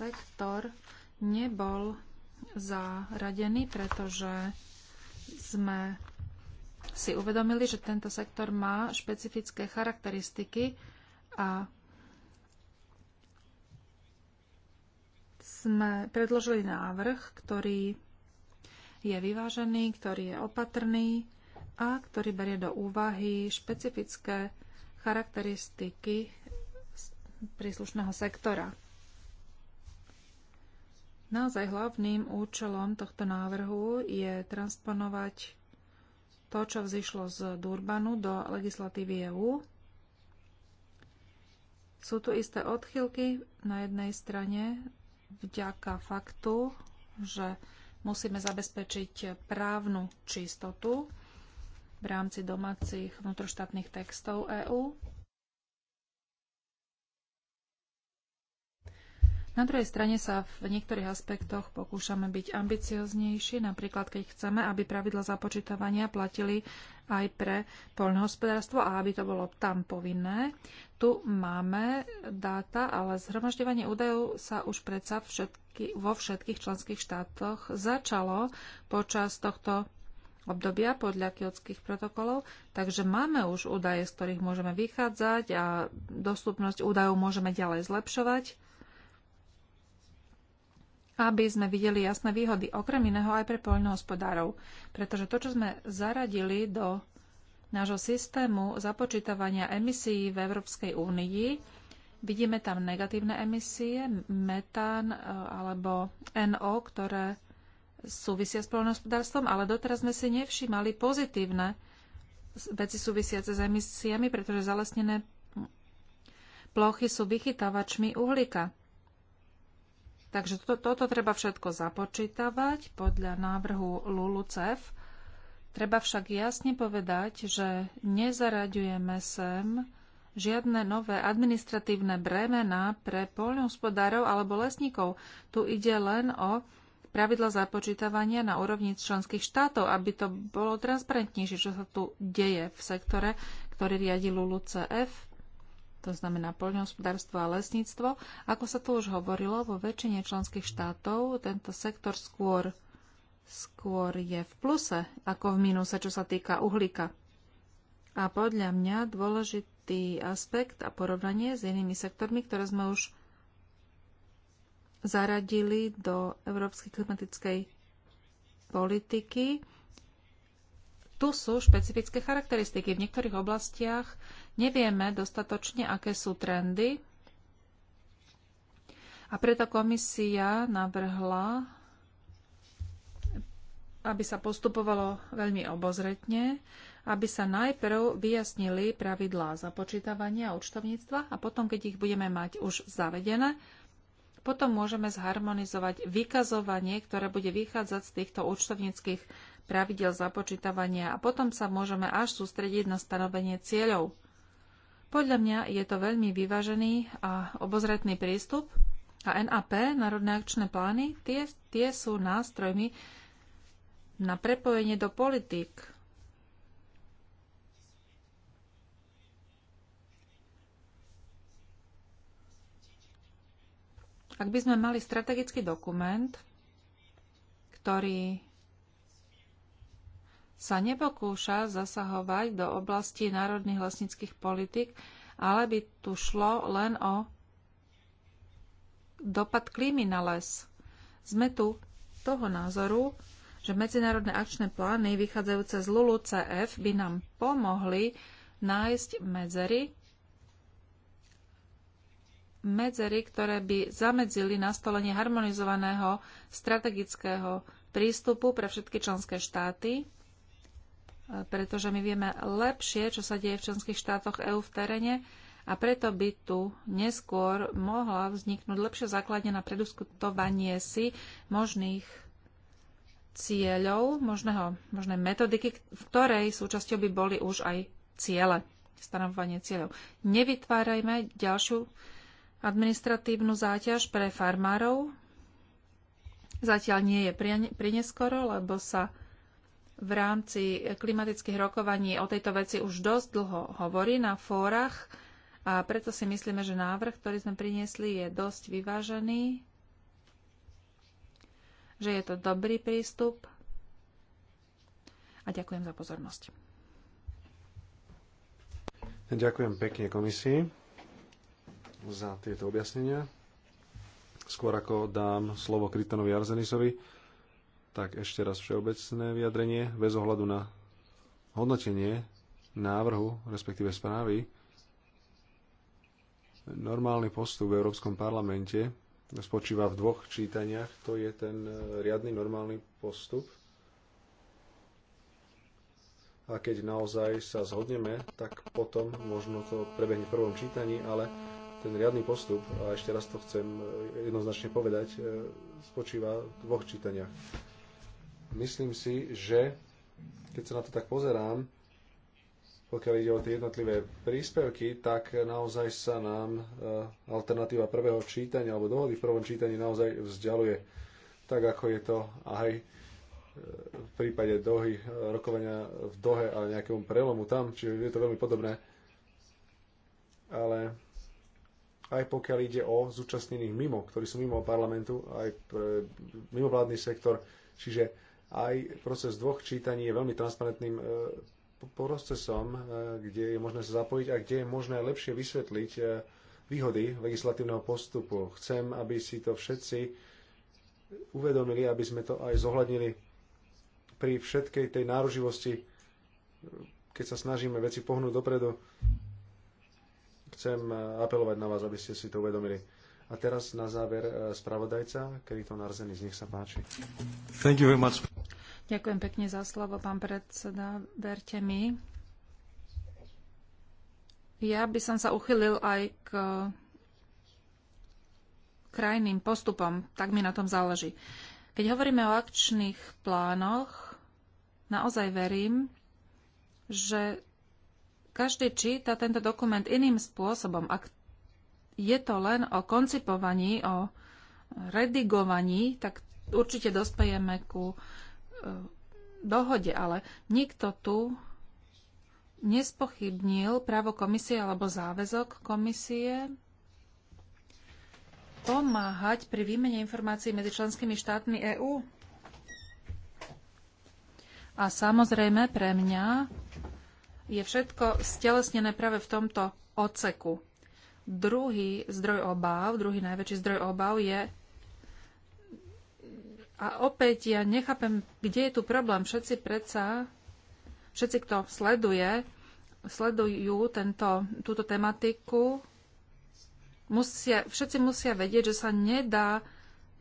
Speaker 1: sektor nebol zaradený, pretože sme si uvedomili, že tento sektor má špecifické charakteristiky a sme predložili návrh, ktorý je vyvážený, ktorý je opatrný a ktorý berie do úvahy špecifické charakteristiky príslušného sektora. Naozaj hlavným účelom tohto návrhu je transponovať to, čo vzýšlo z Durbanu do legislatívy EÚ. Sú tu isté odchylky na jednej strane vďaka faktu, že musíme zabezpečiť právnu čistotu v rámci domácich vnútroštátnych textov EÚ. Na druhej strane sa v niektorých aspektoch pokúšame byť ambicioznejší, napríklad keď chceme, aby pravidla započítavania platili aj pre poľnohospodárstvo a aby to bolo tam povinné. Tu máme dáta, ale zhromažďovanie údajov sa už predsa všetky, vo všetkých členských štátoch začalo počas tohto obdobia podľa kiotských protokolov, takže máme už údaje, z ktorých môžeme vychádzať a dostupnosť údajov môžeme ďalej zlepšovať aby sme videli jasné výhody, okrem iného aj pre poľnohospodárov. Pretože to, čo sme zaradili do nášho systému započítavania emisí v Európskej únii, vidíme tam negatívne emisie, metán e, alebo NO, ktoré súvisia s poľnohospodárstvom, ale doteraz sme si nevšímali pozitívne veci súvisiace s emisiami, pretože zalesnené plochy sú vychytávačmi uhlíka. Takže to, toto treba všetko započítavať podľa návrhu LULUCEF. Treba však jasne povedať, že nezaraďujeme sem žiadne nové administratívne bremena pre poľnohospodárov alebo lesníkov. Tu ide len o pravidla započítavania na úrovni členských štátov, aby to bolo transparentnejšie, čo sa tu deje v sektore, ktorý riadi LULUCF to znamená poľnohospodárstvo a lesníctvo. Ako sa tu už hovorilo, vo väčšine členských štátov tento sektor skôr, skôr je v pluse ako v mínuse, čo sa týka uhlíka. A podľa mňa dôležitý aspekt a porovnanie s inými sektormi, ktoré sme už zaradili do európskej klimatickej politiky, tu sú špecifické charakteristiky. V niektorých oblastiach nevieme dostatočne, aké sú trendy. A preto komisia navrhla, aby sa postupovalo veľmi obozretne, aby sa najprv vyjasnili pravidlá započítavania a účtovníctva a potom, keď ich budeme mať už zavedené, potom môžeme zharmonizovať vykazovanie, ktoré bude vychádzať z týchto účtovníckých pravidel započítavania a potom sa môžeme až sústrediť na stanovenie cieľov. Podľa mňa je to veľmi vyvážený a obozretný prístup a NAP, Národné akčné plány, tie, tie sú nástrojmi na prepojenie do politik. Ak by sme mali strategický dokument, ktorý sa nepokúša zasahovať do oblasti národných lesnických politik, ale by tu šlo len o dopad klímy na les. Sme tu toho názoru, že medzinárodné akčné plány vychádzajúce z LULUCF by nám pomohli nájsť medzery, medzery, ktoré by zamedzili nastolenie harmonizovaného strategického prístupu pre všetky členské štáty pretože my vieme lepšie, čo sa deje v členských štátoch EÚ v teréne a preto by tu neskôr mohla vzniknúť lepšie základne na prediskutovanie si možných cieľov, možného, možné metodiky, v ktorej súčasťou by boli už aj ciele, stanovovanie cieľov. Nevytvárajme ďalšiu administratívnu záťaž pre farmárov. Zatiaľ nie je prineskoro, lebo sa v rámci klimatických rokovaní o tejto veci už dosť dlho hovorí na fórach a preto si myslíme, že návrh, ktorý sme priniesli, je dosť vyvážený, že je to dobrý prístup a ďakujem za pozornosť.
Speaker 2: Ďakujem pekne komisii za tieto objasnenia. Skôr ako dám slovo Kritanovi Arzenisovi, tak ešte raz všeobecné vyjadrenie bez ohľadu na hodnotenie návrhu, respektíve správy. Normálny postup v Európskom parlamente spočíva v dvoch čítaniach. To je ten e, riadny normálny postup. A keď naozaj sa zhodneme, tak potom možno to prebehne v prvom čítaní, ale ten riadny postup, a ešte raz to chcem e, jednoznačne povedať, e, spočíva v dvoch čítaniach Myslím si, že keď sa na to tak pozerám, pokiaľ ide o tie jednotlivé príspevky, tak naozaj sa nám eh, alternatíva prvého čítania alebo dohody v prvom čítaní naozaj vzdialuje, tak ako je to aj eh, v prípade dohy, eh, rokovania v dohe a nejakému prelomu tam, čiže je to veľmi podobné. Ale aj pokiaľ ide o zúčastnených mimo, ktorí sú mimo parlamentu, aj pre mimovládny sektor, čiže aj proces dvoch čítaní je veľmi transparentným e, procesom, e, kde je možné sa zapojiť a kde je možné lepšie vysvetliť e, výhody legislatívneho postupu. Chcem, aby si to všetci uvedomili, aby sme to aj zohľadnili pri všetkej tej náruživosti, keď sa snažíme veci pohnúť dopredu. Chcem apelovať na vás, aby ste si to uvedomili. A teraz na záver spravodajca, Narzený, z nich sa páči.
Speaker 3: Thank you very much.
Speaker 1: Ďakujem pekne za slovo, pán predseda. Verte mi. Ja by som sa uchylil aj k krajným postupom. Tak mi na tom záleží. Keď hovoríme o akčných plánoch, naozaj verím, že každý číta tento dokument iným spôsobom. Ak je to len o koncipovaní, o redigovaní, tak určite dospejeme ku Eh, dohode, ale nikto tu nespochybnil právo komisie alebo záväzok komisie pomáhať pri výmene informácií medzi členskými štátmi EÚ. A samozrejme pre mňa je všetko stelesnené práve v tomto odseku. Druhý zdroj obáv, druhý najväčší zdroj obáv je a opäť ja nechápem, kde je tu problém. Všetci predsa, všetci, kto sleduje, sledujú tento, túto tematiku, musia, všetci musia vedieť, že sa nedá,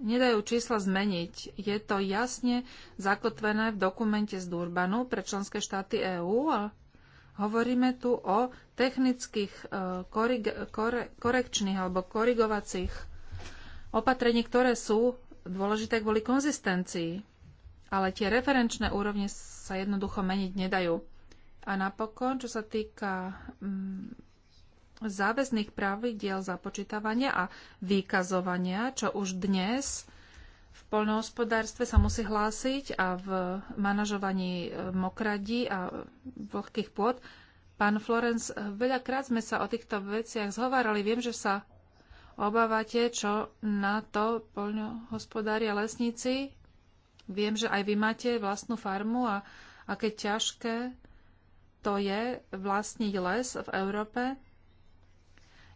Speaker 1: nedajú čísla zmeniť. Je to jasne zakotvené v dokumente z Durbanu pre členské štáty EÚ a hovoríme tu o technických e, korig, kore, korekčných alebo korigovacích opatrení, ktoré sú dôležité kvôli konzistencii, ale tie referenčné úrovne sa jednoducho meniť nedajú. A napokon, čo sa týka mm, záväzných pravidiel započítavania a vykazovania, čo už dnes v poľnohospodárstve sa musí hlásiť a v manažovaní e, mokradí a vlhkých pôd. Pán Florence, veľakrát sme sa o týchto veciach zhovárali. Viem, že sa obávate, čo na to poľnohospodári a lesníci. Viem, že aj vy máte vlastnú farmu a aké ťažké to je vlastniť les v Európe.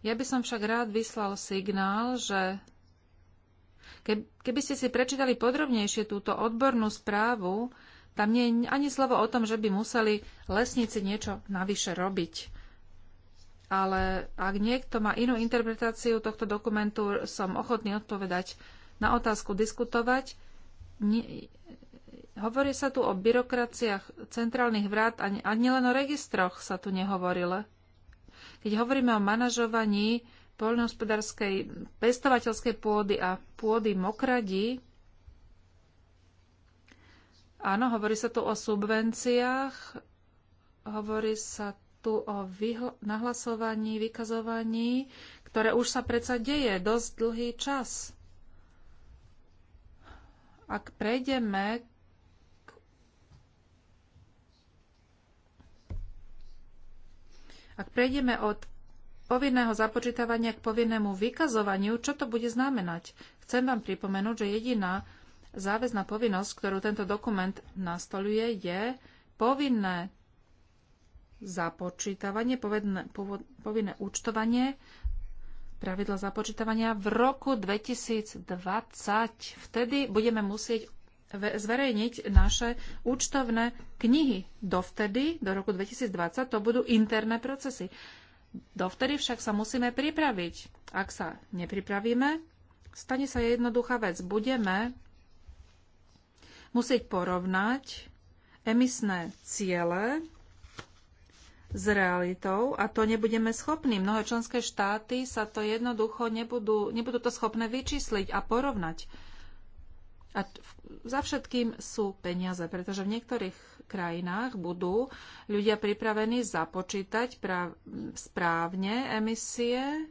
Speaker 1: Ja by som však rád vyslal signál, že keby ste si prečítali podrobnejšie túto odbornú správu, tam nie je ani slovo o tom, že by museli lesníci niečo navyše robiť ale ak niekto má inú interpretáciu tohto dokumentu, som ochotný odpovedať na otázku, diskutovať. Nie, hovorí sa tu o byrokraciách centrálnych vrát a, a nielen o registroch sa tu nehovorilo. Keď hovoríme o manažovaní poľnohospodárskej, pestovateľskej pôdy a pôdy mokradí, áno, hovorí sa tu o subvenciách, hovorí sa tu o nahlasovaní, vykazovaní, ktoré už sa predsa deje dosť dlhý čas. Ak prejdeme k... Ak prejdeme od povinného započítavania k povinnému vykazovaniu, čo to bude znamenať? Chcem vám pripomenúť, že jediná záväzná povinnosť, ktorú tento dokument nastoluje, je povinné započítavanie, povedne, povinné účtovanie, pravidla započítavania v roku 2020. Vtedy budeme musieť zverejniť naše účtovné knihy. Dovtedy, do roku 2020, to budú interné procesy. Dovtedy však sa musíme pripraviť. Ak sa nepripravíme, stane sa jednoduchá vec. Budeme musieť porovnať emisné ciele s realitou a to nebudeme schopní. Mnohé členské štáty sa to jednoducho nebudú, nebudú to schopné vyčísliť a porovnať. A za všetkým sú peniaze, pretože v niektorých krajinách budú ľudia pripravení započítať správne emisie,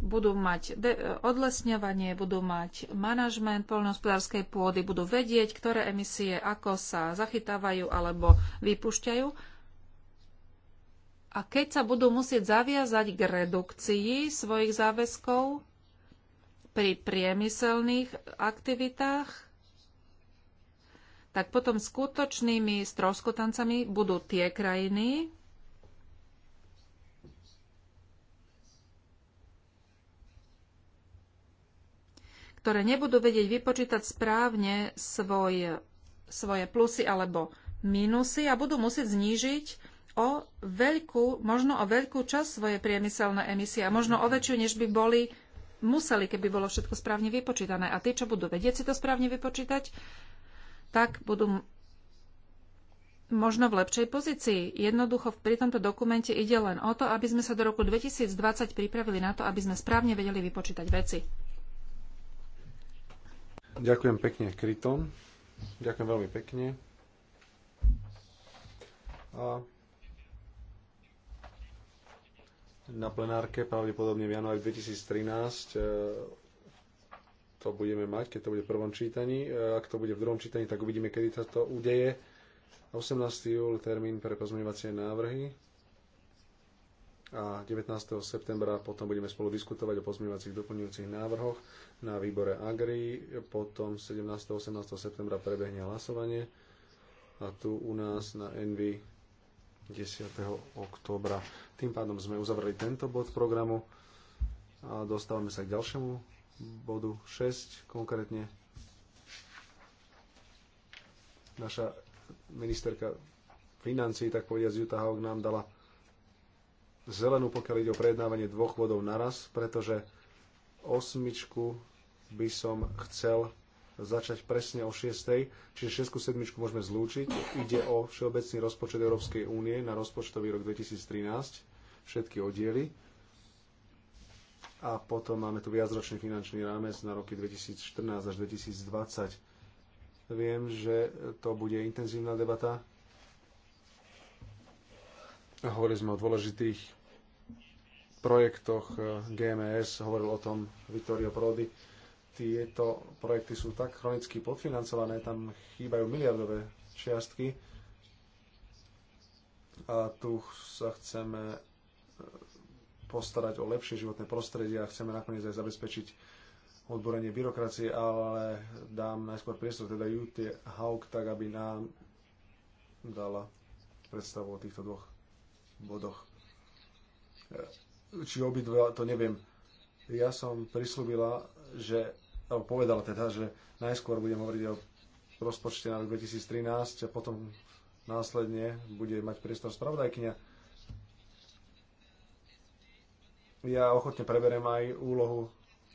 Speaker 1: budú mať odlesňovanie, budú mať manažment poľnohospodárskej pôdy, budú vedieť, ktoré emisie ako sa zachytávajú alebo vypúšťajú a keď sa budú musieť zaviazať k redukcii svojich záväzkov pri priemyselných aktivitách, tak potom skutočnými stroskotancami budú tie krajiny, ktoré nebudú vedieť vypočítať správne svoje, svoje plusy alebo minusy a budú musieť znížiť o veľkú, možno o veľkú časť svoje priemyselné emisie a možno o väčšiu, než by boli museli, keby bolo všetko správne vypočítané. A tí, čo budú vedieť si to správne vypočítať, tak budú možno v lepšej pozícii. Jednoducho pri tomto dokumente ide len o to, aby sme sa do roku 2020 pripravili na to, aby sme správne vedeli vypočítať veci.
Speaker 2: Ďakujem pekne, Kryton. Ďakujem veľmi pekne. A na plenárke, pravdepodobne v januári 2013 e, to budeme mať, keď to bude v prvom čítaní. E, ak to bude v druhom čítaní, tak uvidíme, kedy sa to udeje. 18. júl termín pre pozmeňovacie návrhy a 19. septembra potom budeme spolu diskutovať o pozmeňovacích doplňujúcich návrhoch na výbore Agri, potom 17. 18. septembra prebehne hlasovanie a tu u nás na Envy 10. októbra. Tým pádom sme uzavreli tento bod programu a dostávame sa k ďalšiemu bodu 6 konkrétne. Naša ministerka financí, tak povediať, Juta Haug nám dala zelenú, pokiaľ ide o prejednávanie dvoch bodov naraz, pretože osmičku by som chcel začať presne o 6. Čiže 6. 7. môžeme zlúčiť. Ide o Všeobecný rozpočet Európskej únie na rozpočtový rok 2013, všetky oddiely. A potom máme tu viacročný finančný rámec na roky 2014 až 2020. Viem, že to bude intenzívna debata. Hovorili sme o dôležitých projektoch eh, GMS, hovoril o tom Vittorio Prodi tieto projekty sú tak chronicky podfinancované, tam chýbajú miliardové čiastky. A tu sa chceme e, postarať o lepšie životné prostredie a chceme nakoniec aj zabezpečiť odborenie byrokracie, ale dám najskôr priestor teda Jutie Hauk tak aby nám dala predstavu o týchto dvoch bodoch. E, či obidva, to neviem. Ja som prislúbila, že alebo povedal teda, že najskôr budem hovoriť o rozpočte na rok 2013 a potom následne bude mať priestor spravodajkyňa. Ja ochotne preberem aj úlohu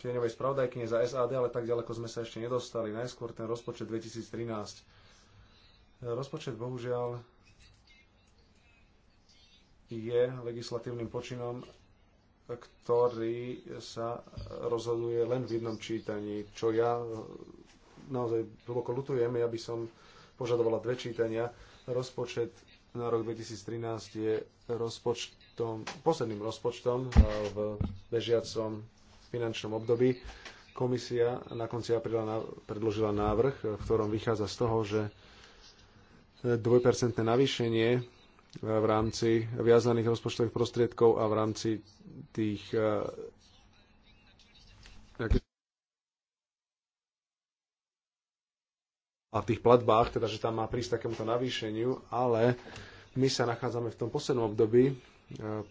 Speaker 2: tieňovej spravodajkyne za SAD, ale tak ďaleko sme sa ešte nedostali. Najskôr ten rozpočet 2013. Rozpočet bohužiaľ je legislatívnym počinom ktorý sa rozhoduje len v jednom čítaní, čo ja e, naozaj hlboko lutujem. Ja by som požadovala dve čítania. Rozpočet na rok 2013 je rozpočtom, posledným rozpočtom e, v bežiacom finančnom období. Komisia na konci apríla predložila návrh, v ktorom vychádza z toho, že dvojpercentné navýšenie v rámci viazaných rozpočtových prostriedkov a v rámci tých eh, a v tých platbách, teda že tam má prísť takémuto navýšeniu, ale my sa nachádzame v tom poslednom období eh,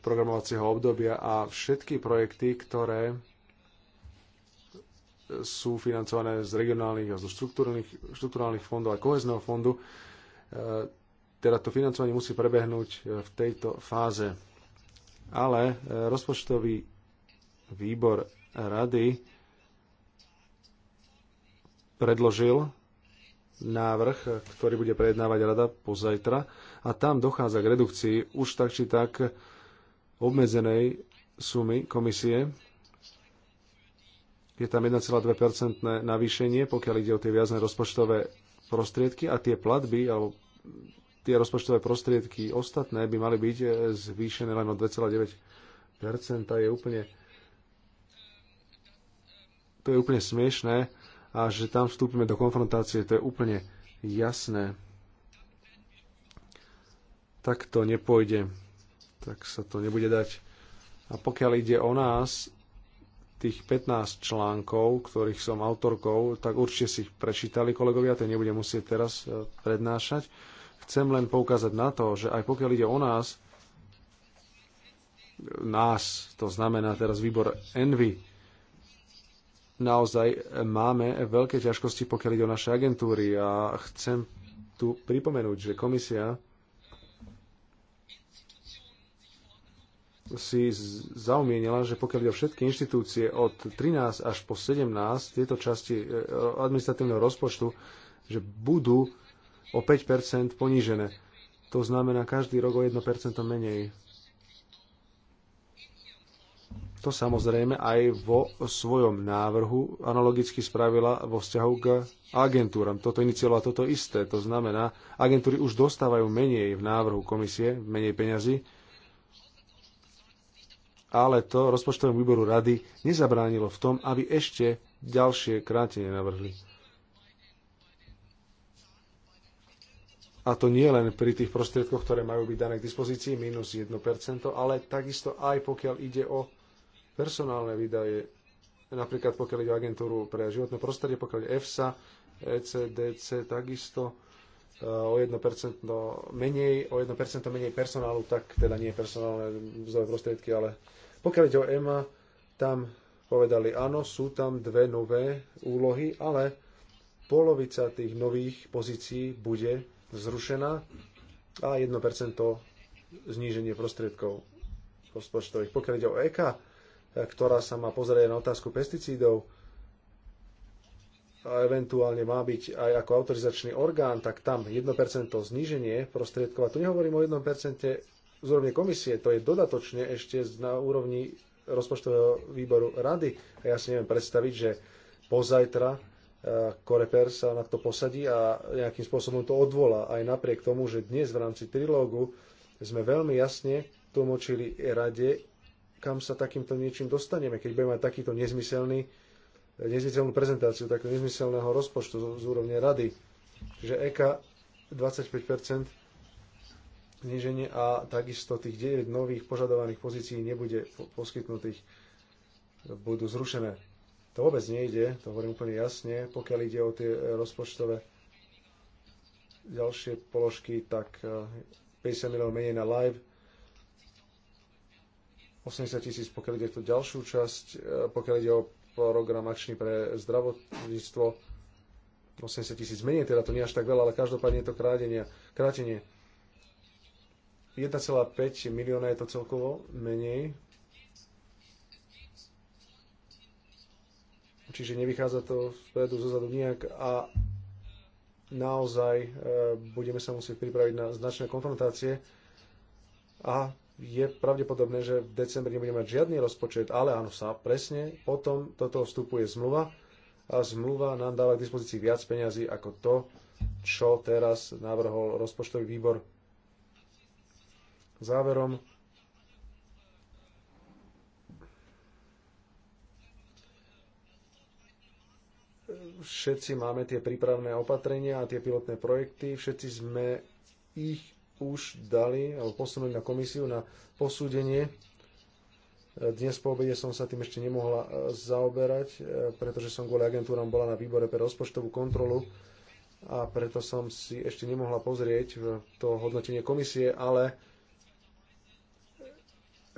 Speaker 2: programovacieho obdobia a všetky projekty, ktoré sú financované z regionálnych a zo štruktúrnych, fondov a kohezného fondu, eh, teda to financovanie musí prebehnúť e, v tejto fáze. Ale e, rozpočtový výbor rady predložil návrh, ktorý bude prejednávať rada pozajtra a tam dochádza k redukcii už tak či tak obmedzenej sumy komisie. Je tam 1,2% navýšenie, pokiaľ ide o tie viazné rozpočtové prostriedky a tie platby alebo tie rozpočtové prostriedky ostatné by mali byť eh, zvýšené len o 2,9 je úplne to je úplne smiešné a že tam vstúpime do konfrontácie, to je úplne jasné. Tak to nepôjde. Tak sa to nebude dať. A pokiaľ ide o nás, tých 15 článkov, ktorých som autorkou, tak určite si ich prečítali kolegovia, to nebudem musieť teraz eh, prednášať Chcem len poukázať na to, že aj pokiaľ ide o nás, nás, to znamená teraz výbor Envy, naozaj máme veľké ťažkosti, pokiaľ ide o naše agentúry a chcem tu pripomenúť, že komisia si zaumienila, že pokiaľ ide o všetky inštitúcie od 13 až po 17 tieto časti eh, administratívneho rozpočtu, že budú o 5 ponížené. To znamená každý rok o 1 menej. To samozrejme aj vo svojom návrhu analogicky spravila vo vzťahu k agentúram. Toto iniciovala toto isté. To znamená, agentúry už dostávajú menej v návrhu komisie, menej peňazí, ale to rozpočtovému výboru rady nezabránilo v tom, aby ešte ďalšie krátenie navrhli. a to nie len pri tých prostriedkoch, ktoré majú byť dané k dispozícii, minus 1%, ale takisto aj pokiaľ ide o personálne výdaje, napríklad pokiaľ ide o agentúru pre životné prostredie, pokiaľ ide EFSA, ECDC, takisto e, o 1% menej, o 1% menej personálu, tak teda nie personálne mzdové prostriedky, ale pokiaľ ide o EMA, tam povedali áno, sú tam dve nové úlohy, ale polovica tých nových pozícií bude zrušená a 1% zníženie prostriedkov rozpočtových. Pokiaľ ide o EK, ktorá sa má pozrieť na otázku pesticídov a eventuálne má byť aj ako autorizačný orgán, tak tam 1% zníženie prostriedkov. A tu nehovorím o 1% z úrovne komisie, to je dodatočne ešte na úrovni rozpočtového výboru rady. A ja si neviem predstaviť, že pozajtra Koreper sa na to posadí a nejakým spôsobom to odvolá. Aj napriek tomu, že dnes v rámci trilógu sme veľmi jasne tlmočili rade, kam sa takýmto niečím dostaneme, keď budeme mať takýto nezmyselný, nezmyselnú prezentáciu, takého nezmyselného rozpočtu z, z úrovne rady. Čiže EK 25% zniženie a takisto tých 9 nových požadovaných pozícií nebude poskytnutých, budú zrušené to vôbec nejde, to hovorím úplne jasne. Pokiaľ ide o tie e, rozpočtové ďalšie položky, tak 50 e, miliónov menej na live, 80 tisíc, pokiaľ ide o tú ďalšiu časť, e, pokiaľ ide o program akčný pre zdravotníctvo, 80 tisíc menej, teda to nie až tak veľa, ale každopádne je to krátenie. 1,5 milióna je to celkovo menej, čiže nevychádza to vpredu, zozadu nejak a naozaj e, budeme sa musieť pripraviť na značné konfrontácie a je pravdepodobné, že v decembri nebudeme mať žiadny rozpočet, ale áno sa, presne, potom do toho vstupuje zmluva a zmluva nám dáva k dispozícii viac peňazí ako to, čo teraz navrhol rozpočtový výbor. Záverom Všetci máme tie prípravné opatrenia a tie pilotné projekty, všetci sme ich už dali alebo posunuli na komisiu na posúdenie. Dnes po obede som sa tým ešte nemohla e, zaoberať, e, pretože som kvôli agentúram bola na výbore pre rozpočtovú kontrolu a preto som si ešte nemohla pozrieť to hodnotenie komisie, ale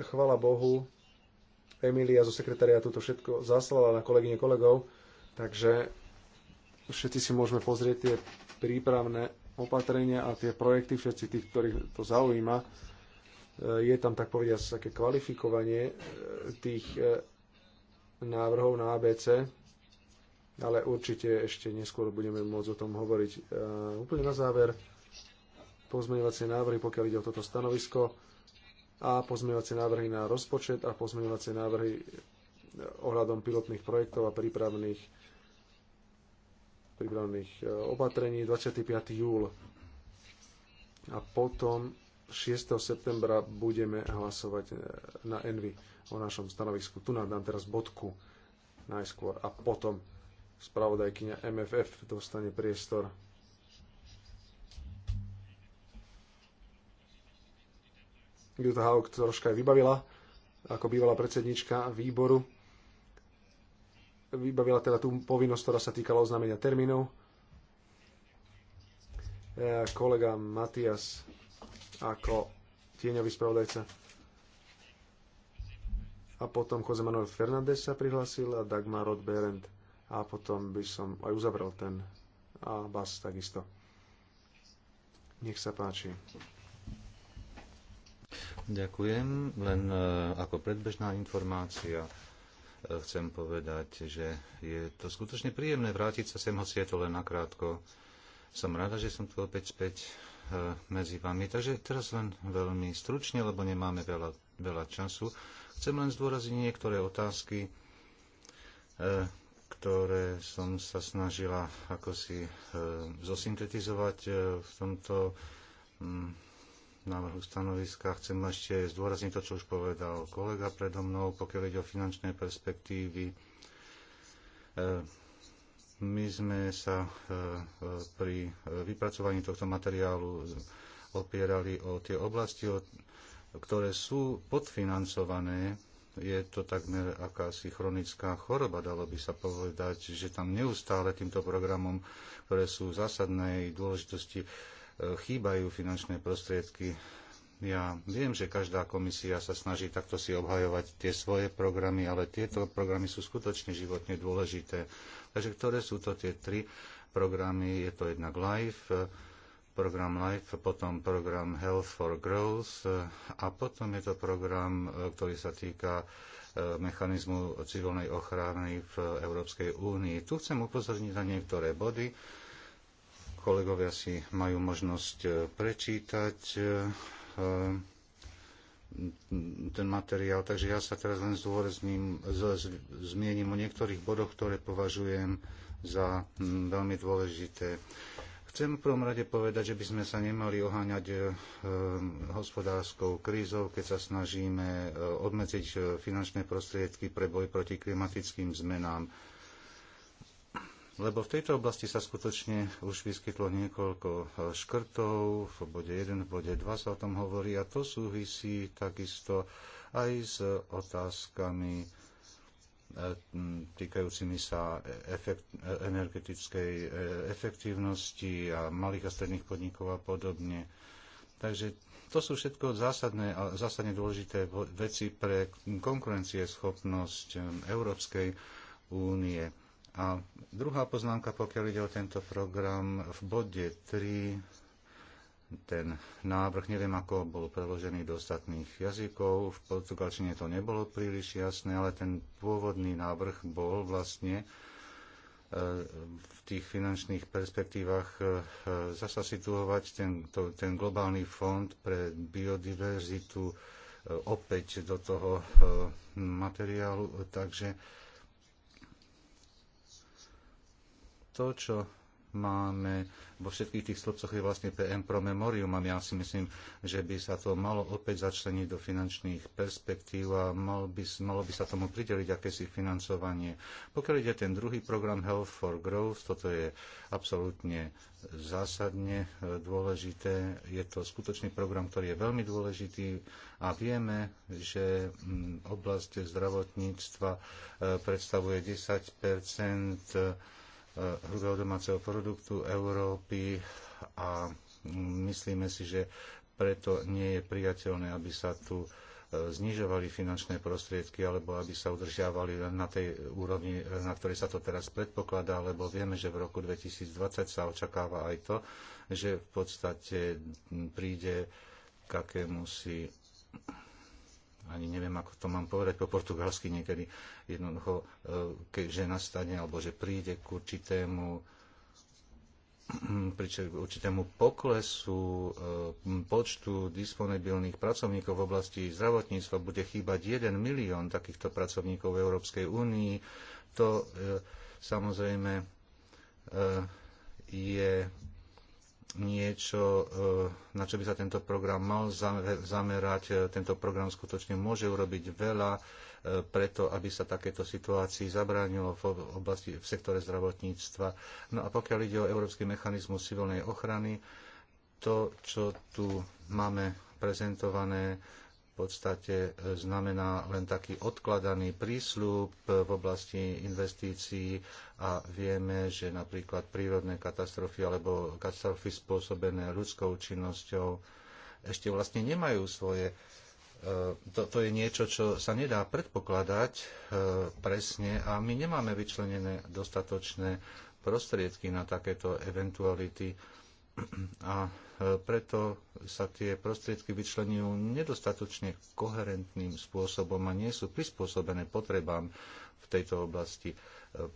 Speaker 2: chvala Bohu, Emília zo sekretariatu to všetko zaslala na kolegyne kolegov, takže Všetci si môžeme pozrieť tie prípravné opatrenia a tie projekty, všetci tých, ktorých to zaujíma. E, je tam, tak povediať, také kvalifikovanie e, tých e, návrhov na ABC, ale určite ešte neskôr budeme môcť o tom hovoriť. Úplne na záver, pozmeňovacie návrhy, pokiaľ ide o toto stanovisko, a pozmeňovacie návrhy na rozpočet a pozmeňovacie návrhy ohľadom pilotných projektov a prípravných prípravných e, opatrení 25. júl. A potom 6. septembra budeme hlasovať e, na Envy o našom stanovisku. Tu nám dám teraz bodku najskôr a potom spravodajkyňa MFF dostane priestor. Jutta Haug troška aj vybavila ako bývalá predsednička výboru vybavila teda tú povinnosť, ktorá sa týkala oznámenia termínov. E, kolega Matias ako tieňový spravodajca. A potom Jose Manuel Fernández sa prihlásil a Dagmar Rod Berend. A potom by som aj uzavrel ten a Bas takisto. Nech sa páči.
Speaker 3: Ďakujem. Len e, ako predbežná informácia chcem povedať, že je to skutočne príjemné vrátiť sa sem, hoci je to len nakrátko. Som rada, že som tu opäť späť e, medzi vami. Takže teraz len veľmi stručne, lebo nemáme veľa, veľa času. Chcem len zdôraziť niektoré otázky, e, ktoré som sa snažila ako si e, zosyntetizovať v tomto mm, návrhu stanoviska. Chcem ešte zdôrazniť to, čo už povedal kolega predo mnou, pokiaľ ide o finančné perspektívy. E, my sme sa e, pri vypracovaní tohto materiálu opierali o tie oblasti, ktoré sú podfinancované. Je to takmer akási chronická choroba, dalo by sa povedať, že tam neustále týmto programom, ktoré sú zásadnej dôležitosti, chýbajú finančné prostriedky. Ja viem, že každá komisia sa snaží takto si obhajovať tie svoje programy, ale tieto programy sú skutočne životne dôležité. Takže ktoré sú to tie tri programy? Je to jednak LIFE, program LIFE, potom program Health for Growth a potom je to program, ktorý sa týka e, mechanizmu civilnej ochrany v Európskej únii. Tu chcem upozorniť na niektoré body, kolegovia si majú možnosť e, prečítať e, e, ten materiál, takže ja sa teraz len zdôrazním, zmiením o niektorých bodoch, ktoré považujem za veľmi dôležité. Chcem v prvom rade povedať, že by sme sa nemali oháňať hospodárskou krízou, keď sa snažíme obmedziť finančné prostriedky pre boj proti klimatickým zmenám lebo v tejto oblasti sa skutočne už vyskytlo niekoľko e, škrtov, v bode 1, v bode 2 sa o tom hovorí a to súvisí takisto aj s otázkami e, týkajúcimi sa efekt, e, energetickej efektívnosti a malých a stredných podnikov a podobne. Takže to sú všetko zásadné a zásadne dôležité veci pre konkurencieschopnosť Európskej únie. A druhá poznámka, pokiaľ ide o tento program, v bode 3 ten návrh, neviem ako bol preložený do ostatných jazykov, v portugalčine to nebolo príliš jasné, ale ten pôvodný návrh bol vlastne e, v tých finančných perspektívach e, zasa situovať ten, to, ten globálny fond pre biodiverzitu e, opäť do toho materiálu. Takže to, čo máme vo všetkých tých stĺpcoch je vlastne PM pro memorium a ja si myslím, že by sa to malo opäť začleniť do finančných perspektív a mal by, malo by sa tomu prideliť akési financovanie. Pokiaľ ide ten druhý program Health for Growth, toto je absolútne zásadne e, dôležité. Je to skutočný program, ktorý je veľmi dôležitý a vieme, že oblasť zdravotníctva e, predstavuje 10 hrubého domáceho produktu Európy a myslíme si, že preto nie je priateľné, aby sa tu e, znižovali finančné prostriedky alebo aby sa udržiavali len na tej úrovni, e, na ktorej sa to teraz predpokladá, lebo vieme, že v roku 2020 sa očakáva aj to, že v podstate príde k akémusi ani neviem, ako to mám povedať po portugalsky niekedy, jednoducho, e, žena nastane alebo že príde k určitému k [CLEARS THROAT] určitému poklesu e, počtu disponibilných pracovníkov v oblasti zdravotníctva bude chýbať 1 milión takýchto pracovníkov v Európskej únii. To e, samozrejme je niečo, eh, na čo by sa tento program mal zamerať. Eh, tento program skutočne môže urobiť veľa eh, preto, aby sa takéto situácii zabránilo v oblasti, v sektore zdravotníctva. No a pokiaľ ide o Európsky mechanizmus civilnej ochrany, to, čo tu máme prezentované, podstate e, znamená len taký odkladaný prísľub e, v oblasti investícií a vieme, že napríklad prírodné katastrofy alebo katastrofy spôsobené ľudskou činnosťou ešte vlastne nemajú svoje. E, to, to je niečo, čo sa nedá predpokladať presne a my nemáme vyčlenené dostatočné prostriedky na takéto eventuality a e, preto sa tie prostriedky vyčlenujú nedostatočne koherentným spôsobom a nie sú prispôsobené potrebám v tejto oblasti. E,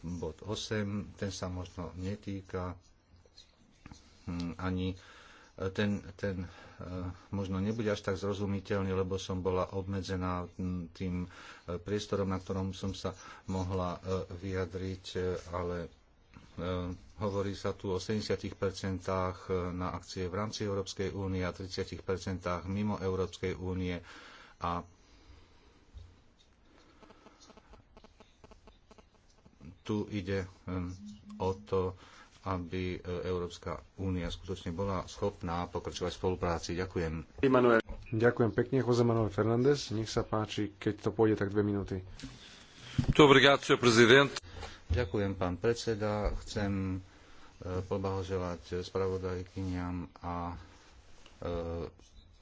Speaker 3: bod 8, ten sa možno netýka hm, ani e, ten, ten možno nebude až tak zrozumiteľný, lebo som bola obmedzená hm, tým priestorom, na ktorom som sa mohla vyjadriť, ale Eh, hovorí sa tu o 70% eh, na akcie v rámci Európskej únie a 30% mimo Európskej únie a tu ide eh, o to, aby Európska únia skutočne bola schopná pokračovať v spolupráci. Ďakujem. Emanuel.
Speaker 2: Ďakujem pekne. Jose Manuel Fernández, nech sa páči, keď to pôjde, tak dve minúty.
Speaker 3: prezident. Ďakujem, pán predseda. Chcem e, poblahoželať spravodajkyniam a e,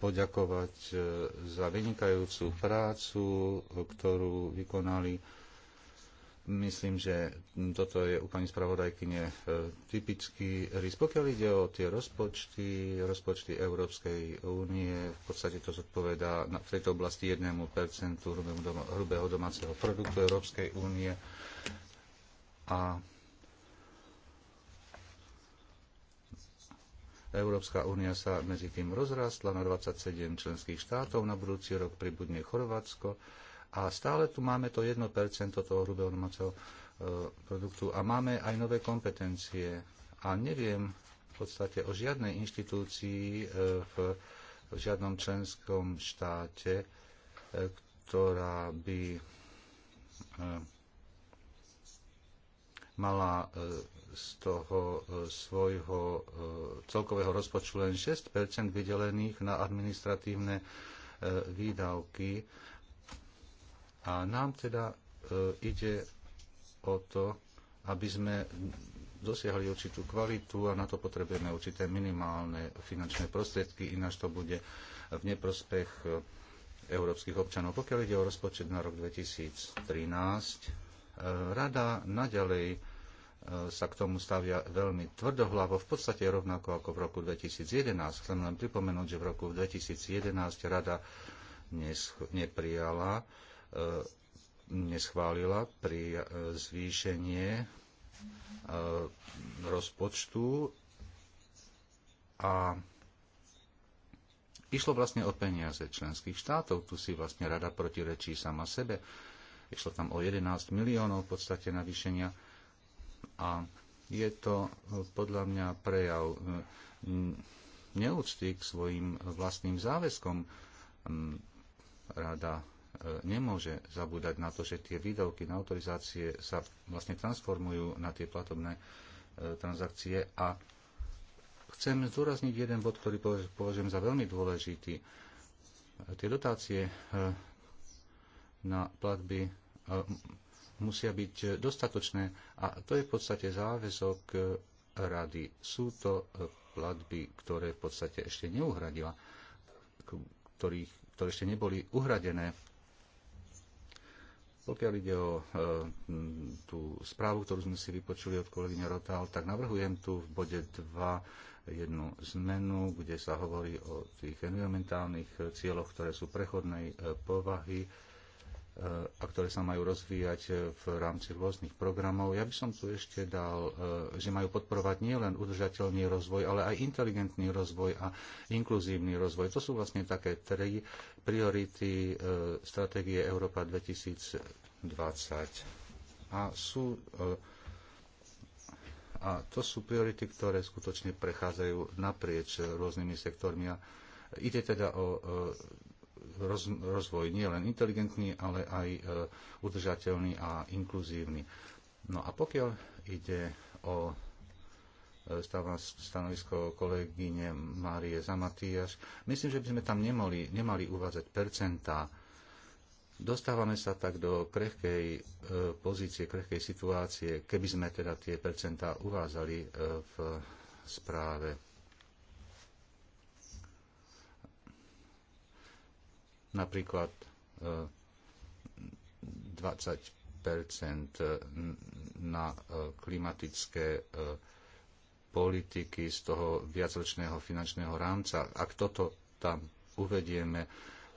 Speaker 3: poďakovať e, za vynikajúcu prácu, ktorú vykonali. Myslím, že toto je u pani spravodajkyne typický rys. Pokiaľ ide o tie rozpočty, rozpočty Európskej únie, v podstate to zodpovedá v tejto oblasti 1% hrubého domáceho produktu Európskej únie a Európska únia sa medzi tým rozrastla na 27 členských štátov, na budúci rok pribudne Chorvátsko a stále tu máme to 1% toho hrubého domáceho e, produktu a máme aj nové kompetencie a neviem v podstate o žiadnej inštitúcii e, v žiadnom členskom štáte, e, ktorá by mala e, z toho e, svojho e, celkového rozpočtu len 6 vydelených na administratívne výdavky. A nám teda ide o to, aby sme dosiahli určitú kvalitu a na to potrebujeme určité minimálne finančné prostriedky, ináč to bude v neprospech európskych občanov. Pokiaľ ide o rozpočet na rok 2013, Rada naďalej e, sa k tomu stavia veľmi tvrdohlavo, v podstate rovnako ako v roku 2011. Chcem len pripomenúť, že v roku 2011 rada neprijala, e, neschválila pri e, zvýšenie rozpočtu a išlo vlastne o peniaze členských štátov. Tu si vlastne rada protirečí sama sebe Išlo tam o 11 miliónov v podstate navýšenia a je to e, podľa mňa prejav e, neúcty k svojim vlastným záväzkom. Mm, rada e, nemôže zabúdať na to, že tie výdavky na autorizácie sa vlastne transformujú na tie platobné transakcie a chcem zdôrazniť jeden bod, ktorý považujem za veľmi dôležitý. Tie dotácie na platby musia byť dostatočné a to je v podstate záväzok e, rady. Sú to e, platby, ktoré v podstate ešte neuhradila, ktorých, ktoré ešte neboli uhradené. Pokiaľ ide o e, tú správu, ktorú sme si vypočuli od kolegyne Rotál, tak navrhujem tu v bode 2 jednu zmenu, kde sa hovorí o tých environmentálnych cieľoch, ktoré sú prechodnej e, povahy a ktoré sa majú rozvíjať e, v rámci rôznych programov. Ja by som tu ešte dal, e, že majú podporovať nielen udržateľný rozvoj, ale aj inteligentný rozvoj a inkluzívny rozvoj. To sú vlastne také tri priority e, stratégie Európa 2020. A sú a to sú priority, ktoré skutočne prechádzajú naprieč rôznymi sektormi. A ide teda o roz, rozvoj nie len inteligentný, ale aj e, udržateľný a inkluzívny. No a pokiaľ ide o e, stanovisko kolegyne Márie Zamatíjaš, myslím, že by sme tam nemali, nemali uvádzať percentá. Dostávame sa tak do krehkej e, pozície, krehkej situácie, keby sme teda tie percentá uvázali v správe. Napríklad 20 eh, eh, na eh, klimatické politiky z toho viacročného finančného rámca. Ak toto tam uvedieme,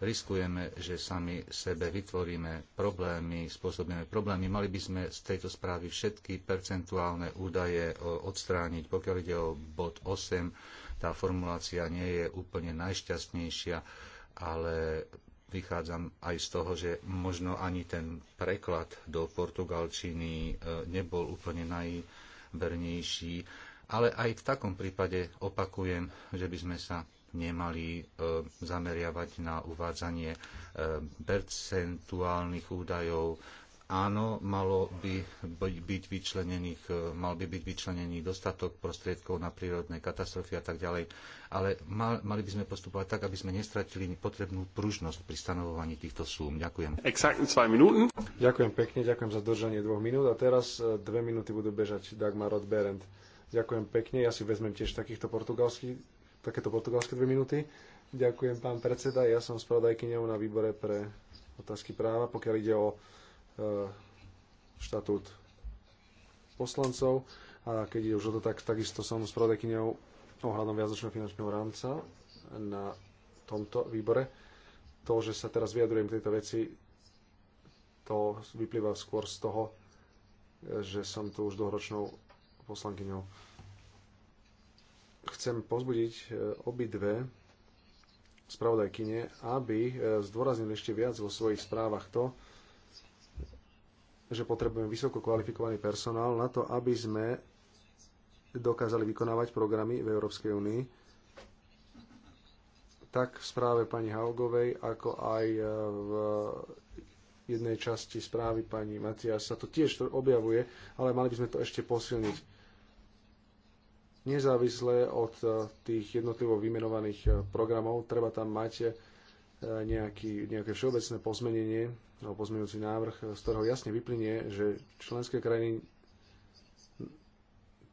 Speaker 3: riskujeme, že sami sebe vytvoríme problémy, spôsobíme problémy. Mali by sme z tejto správy všetky percentuálne údaje odstrániť. Pokiaľ ide o bod 8, tá formulácia nie je úplne najšťastnejšia ale vychádzam aj z toho, že možno ani ten preklad do portugalčiny e, nebol úplne najvernejší. Ale aj v takom prípade opakujem, že by sme sa nemali e, zameriavať na uvádzanie e, percentuálnych údajov áno, malo by byť vyčlenených, e, mal by byť vyčlenený dostatok prostriedkov na prírodné katastrofy a tak ďalej, ale mal, mali by sme postupovať tak, aby sme nestratili potrebnú pružnosť pri stanovovaní týchto súm. Ďakujem.
Speaker 2: Ďakujem pekne, ďakujem za držanie dvoch minút a teraz e, dve minúty budú bežať Dagmar od Berend. Ďakujem pekne, ja si vezmem tiež takýchto portugalských, takéto portugalské dve minúty. Ďakujem, pán predseda, ja som spravodajkyňou na výbore pre otázky práva, pokiaľ ide o E, štatút poslancov a keď ide už o to, tak takisto som s prodekyňou ohľadom viacročného finančného rámca na tomto výbore. To, že sa teraz vyjadrujem k tejto veci, to vyplýva skôr z toho, že som tu už dlhoročnou poslankyňou. Chcem pozbudiť e, obidve spravodajkyne, aby e, zdôraznili ešte viac vo svojich správach to, že potrebujeme vysoko kvalifikovaný personál na to, aby sme dokázali vykonávať programy v Európskej únii. Tak v správe pani Haugovej, ako aj e, v jednej časti správy pani Matias sa to tiež objavuje, ale mali by sme to ešte posilniť. Nezávisle od e, tých jednotlivo vymenovaných e, programov, treba tam mať nejaký, nejaké všeobecné pozmenenie alebo pozmenujúci návrh, z ktorého jasne vyplynie, že členské krajiny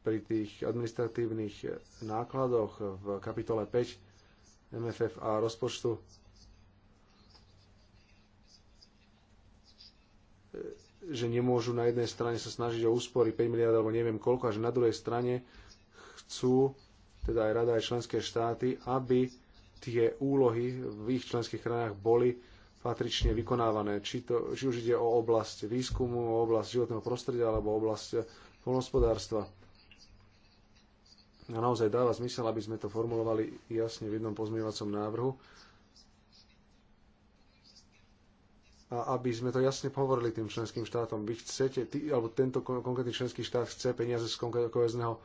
Speaker 2: pri tých administratívnych nákladoch v kapitole 5 MFF a rozpočtu že nemôžu na jednej strane sa snažiť o úspory 5 miliard alebo neviem koľko, a že na druhej strane chcú, teda aj rada, aj členské štáty, aby tie úlohy v ich členských krajinách boli patrične vykonávané. Či, to, či už ide o oblasť výskumu, o oblasť životného prostredia alebo oblasť polnospodárstva. A naozaj dáva zmysel, aby sme to formulovali jasne v jednom pozmievacom návrhu. A aby sme to jasne hovorili tým členským štátom. Vy chcete, ty, alebo tento konkrétny členský štát chce peniaze z konkrétneho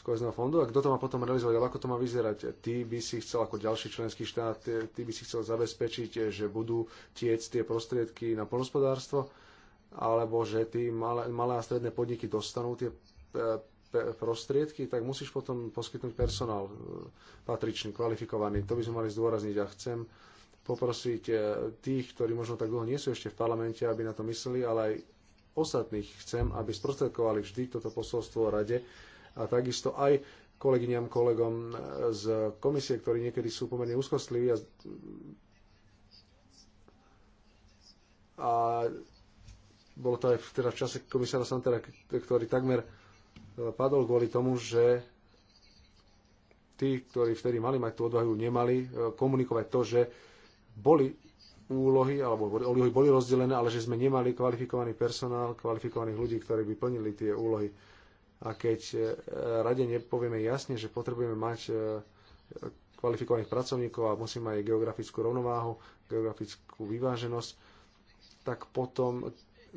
Speaker 2: z kohezného fondu a kto to má potom realizovať, ale ako to má vyzerať. Ty by si chcel ako ďalší členský štát, ty by si chcel zabezpečiť, že budú tiec tie prostriedky na polnospodárstvo, alebo že tí malé, malé a stredné podniky dostanú tie e, prostriedky, tak musíš potom poskytnúť personál e, patričný, kvalifikovaný. To by sme mali zdôrazniť a chcem poprosiť e, tých, ktorí možno tak dlho nie sú ešte v parlamente, aby na to mysleli, ale aj ostatných chcem, aby sprostredkovali vždy toto posolstvo rade, a takisto aj kolegyňam, kolegom z komisie, ktorí niekedy sú pomerne úzkostliví a, a bolo to aj v, teda v čase komisára Santera, ktorý takmer e, padol kvôli tomu, že tí, ktorí vtedy mali mať tú odvahu, nemali e, komunikovať to, že boli úlohy, alebo úlohy boli rozdelené, ale že sme nemali kvalifikovaný personál, kvalifikovaných ľudí, ktorí by plnili tie úlohy a keď e, rade nepovieme jasne, že potrebujeme mať e, kvalifikovaných pracovníkov a musíme mať geografickú rovnováhu, geografickú vyváženosť, tak potom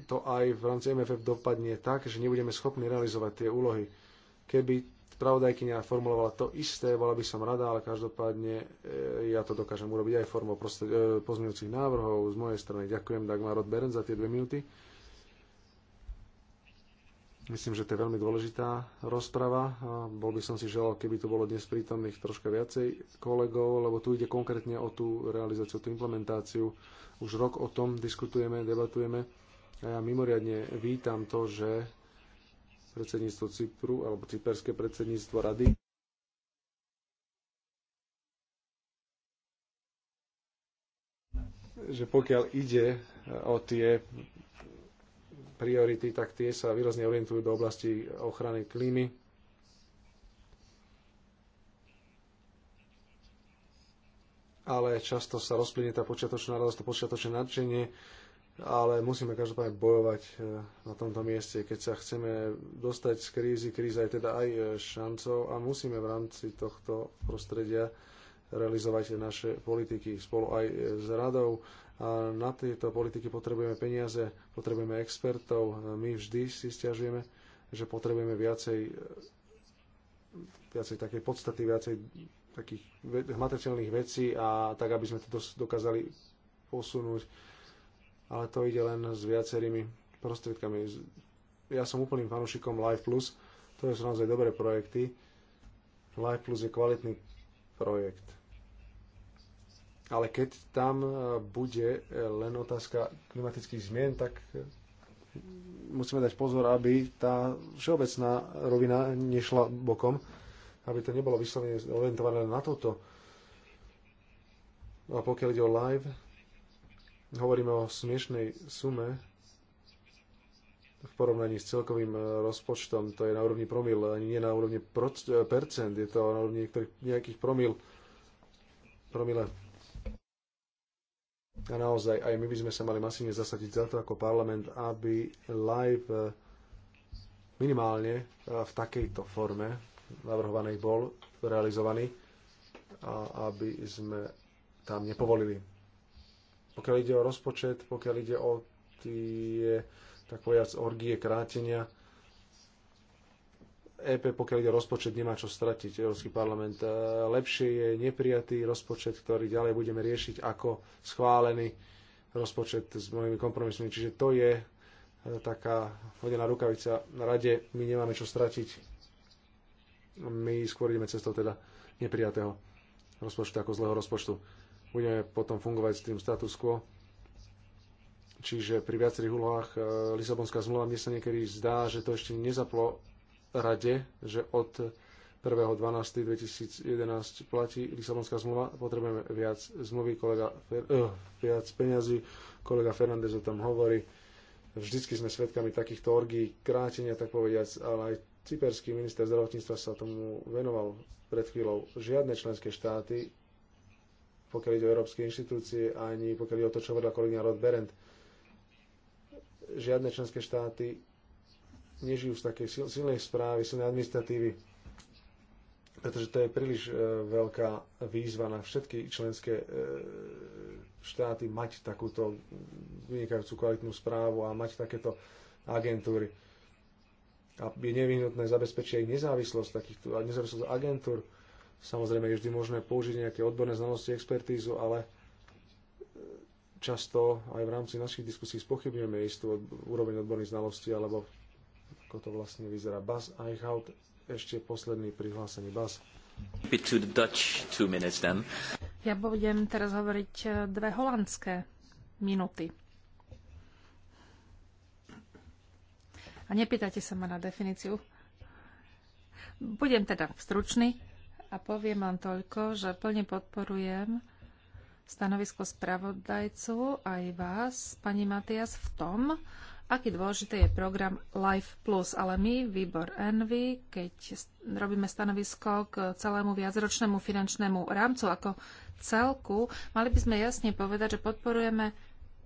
Speaker 2: to aj v rámci MFF dopadne tak, že nebudeme schopní realizovať tie úlohy. Keby spravodajkynia formulovala to isté, bola by som rada, ale každopádne e, ja to dokážem urobiť aj formou pozmeňujúcich návrhov z mojej strany. Ďakujem Dagmar Rodberen za tie dve minúty. Myslím, že to je veľmi dôležitá rozprava. Bol by som si želal, keby tu bolo dnes prítomných troška viacej kolegov, lebo tu ide konkrétne o tú realizáciu, tú implementáciu. Už rok o tom diskutujeme, debatujeme. A ja mimoriadne vítam to, že predsedníctvo Cypru alebo cyperské predsedníctvo rady že pokiaľ ide o tie priority, tak tie sa výrazne orientujú do oblasti ochrany klímy. Ale často sa rozplynie tá počiatočná radosť, to počiatočné nadšenie, ale musíme každopádne bojovať e, na tomto mieste. Keď sa chceme dostať z krízy, kríza je teda aj e, šancou a musíme v rámci tohto prostredia realizovať naše politiky spolu aj e, s radou na tieto politiky potrebujeme peniaze, potrebujeme expertov. My vždy si stiažujeme, že potrebujeme viacej, viacej takej podstaty, viacej takých materiálnych vecí a tak, aby sme to dokázali posunúť. Ale to ide len s viacerými prostriedkami. Ja som úplným fanúšikom Life Plus. To sú naozaj dobré projekty. Life Plus je kvalitný projekt ale keď tam e, bude e, len otázka klimatických zmien, tak e, musíme dať pozor, aby tá všeobecná rovina nešla bokom, aby to nebolo vyslovene orientované na toto. A pokiaľ ide o live, hovoríme o smiešnej sume v porovnaní s celkovým rozpočtom. To je na úrovni promil, ani nie na úrovni percent, je to na úrovni niektorých, nejakých promil, promile. A naozaj aj my by sme sa mali masívne zasadiť za to ako parlament, aby live eh, minimálne eh, v takejto forme navrhovanej bol realizovaný a aby sme tam nepovolili. Pokiaľ ide o rozpočet, pokiaľ ide o tie tak povedať orgie krátenia, EP, pokiaľ ide rozpočet, nemá čo stratiť Európsky parlament. E, lepšie je neprijatý rozpočet, ktorý ďalej budeme riešiť ako schválený rozpočet s mojimi kompromismi. Čiže to je e, taká hodená rukavica. Na rade my nemáme čo stratiť. My skôr ideme cestou teda neprijatého rozpočtu ako zlého rozpočtu. Budeme potom fungovať s tým status quo. Čiže pri viacerých úlohách e, Lisabonská zmluva mne sa niekedy zdá, že to ešte nezaplo rade, že od 1.12.2011 platí Lisabonská zmluva, potrebujeme viac zmluvy, kolega, Fer, uh, viac peňazí, kolega Fernández o tom hovorí. Vždycky sme svedkami takýchto orgí krátenia, tak povediac, ale aj cyperský minister zdravotníctva sa tomu venoval pred chvíľou. Žiadne členské štáty, pokiaľ ide o európske inštitúcie, ani pokiaľ ide o to, čo hovorila kolegyňa Rod Berend, žiadne členské štáty nežijú z takej sil, silnej správy, silnej administratívy, pretože to je príliš e, veľká výzva na všetky členské e, štáty mať takúto vynikajúcu kvalitnú správu a mať takéto agentúry. A je nevyhnutné zabezpečiť aj nezávislosť takýchto, nezávislosť agentúr. Samozrejme, je vždy možné použiť nejaké odborné znalosti, expertízu, ale e, často aj v rámci našich diskusí spochybňujeme istú úroveň odborných znalostí alebo ako to vlastne vyzerá. Bas Eichhout, ešte posledný prihlásený Bas.
Speaker 1: Ja budem teraz hovoriť e, dve holandské minuty. A nepýtajte sa ma na definíciu. Budem teda stručný a poviem vám toľko, že plne podporujem stanovisko spravodajcu aj vás, pani Matias, v tom, aký dôležitý je program Life Plus. Ale my, výbor Envy, keď robíme stanovisko k celému viacročnému finančnému rámcu ako celku, mali by sme jasne povedať, že podporujeme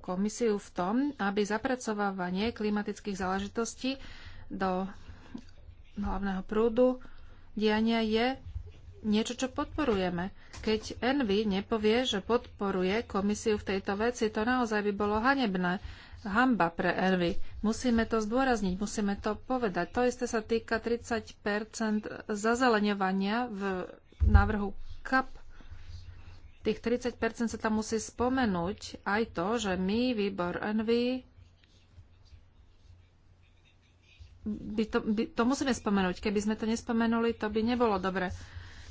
Speaker 1: komisiu v tom, aby zapracovávanie klimatických záležitostí do hlavného prúdu diania je niečo, čo podporujeme. Keď Envy nepovie, že podporuje komisiu v tejto veci, to naozaj by bolo hanebné. Hamba pre Envy. Musíme to zdôrazniť, musíme to povedať. To isté sa týka 30 zazeleňovania v návrhu CAP. Tých 30 sa tam musí spomenúť aj to, že my, výbor Envy, by to, by, to musíme spomenúť. Keby sme to nespomenuli, to by nebolo dobre.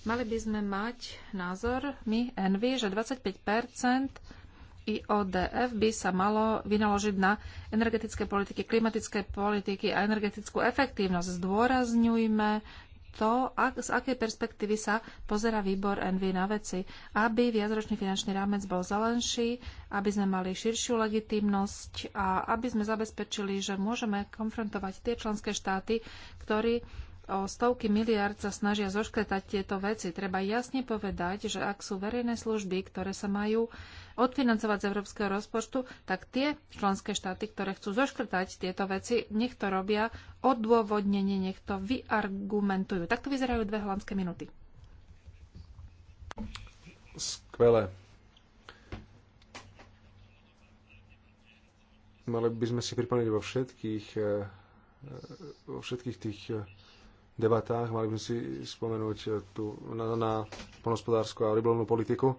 Speaker 1: Mali by sme mať názor, my, Envy, že 25 IODF by sa malo vynaložiť na energetické politiky, klimatické politiky a energetickú efektívnosť. Zdôrazňujme to, ak, z akej perspektívy sa pozera výbor Envy na veci, aby viacročný finančný rámec bol zelenší, aby sme mali širšiu legitimnosť a aby sme zabezpečili, že môžeme konfrontovať tie členské štáty, ktorí o stovky miliard sa snažia zoškretať tieto veci. Treba jasne povedať, že ak sú verejné služby, ktoré sa majú odfinancovať z európskeho rozpočtu, tak tie členské štáty, ktoré chcú zoškrtať tieto veci, nech to robia odôvodnenie, nech to vyargumentujú. Takto vyzerajú dve holandské minúty.
Speaker 2: Skvelé. Mali by sme si pripomenúť vo všetkých, eh, vo všetkých tých eh, debatách. Mali by sme si spomenúť tu na, na polnospodárskú a rybolovnú politiku.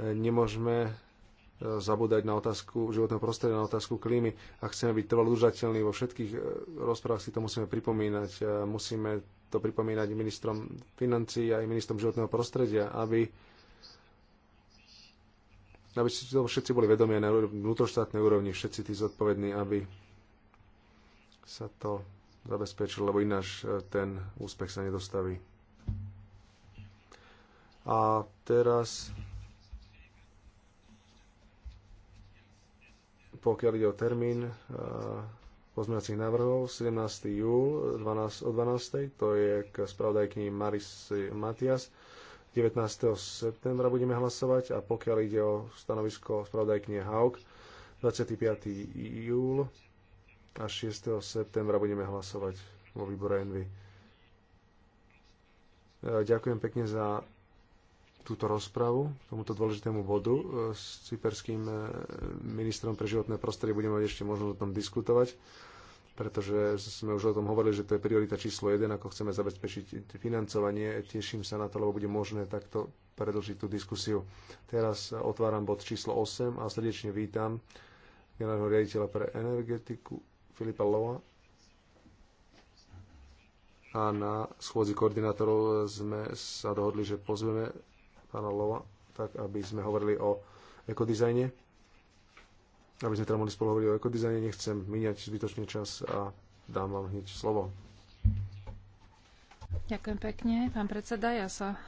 Speaker 2: Nemôžeme e, zabúdať na otázku životného prostredia, na otázku klímy. Ak chceme byť trvalo udržateľní vo všetkých e, rozprávach, si to musíme pripomínať. E, musíme to pripomínať ministrom financí a aj ministrom životného prostredia, aby aby si to všetci boli vedomí na vnútroštátnej úrovni, všetci tí zodpovední, aby sa to zabezpečil, lebo ináč e, ten úspech sa nedostaví. A teraz, pokiaľ ide o termín e, pozmeňacích návrhov, 17. júl 12, o 12. to je k spravodajkyni Maris Matias. 19. septembra budeme hlasovať a pokiaľ ide o stanovisko spravodajkne Hauk, 25. júl a 6. septembra budeme hlasovať vo výbore Envy. Ďakujem pekne za túto rozpravu, tomuto dôležitému bodu. E, s cyperským e, ministrom pre životné prostredie budeme mať ešte možnosť o tom diskutovať, pretože sme už o tom hovorili, že to je priorita číslo 1, ako chceme zabezpečiť financovanie. Teším sa na to, lebo bude možné takto predlžiť tú diskusiu. Teraz otváram bod číslo 8 a srdečne vítam generálneho riaditeľa pre energetiku Filipa Lowa. A na schôdzi koordinátorov sme sa dohodli, že pozveme pána Lowa, tak aby sme hovorili o ekodizajne. Aby sme teda mohli spolu hovoriť o ekodizajne, nechcem míňať zbytočný čas a dám vám hneď slovo.
Speaker 1: Ďakujem pekne, pán predseda. Ja sa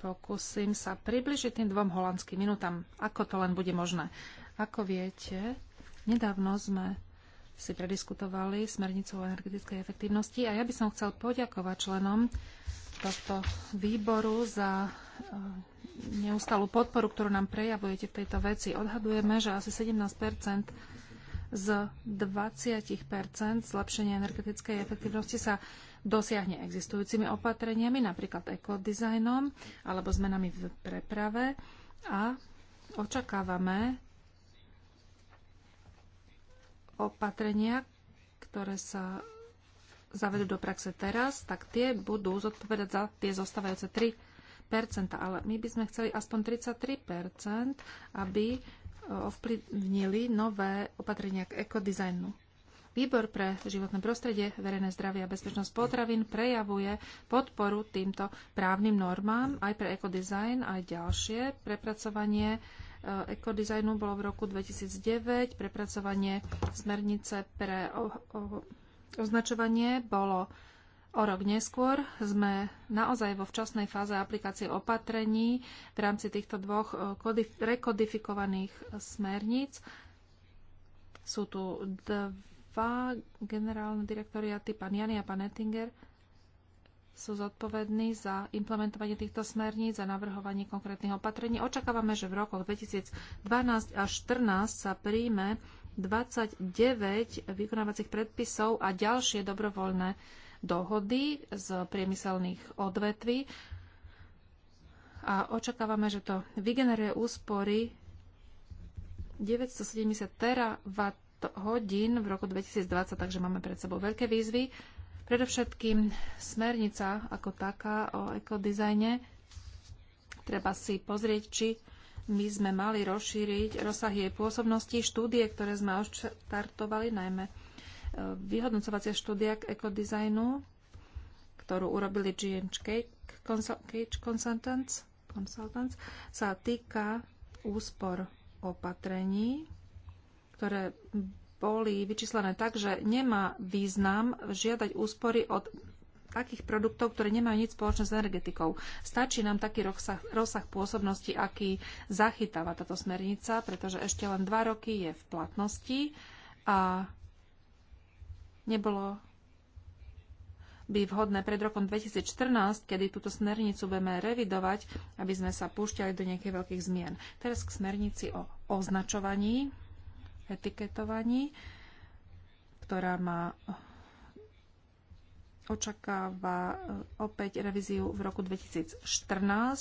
Speaker 1: pokúsim sa približiť tým dvom holandským minútam, ako to len bude možné. Ako viete, nedávno sme si prediskutovali smernicu o energetickej efektívnosti a ja by som chcel poďakovať členom tohto výboru za eh, neustalú podporu, ktorú nám prejavujete v tejto veci. Odhadujeme, že asi 17 z 20 zlepšenia energetickej efektivnosti sa dosiahne existujúcimi opatreniami, napríklad ekodizajnom alebo zmenami v preprave a očakávame opatrenia, ktoré sa zavedú do praxe teraz, tak tie budú zodpovedať za tie zostávajúce 3 ale my by sme chceli aspoň 33 aby e, ovplyvnili nové opatrenia k ekodizajnu. Výbor pre životné prostredie, verejné zdravie a bezpečnosť potravín prejavuje podporu týmto právnym normám aj pre ekodizajn, aj ďalšie prepracovanie Eh, ekodizajnu bolo v roku 2009, prepracovanie smernice pre o, o, označovanie bolo o rok neskôr. Sme naozaj vo včasnej fáze aplikácie opatrení v rámci týchto dvoch eh, kodif- rekodifikovaných smerníc. Sú tu dva generálne direktoriaty, pán Jany a pán Ettinger sú zodpovední za implementovanie týchto smerníc, za navrhovanie konkrétnych opatrení. Očakávame, že v rokoch 2012 až 2014 sa príjme 29 vykonávacích predpisov a ďalšie dobrovoľné dohody z priemyselných odvetví. A očakávame, že to vygeneruje úspory 970 terawatt hodín v roku 2020, takže máme pred sebou veľké výzvy Predovšetkým smernica ako taká o ekodizajne. Treba si pozrieť, či my sme mali rozšíriť rozsah jej pôsobnosti, štúdie, ktoré sme odštartovali, najmä e, vyhodnocovacia štúdia k ekodizajnu, ktorú urobili GH Cage Consultants, Consultants, sa týka úspor opatrení, ktoré boli vyčíslené tak, že nemá význam žiadať úspory od takých produktov, ktoré nemajú nič spoločné s energetikou. Stačí nám taký rozsah, rozsah pôsobnosti, aký zachytáva táto smernica, pretože ešte len dva roky je v platnosti a nebolo by vhodné pred rokom 2014, kedy túto smernicu budeme revidovať, aby sme sa púšťali do nejakých veľkých zmien. Teraz k smernici o označovaní etiketovaní, ktorá má očakáva eh, opäť revíziu v roku 2014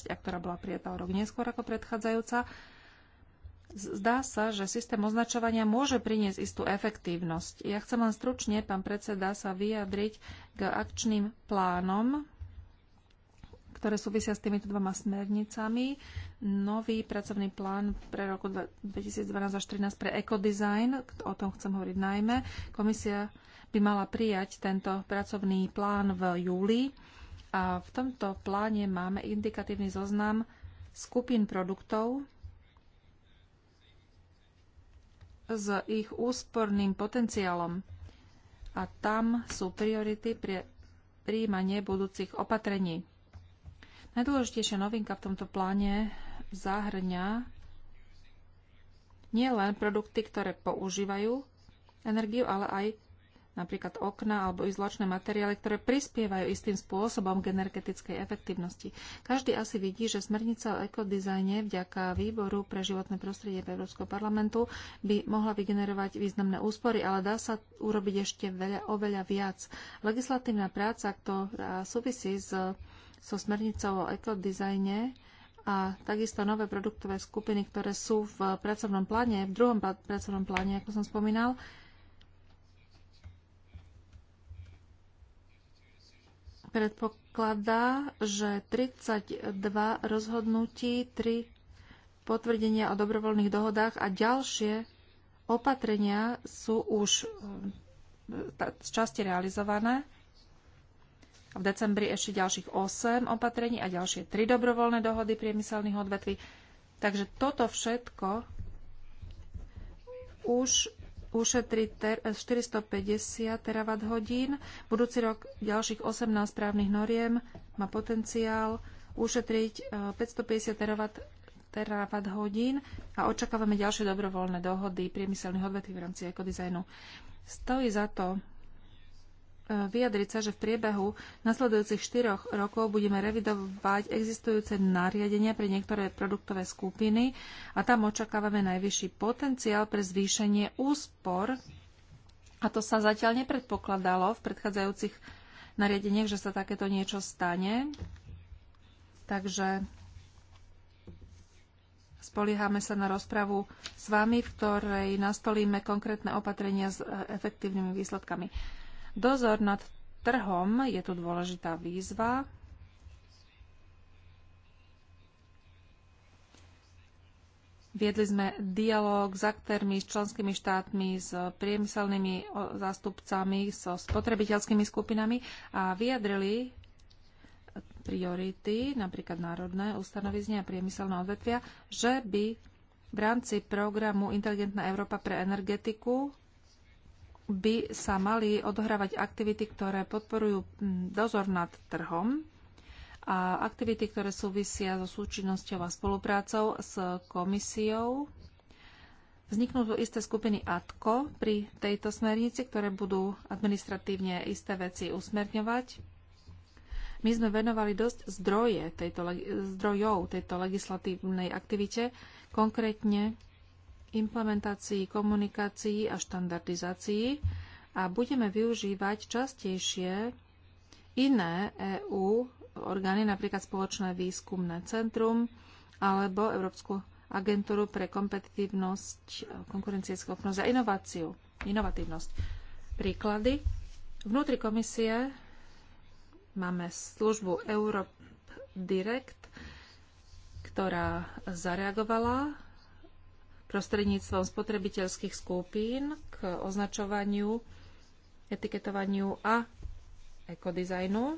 Speaker 1: a ktorá bola prijatá o rok neskôr ako predchádzajúca. Zdá sa, že systém označovania môže priniesť istú efektívnosť. Ja chcem len stručne, pán predseda, sa vyjadriť k akčným plánom ktoré súvisia s týmito dvoma smernicami. Nový pracovný plán pre roku 2012 až 2013 pre ekodizajn, o tom chcem hovoriť najmä. Komisia by mala prijať tento pracovný plán v júli a v tomto pláne máme indikatívny zoznam skupín produktov s ich úsporným potenciálom a tam sú priority pre príjmanie budúcich opatrení. Najdôležitejšia novinka v tomto pláne zahrňa nie len produkty, ktoré používajú energiu, ale aj napríklad okna alebo izolačné materiály, ktoré prispievajú istým spôsobom k energetickej efektívnosti. Každý asi vidí, že smernica o ekodizajne vďaka výboru pre životné prostredie Európskeho parlamentu by mohla vygenerovať významné úspory, ale dá sa urobiť ešte veľa, oveľa viac. Legislatívna práca, ktorá súvisí s so smernicou o ekodizajne a takisto nové produktové skupiny, ktoré sú v pracovnom pláne, v druhom pracovnom pláne, ako som spomínal. Predpokladá, že 32 rozhodnutí, 3 potvrdenia o dobrovoľných dohodách a ďalšie opatrenia sú už e, z časti realizované v decembri ešte ďalších 8 opatrení a ďalšie 3 dobrovoľné dohody priemyselných odvetví. Takže toto všetko už ušetrí 450 terawatt hodín. Budúci rok ďalších 18 právnych noriem má potenciál ušetriť 550 e, terawatt, terawatt hodín a očakávame ďalšie dobrovoľné dohody priemyselných odvetví v rámci ekodizajnu. Stojí za to vyjadriť sa, že v priebehu nasledujúcich 4 rokov budeme revidovať existujúce nariadenia pre niektoré produktové skupiny a tam očakávame najvyšší potenciál pre zvýšenie úspor a to sa zatiaľ nepredpokladalo v predchádzajúcich nariadeniach, že sa takéto niečo stane. Takže spoliehame sa na rozpravu s vami, v ktorej nastolíme konkrétne opatrenia s e, efektívnymi výsledkami. Dozor nad trhom je tu dôležitá výzva. Viedli sme dialog s aktérmi, s členskými štátmi, s priemyselnými zástupcami, so spotrebiteľskými skupinami a vyjadrili priority, napríklad národné ustanovizne a priemyselné odvetvia, že by v rámci programu Inteligentná Európa pre energetiku by sa mali odohrávať aktivity, ktoré podporujú mm, dozor nad trhom a aktivity, ktoré súvisia so súčinnosťou a spoluprácou s komisiou. Vzniknú tu isté skupiny ATKO pri tejto smernici, ktoré budú administratívne isté veci usmerňovať. My sme venovali dosť zdroje tejto, zdrojov tejto legislatívnej aktivite, konkrétne implementácii, komunikácii a štandardizácii a budeme využívať častejšie iné EÚ orgány, napríklad Spoločné výskumné centrum alebo Európsku agentúru pre kompetitívnosť, konkurencieschopnosť a inováciu, inovatívnosť. Príklady. Vnútri komisie máme službu Europe Direct, ktorá zareagovala prostredníctvom spotrebiteľských skupín k označovaniu, etiketovaniu a ekodizajnu.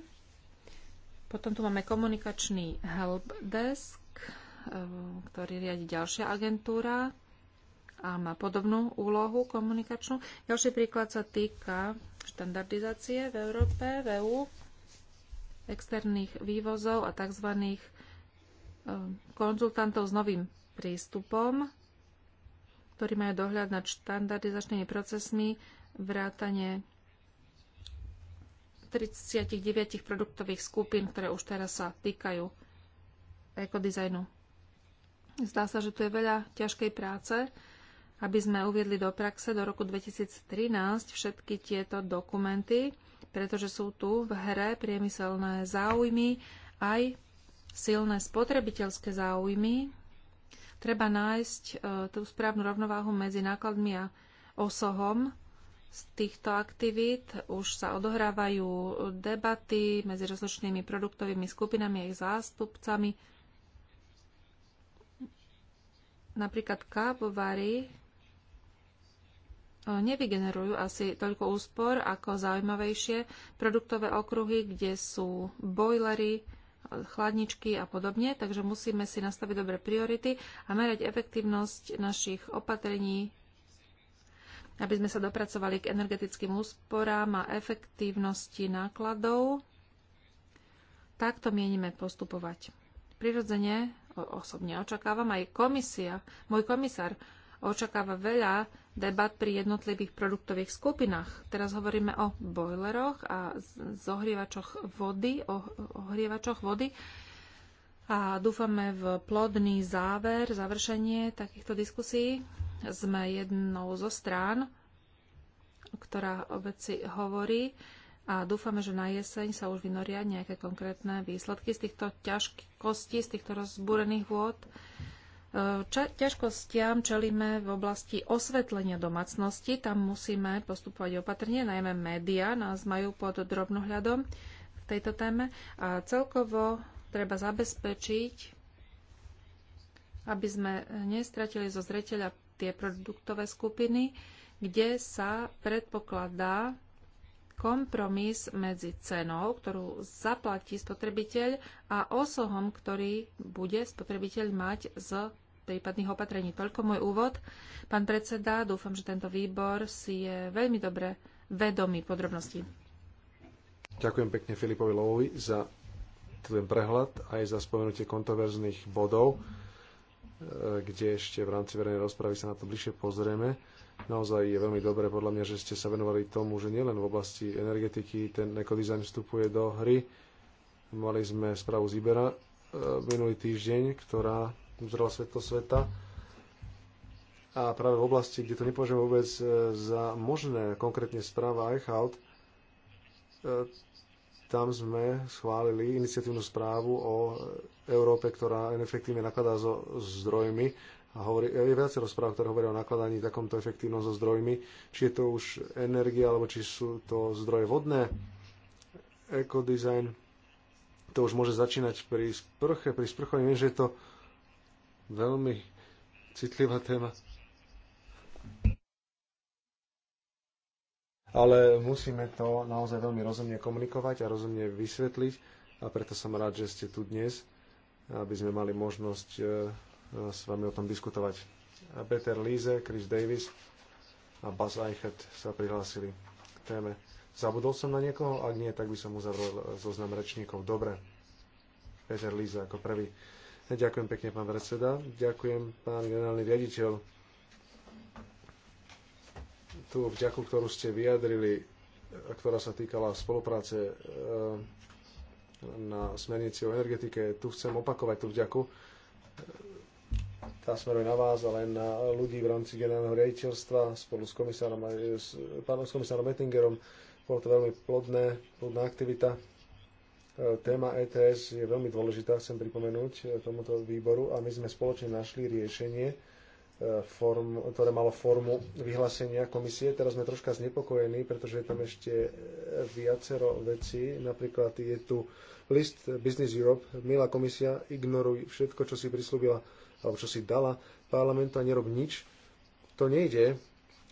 Speaker 1: Potom tu máme komunikačný helpdesk, eh, ktorý riadi ďalšia agentúra a má podobnú úlohu komunikačnú. Ďalší príklad sa týka štandardizácie v Európe, v EU, externých vývozov a tzv. Eh, konzultantov s novým prístupom ktorí majú dohľad nad štandardizačnými procesmi, vrátane 39 produktových skupín, ktoré už teraz sa týkajú ekodizajnu. Zdá sa, že tu je veľa ťažkej práce, aby sme uviedli do praxe do roku 2013 všetky tieto dokumenty, pretože sú tu v hre priemyselné záujmy, aj silné spotrebiteľské záujmy, Treba nájsť e, tú správnu rovnováhu medzi nákladmi a osohom z týchto aktivít. Už sa odohrávajú debaty medzi rozličnými produktovými skupinami a ich zástupcami. Napríklad kávovary e, nevygenerujú asi toľko úspor ako zaujímavejšie produktové okruhy, kde sú bojlery, chladničky a podobne, takže musíme si nastaviť dobré priority a merať efektívnosť našich opatrení, aby sme sa dopracovali k energetickým úsporám a efektívnosti nákladov. Takto mienime postupovať. Prirodzene osobne očakávam aj komisia, môj komisár očakáva veľa debat pri jednotlivých produktových skupinách. Teraz hovoríme o bojleroch a zohrievačoch vody, o ohrievačoch vody a dúfame v plodný záver, završenie takýchto diskusí. Sme jednou zo strán, ktorá o veci hovorí a dúfame, že na jeseň sa už vynoria nejaké konkrétne výsledky z týchto ťažkostí, z týchto rozbúrených vôd Ča- ťažkostiam čelíme v oblasti osvetlenia domácnosti. Tam musíme postupovať opatrne, najmä médiá nás majú pod drobnohľadom v tejto téme. A celkovo treba zabezpečiť, aby sme nestratili zo zreteľa tie produktové skupiny, kde sa predpokladá kompromis medzi cenou, ktorú zaplatí spotrebiteľ a osohom, ktorý bude spotrebiteľ mať z prípadných opatrení. Toľko môj úvod. Pán predseda, dúfam, že tento výbor si je veľmi dobre vedomý podrobností.
Speaker 2: Ďakujem pekne Filipovi Lovovi za ten prehľad aj za spomenutie kontroverzných bodov, eh, kde ešte v rámci verejnej rozpravy sa na to bližšie pozrieme. Naozaj je veľmi dobré podľa mňa, že ste sa venovali tomu, že nielen v oblasti energetiky ten ekodizajn vstupuje do hry. Mali sme správu z Ibera e, minulý týždeň, ktorá uzrela svetlo sveta. A práve v oblasti, kde to nepovažujem vôbec e, za možné, konkrétne správa e, tam sme schválili iniciatívnu správu o Európe, ktorá efektívne nakladá so zdrojmi a hovorí, je viacero správ, ktoré hovoria o nakladaní takomto efektívnom so zdrojmi, či je to už energia, alebo či sú to zdroje vodné, ekodizajn, to už môže začínať pri sprche, pri sprchovaní, viem, že je to veľmi citlivá téma. Ale musíme to naozaj veľmi rozumne komunikovať a rozumne vysvetliť a preto som rád, že ste tu dnes, aby sme mali možnosť e, s vami o tom diskutovať. Peter Líze, Chris Davis a Buzz Eichert sa prihlásili k téme. Zabudol som na niekoho? Ak nie, tak by som uzavrel zoznam rečníkov. Dobre. Peter Líze ako prvý. Ďakujem pekne, pán predseda. Ďakujem, pán generálny riaditeľ. Tu vďaku, ktorú ste vyjadrili, ktorá sa týkala spolupráce e, na smernici o energetike, tu chcem opakovať tú vďaku tá smeruje na vás len na ľudí v rámci generálneho riaditeľstva spolu s komisárom, s, pánom s komisárom Ettingerom. Bolo to veľmi plodné, plodná aktivita. E, téma ETS je veľmi dôležitá, chcem pripomenúť e, tomuto výboru a my sme spoločne našli riešenie, e, form, ktoré malo formu vyhlásenia komisie. Teraz sme troška znepokojení, pretože je tam ešte viacero vecí. Napríklad je tu list Business Europe. Milá komisia, ignoruj všetko, čo si prislúbila alebo čo si dala parlamentu a nerob nič. To nejde.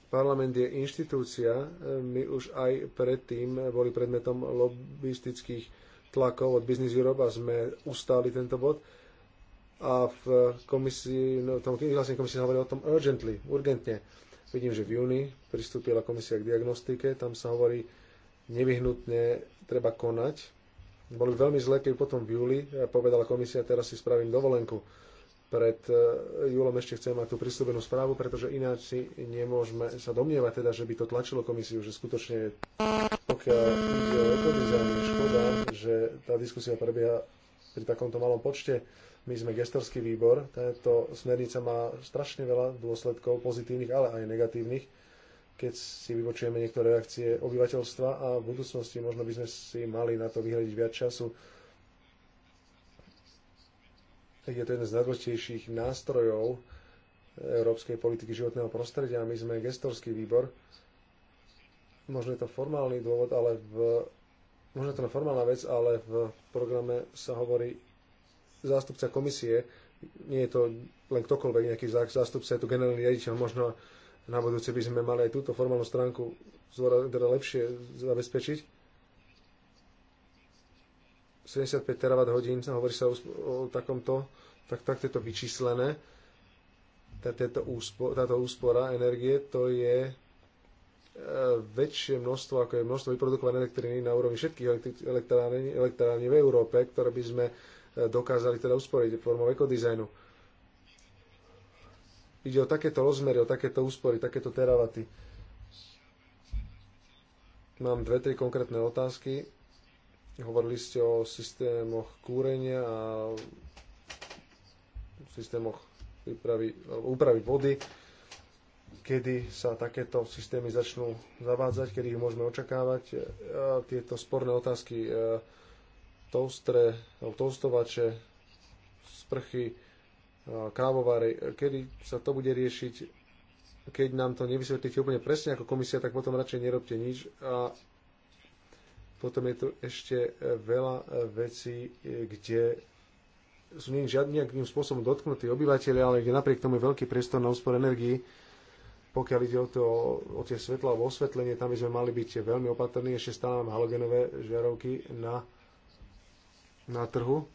Speaker 2: Parlament je inštitúcia. My už aj predtým boli predmetom lobbystických tlakov od Business Europe a sme ustáli tento bod. A v komisii, no, tom vlastne komisii hovorili o tom urgently, urgentne. Vidím, že v júni pristúpila komisia k diagnostike, tam sa hovorí, nevyhnutne treba konať. Bolo by veľmi zle, keby potom v júli eh, povedala komisia, teraz si spravím dovolenku pred e, júlom ešte chcem mať tú prislúbenú správu, pretože ináč si nemôžeme sa domnievať teda, že by to tlačilo komisiu, že skutočne pokiaľ ide o škoda, že tá diskusia prebieha pri takomto malom počte. My sme gestorský výbor, táto smernica má strašne veľa dôsledkov, pozitívnych, ale aj negatívnych. Keď si vypočujeme niektoré reakcie obyvateľstva a v budúcnosti možno by sme si mali na to vyhradiť viac času, je to jeden z najdôležitejších nástrojov európskej politiky životného prostredia. My sme gestorský výbor. Možno je to formálny dôvod, ale v, možno je to formálna vec, ale v programe sa hovorí zástupca komisie. Nie je to len ktokoľvek nejaký zástupca, je to generálny riaditeľ. Možno na budúce by sme mali aj túto formálnu stránku teda lepšie zabezpečiť 75 terawatt hodín, hovorí sa o, o takomto, tak, tak je to vyčíslené. Táto, úspo, táto úspora energie, to je e, väčšie množstvo, ako je množstvo vyprodukované elektriny na úrovni všetkých elektrární, v Európe, ktoré by sme e, dokázali teda usporiť formou ekodizajnu. Ide o takéto rozmery, o takéto úspory, takéto teravaty. Mám dve, tri konkrétne otázky Hovorili ste o systémoch kúrenia a systémoch úpravy, úpravy vody, kedy sa takéto systémy začnú zavádzať, kedy ich môžeme očakávať. Tieto sporné otázky e, toustre, toustovače, sprchy, e, kávovary, kedy sa to bude riešiť, keď nám to nevysvetlíte úplne presne ako komisia, tak potom radšej nerobte nič a potom je tu ešte e, veľa e, vecí, e, kde sú nie žiadne nejakým spôsobom dotknutí obyvateľi, ale kde napriek tomu je veľký priestor na úspor energii. Pokiaľ ide o, to, o tie svetla alebo osvetlenie, tam by sme mali byť veľmi opatrní. Ešte stále máme halogenové žiarovky na, na trhu.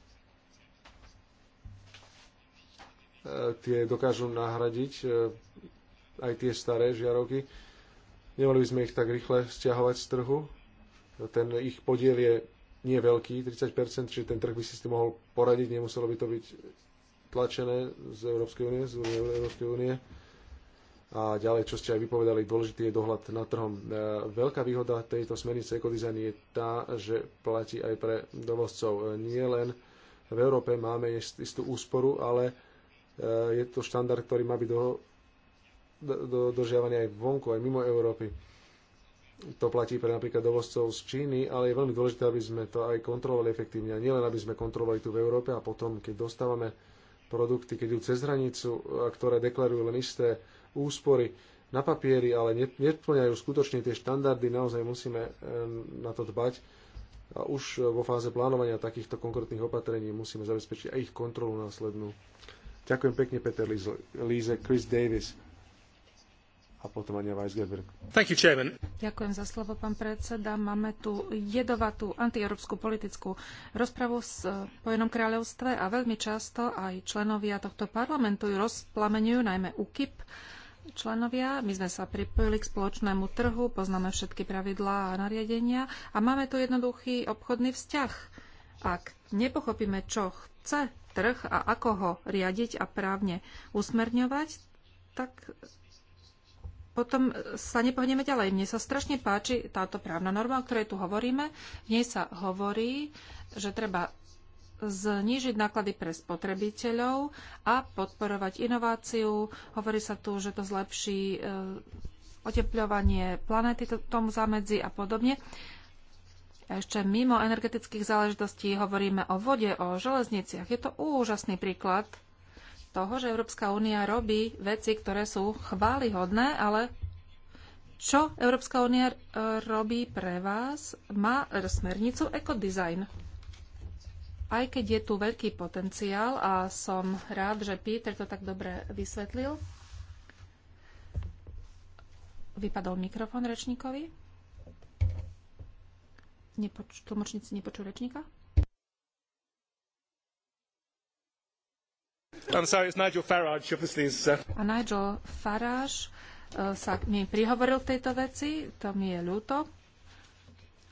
Speaker 2: tie dokážu nahradiť aj tie staré žiarovky. Nemali by sme ich tak rýchle stiahovať z trhu, ten ich podiel je nie veľký, 30%, čiže ten trh by si s tým mohol poradiť, nemuselo by to byť tlačené z Európskej únie, z Európskej únie. A ďalej, čo ste aj vypovedali, dôležitý je dohľad nad trhom. E, veľká výhoda tejto smernice ekodizajn je tá, že platí aj pre dovozcov. E, nie len v Európe máme istú úsporu, ale e, je to štandard, ktorý má byť do, do, do, dožiavaný aj vonku, aj mimo Európy to platí pre napríklad dovozcov z Číny, ale je veľmi dôležité, aby sme to aj kontrolovali efektívne. A nielen, aby sme kontrolovali tu v Európe a potom, keď dostávame produkty, keď idú cez hranicu, a e, ktoré deklarujú len isté úspory na papieri, ale neplňajú skutočne tie štandardy, naozaj musíme e, na to dbať. A už e, vo fáze plánovania takýchto konkrétnych opatrení musíme zabezpečiť aj ich kontrolu následnú. Ďakujem pekne, Peter Líze, Chris Davis a potom Ania
Speaker 1: Thank you, chairman. Ďakujem za slovo, pán predseda. Máme tu jedovatú antieurópsku politickú rozpravu s Spojenom kráľovstve a veľmi často aj členovia tohto parlamentu ju rozplameňujú, najmä UKIP členovia. My sme sa pripojili k spoločnému trhu, poznáme všetky pravidlá a nariadenia a máme tu jednoduchý obchodný vzťah. Ak nepochopíme, čo chce trh a ako ho riadiť a právne usmerňovať, tak potom sa nepohneme ďalej. Mne sa strašne páči táto právna norma, o ktorej tu hovoríme. V nej sa hovorí, že treba znížiť náklady pre spotrebiteľov a podporovať inováciu. Hovorí sa tu, že to zlepší e, oteplovanie planéty, to, tomu zamedzi a podobne. A ešte mimo energetických záležitostí hovoríme o vode, o železniciach. Je to úžasný príklad toho, že Európska únia robí veci, ktoré sú chválihodné, ale čo Európska únia e, robí pre vás? Má smernicu ekodizajn. Aj keď je tu veľký potenciál a som rád, že Peter to tak dobre vysvetlil. Vypadol mikrofón rečníkovi. Nepoč- tlmočníci nepočujú rečníka? I'm sorry, it's Nigel Farage, obviously. Is, uh... A Nigel Farage uh, sa mi prihovoril v tejto veci, to mi je ľúto.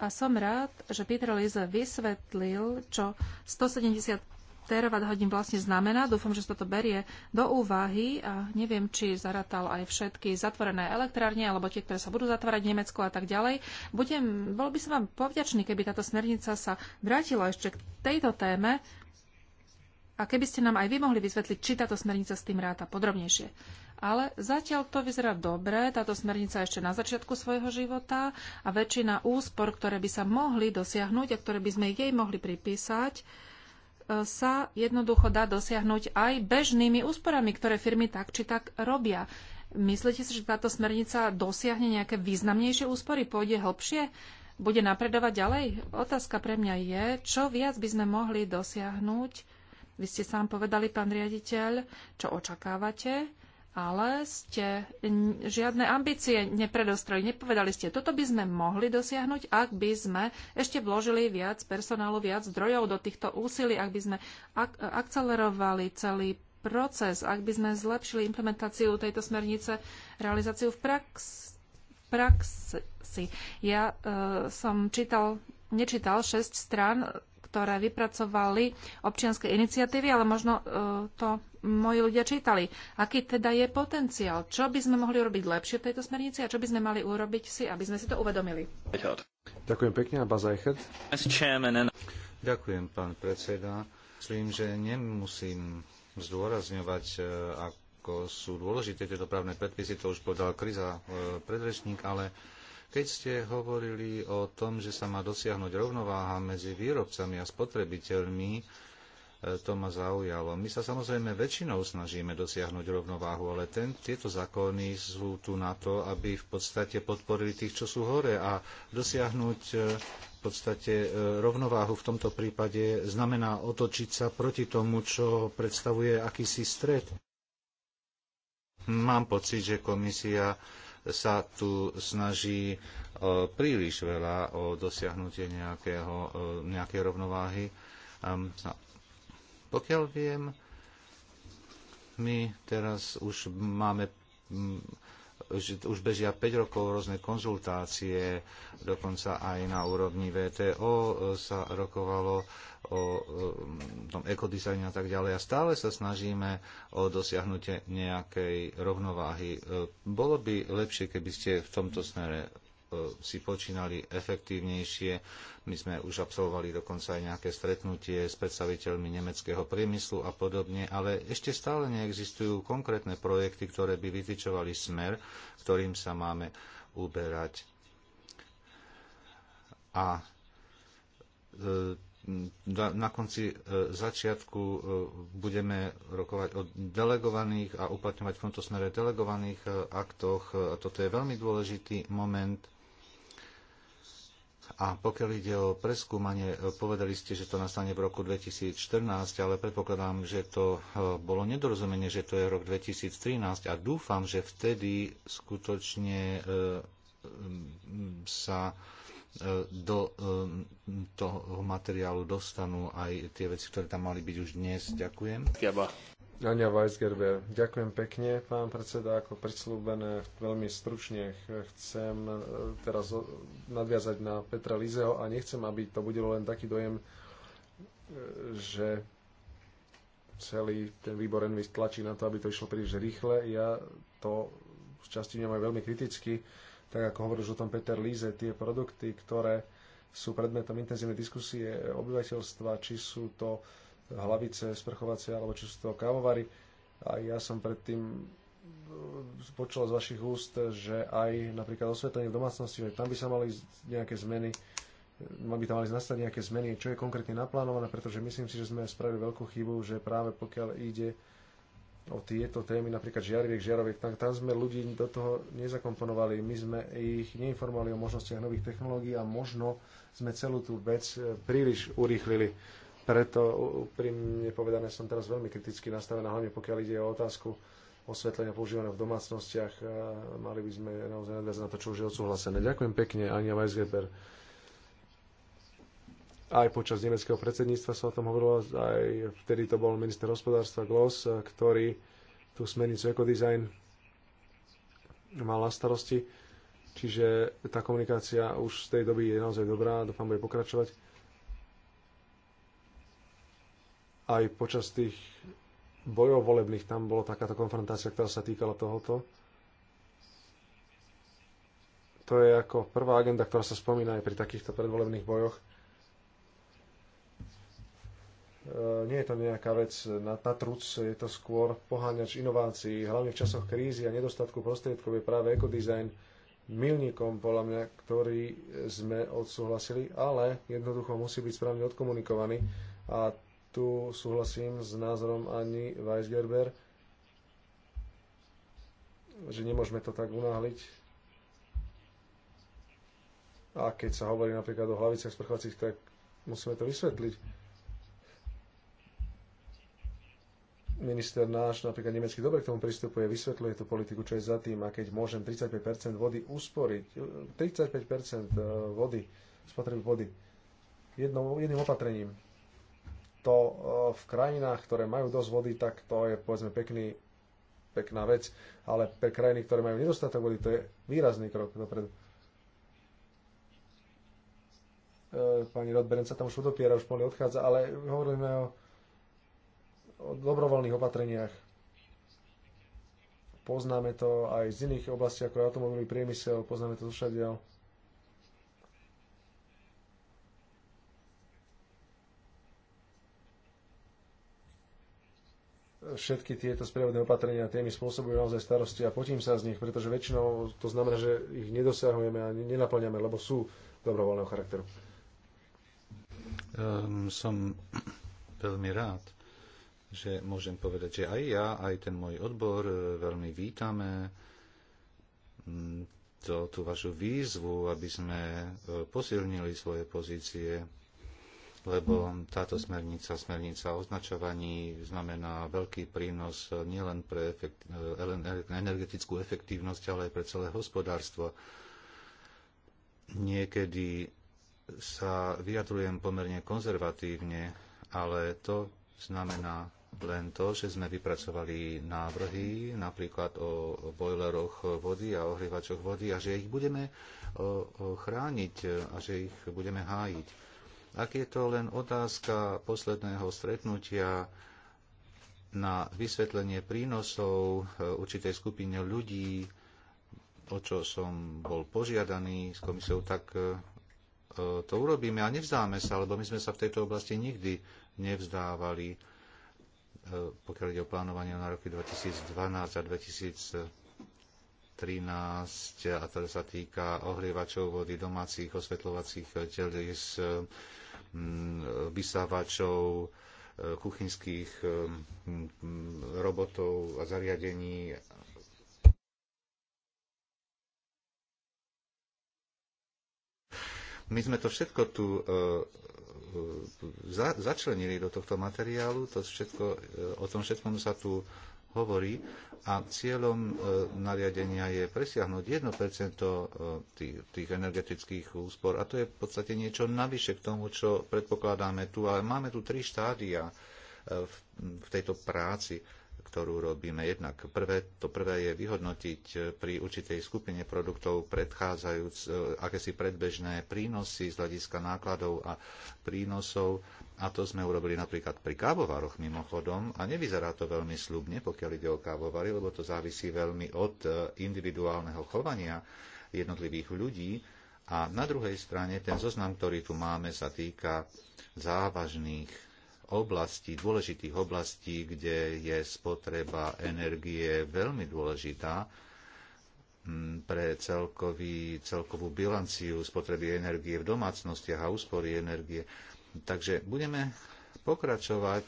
Speaker 1: A som rád, že Peter Lise vysvetlil, čo 170 terawatt hodín vlastne znamená. Dúfam, že sa to berie do úvahy a neviem, či zaratal aj všetky zatvorené elektrárne alebo tie, ktoré sa budú zatvárať v Nemecku a tak ďalej. Budem, bol by som vám povďačný, keby táto smernica sa vrátila ešte k tejto téme, a keby ste nám aj vy mohli vysvetliť, či táto smernica s tým ráta podrobnejšie. Ale zatiaľ to vyzerá dobre, táto smernica ešte na začiatku svojho života a väčšina úspor, ktoré by sa mohli dosiahnuť a ktoré by sme jej mohli pripísať, e, sa jednoducho dá dosiahnuť aj bežnými úsporami, ktoré firmy tak či tak robia. Myslíte si, že táto smernica dosiahne nejaké významnejšie úspory, pôjde hlbšie, bude napredovať ďalej? Otázka pre mňa je, čo viac by sme mohli dosiahnuť vy ste sám povedali, pán riaditeľ, čo očakávate, ale ste žiadne ambície nepredostreli. Nepovedali ste, toto by sme mohli dosiahnuť, ak by sme ešte vložili viac personálu, viac zdrojov do týchto úsilí, ak by sme ak- akcelerovali celý proces, ak by sme zlepšili implementáciu tejto smernice, realizáciu v prax- praxi. Ja uh, som čítal, nečítal 6 strán ktoré vypracovali občianske iniciatívy, ale možno e, to moji ľudia čítali. Aký teda je potenciál? Čo by sme mohli urobiť lepšie v tejto smernici a čo by sme mali urobiť si, aby sme si to uvedomili?
Speaker 3: Ďakujem pekne, Abba Zajchet. Ďakujem, pán predseda. Myslím, že nemusím zdôrazňovať, e, ako sú dôležité tieto právne predpisy, to už podal Kriza e, predrečník, ale keď ste hovorili o tom, že sa má dosiahnuť rovnováha medzi výrobcami a spotrebiteľmi, e, to ma zaujalo. My sa samozrejme väčšinou snažíme dosiahnuť rovnováhu, ale ten, tieto zákony sú tu na to, aby v podstate podporili tých, čo sú hore a dosiahnuť e, v podstate e, rovnováhu v tomto prípade znamená otočiť sa proti tomu, čo predstavuje akýsi stred. Mám pocit, že komisia sa tu snaží e, príliš veľa o dosiahnutie nejakého, e, nejakej rovnováhy. Ehm, pokiaľ viem, my teraz už máme mm, že už bežia 5 rokov rôzne konzultácie, dokonca aj na úrovni VTO e, sa rokovalo o tom ekodizajne a tak ďalej. A stále sa snažíme o dosiahnutie nejakej rovnováhy. E, bolo by lepšie, keby ste v tomto smere e, si počínali efektívnejšie. My sme už absolvovali dokonca aj nejaké stretnutie s predstaviteľmi nemeckého priemyslu a podobne, ale ešte stále neexistujú konkrétne projekty, ktoré by vytýčovali smer, ktorým sa máme uberať. A e, na konci e, začiatku e, budeme rokovať o delegovaných a uplatňovať v tomto smere delegovaných e, aktoch. toto je veľmi dôležitý moment. A pokiaľ ide o preskúmanie, povedali ste, že to nastane v roku 2014, ale predpokladám, že to bolo nedorozumenie, že to je rok 2013 a dúfam, že vtedy skutočne sa E, do e, toho materiálu dostanú aj tie veci, ktoré tam mali byť už dnes. Ďakujem. Ania Weisgerber, ďakujem
Speaker 2: pekne, pán predseda, ako prislúbené, veľmi stručne chcem e, teraz nadviazať na Petra Lizeho a nechcem, aby to budelo len taký dojem, že celý ten výbor Envis tlačí na to, aby to išlo príliš rýchle. Ja to z časti nemám veľmi kriticky tak ako hovoríš o tom Peter Líze, tie produkty, ktoré sú predmetom intenzívnej diskusie obyvateľstva, či sú to hlavice sprchovacie, alebo či sú to kávovary. A ja som predtým eh, počul z vašich úst, že aj napríklad osvetlenie v domácnosti, že tam by sa mali nejaké zmeny, eh, by tam mali nastať nejaké zmeny, čo je konkrétne naplánované, pretože myslím si, že sme spravili veľkú chybu, že práve pokiaľ ide o tieto témy, napríklad žiariviek, žiaroviek, tak tam sme ľudí do toho nezakomponovali, my sme ich neinformovali o možnostiach nových technológií a možno sme celú tú vec e, príliš urýchlili. Preto úprimne povedané som teraz veľmi kriticky nastavená, hlavne pokiaľ ide o otázku osvetlenia používané v domácnostiach. E, mali by sme naozaj nadviazať na to, čo už je odsúhlasené. Ďakujem pekne, Ania Weisgeber. Aj počas nemeckého predsedníctva sa o tom hovorilo, aj vtedy to bol minister hospodárstva Gloss, ktorý tú smernicu ekodizajn mal na starosti. Čiže tá komunikácia už z tej doby je naozaj dobrá, dúfam, bude pokračovať. Aj počas tých bojov volebných tam bola takáto konfrontácia, ktorá sa týkala tohoto. To je ako prvá agenda, ktorá sa spomína aj pri takýchto predvolebných bojoch. E, nie je to nejaká vec na, na truc, je to skôr poháňač inovácií. Hlavne v časoch krízy a nedostatku prostriedkov je práve ekodizajn milníkom, podľa mňa, ktorý sme odsúhlasili, ale jednoducho musí byť správne odkomunikovaný. A tu súhlasím s názorom Ani Weisgerber, že nemôžeme to tak unáhliť. A keď sa hovorí napríklad o hlaviciach sprchovacích, tak musíme to vysvetliť minister náš, napríklad nemecký, dobre k tomu pristupuje, vysvetľuje tú politiku, čo je za tým a keď môžem 35% vody usporiť, 35% e, e, vody, spotreby vody, jednou, jedným opatrením, to e, v krajinách, ktoré majú dosť vody, tak to je povedzme pekný, pekná vec, ale pre krajiny, ktoré majú nedostatok vody, to je výrazný krok dopredu. Pani Rodberen sa tam už odopiera, už pomaly odchádza, ale hovoríme o o dobrovoľných opatreniach. Poznáme to aj z iných oblastí, ako je automobilový priemysel, poznáme to všadiaľ. všetky tieto sprievodné opatrenia, tie mi spôsobujú naozaj starosti a potím sa z nich, pretože väčšinou to znamená, že ich nedosahujeme a nenaplňame, lebo sú dobrovoľného charakteru.
Speaker 3: Um, som [CLEARS THROAT] veľmi rád, že môžem povedať, že aj ja, aj ten môj odbor e, veľmi vítame mm, to, tú vašu výzvu, aby sme e, posilnili svoje pozície, lebo táto smernica, smernica o označovaní, znamená veľký prínos e, nielen pre efekt, energetickú efektívnosť, ale aj pre celé hospodárstvo. Niekedy sa vyjadrujem pomerne konzervatívne, ale to znamená len to, že sme vypracovali návrhy napríklad o bojleroch vody a ohrievačoch vody a že ich budeme chrániť a že ich budeme hájiť. Ak je to len otázka posledného stretnutia na vysvetlenie prínosov e, určitej skupine ľudí, o čo som bol požiadaný s komisiou, tak e, e, to urobíme a nevzdáme sa, lebo my sme sa v tejto oblasti nikdy nevzdávali Eh, pokiaľ ide o plánovanie na roky 2012 a 2013, a teda sa týka ohrievačov vody, domácich osvetľovacích telies, eh, mm, vysávačov, eh, kuchynských mm, robotov a zariadení My sme to všetko tu E, za, začlenili do tohto materiálu. To všetko, e, o tom všetkom sa tu hovorí a cieľom e, nariadenia je presiahnuť 1% tých, tých energetických úspor a to je v podstate niečo navyše k tomu, čo predpokladáme tu, ale máme tu tri štádia v, v tejto práci ktorú robíme. Jednak prvé, to prvé je vyhodnotiť eh, pri určitej skupine produktov predchádzajúc eh, akési predbežné prínosy z hľadiska nákladov a prínosov. A to sme urobili napríklad pri kávovaroch mimochodom a nevyzerá to veľmi slubne, pokiaľ ide o kávovary, lebo to závisí veľmi od eh, individuálneho chovania jednotlivých ľudí. A na druhej strane ten zoznam, ktorý tu máme, sa týka závažných oblastí, dôležitých oblastí, kde je spotreba energie veľmi dôležitá mm, pre celkový, celkovú bilanciu spotreby energie v domácnostiach a úspory energie. Takže budeme pokračovať,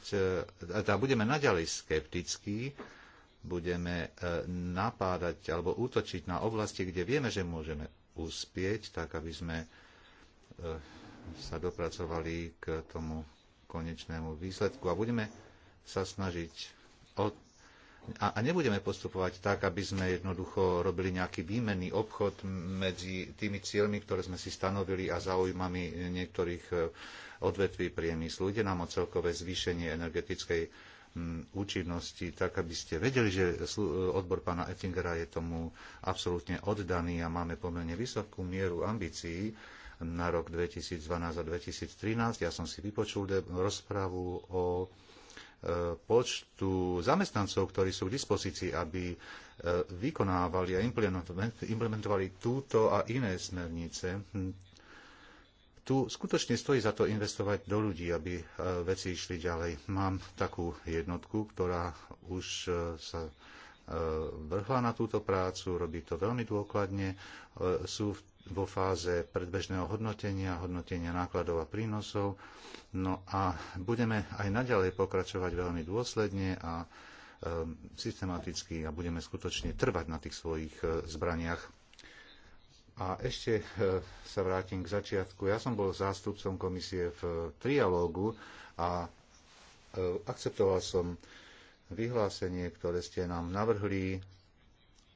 Speaker 3: teda budeme naďalej skeptickí, budeme e, napádať alebo útočiť na oblasti, kde vieme, že môžeme uspieť, tak aby sme e, sa dopracovali k tomu konečnému výsledku a budeme sa snažiť o a, a nebudeme postupovať tak, aby sme jednoducho robili nejaký výmenný obchod medzi tými cieľmi, ktoré sme si stanovili a zaujímami niektorých e, odvetví priemyslu. Ide nám o celkové zvýšenie energetickej mm, účinnosti, tak aby ste vedeli, že odbor pána Ettingera je tomu absolútne oddaný a máme pomerne vysokú mieru ambícií na rok 2012 a 2013. Ja som si vypočul rozpravu o e, počtu zamestnancov, ktorí sú k dispozícii, aby e, vykonávali a implementovali túto a iné smernice. Tu skutočne stojí za to investovať do ľudí, aby e, veci išli ďalej. Mám takú jednotku, ktorá už sa vrhla na túto prácu, robí to veľmi dôkladne. Sú v vo fáze predbežného hodnotenia, hodnotenia nákladov a prínosov. No a budeme aj naďalej pokračovať veľmi dôsledne a e, systematicky a budeme skutočne trvať na tých svojich e, zbraniach. A ešte e, sa vrátim k začiatku. Ja som bol zástupcom komisie v trialógu a akceptoval som vyhlásenie, ktoré ste nám navrhli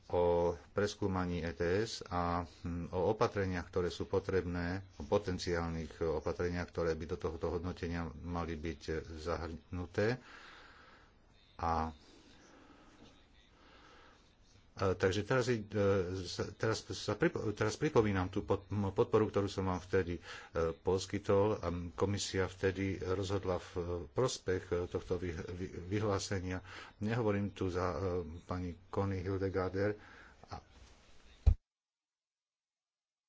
Speaker 3: o preskúmaní ETS a hm, o opatreniach, ktoré sú potrebné, o potenciálnych opatreniach, ktoré by do tohoto hodnotenia mali byť zahrnuté. A E, takže teraz, e, teraz, sa, teraz pripomínam tú podporu, ktorú som vám vtedy e, poskytol a komisia vtedy rozhodla v prospech tohto vyhlásenia. Nehovorím tu za pani Connie Hildegarder,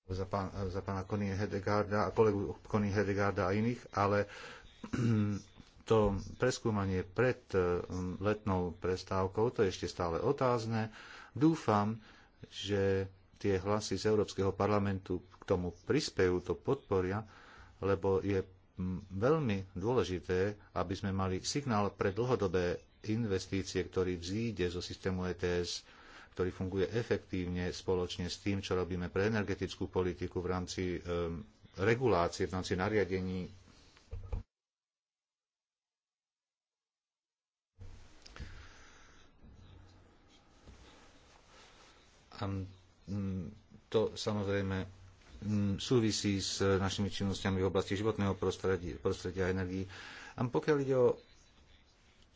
Speaker 3: za, pán, za pána Connie Hedegarda a kolegu Connie Hedegarda a iných, ale [CLEARS THROAT] to preskúmanie pred letnou prestávkou, to je ešte stále otázne. Dúfam, že tie hlasy z Európskeho parlamentu k tomu prispejú, to podporia, lebo je mm, veľmi dôležité, aby sme mali signál pre dlhodobé investície, ktorý vzíde zo systému ETS, ktorý funguje efektívne spoločne s tým, čo robíme pre energetickú politiku v rámci um, regulácie, v rámci nariadení A mm, to samozrejme mm, súvisí s e, našimi činnosťami v oblasti životného prostredia, prostredia a energii. A pokiaľ ide o,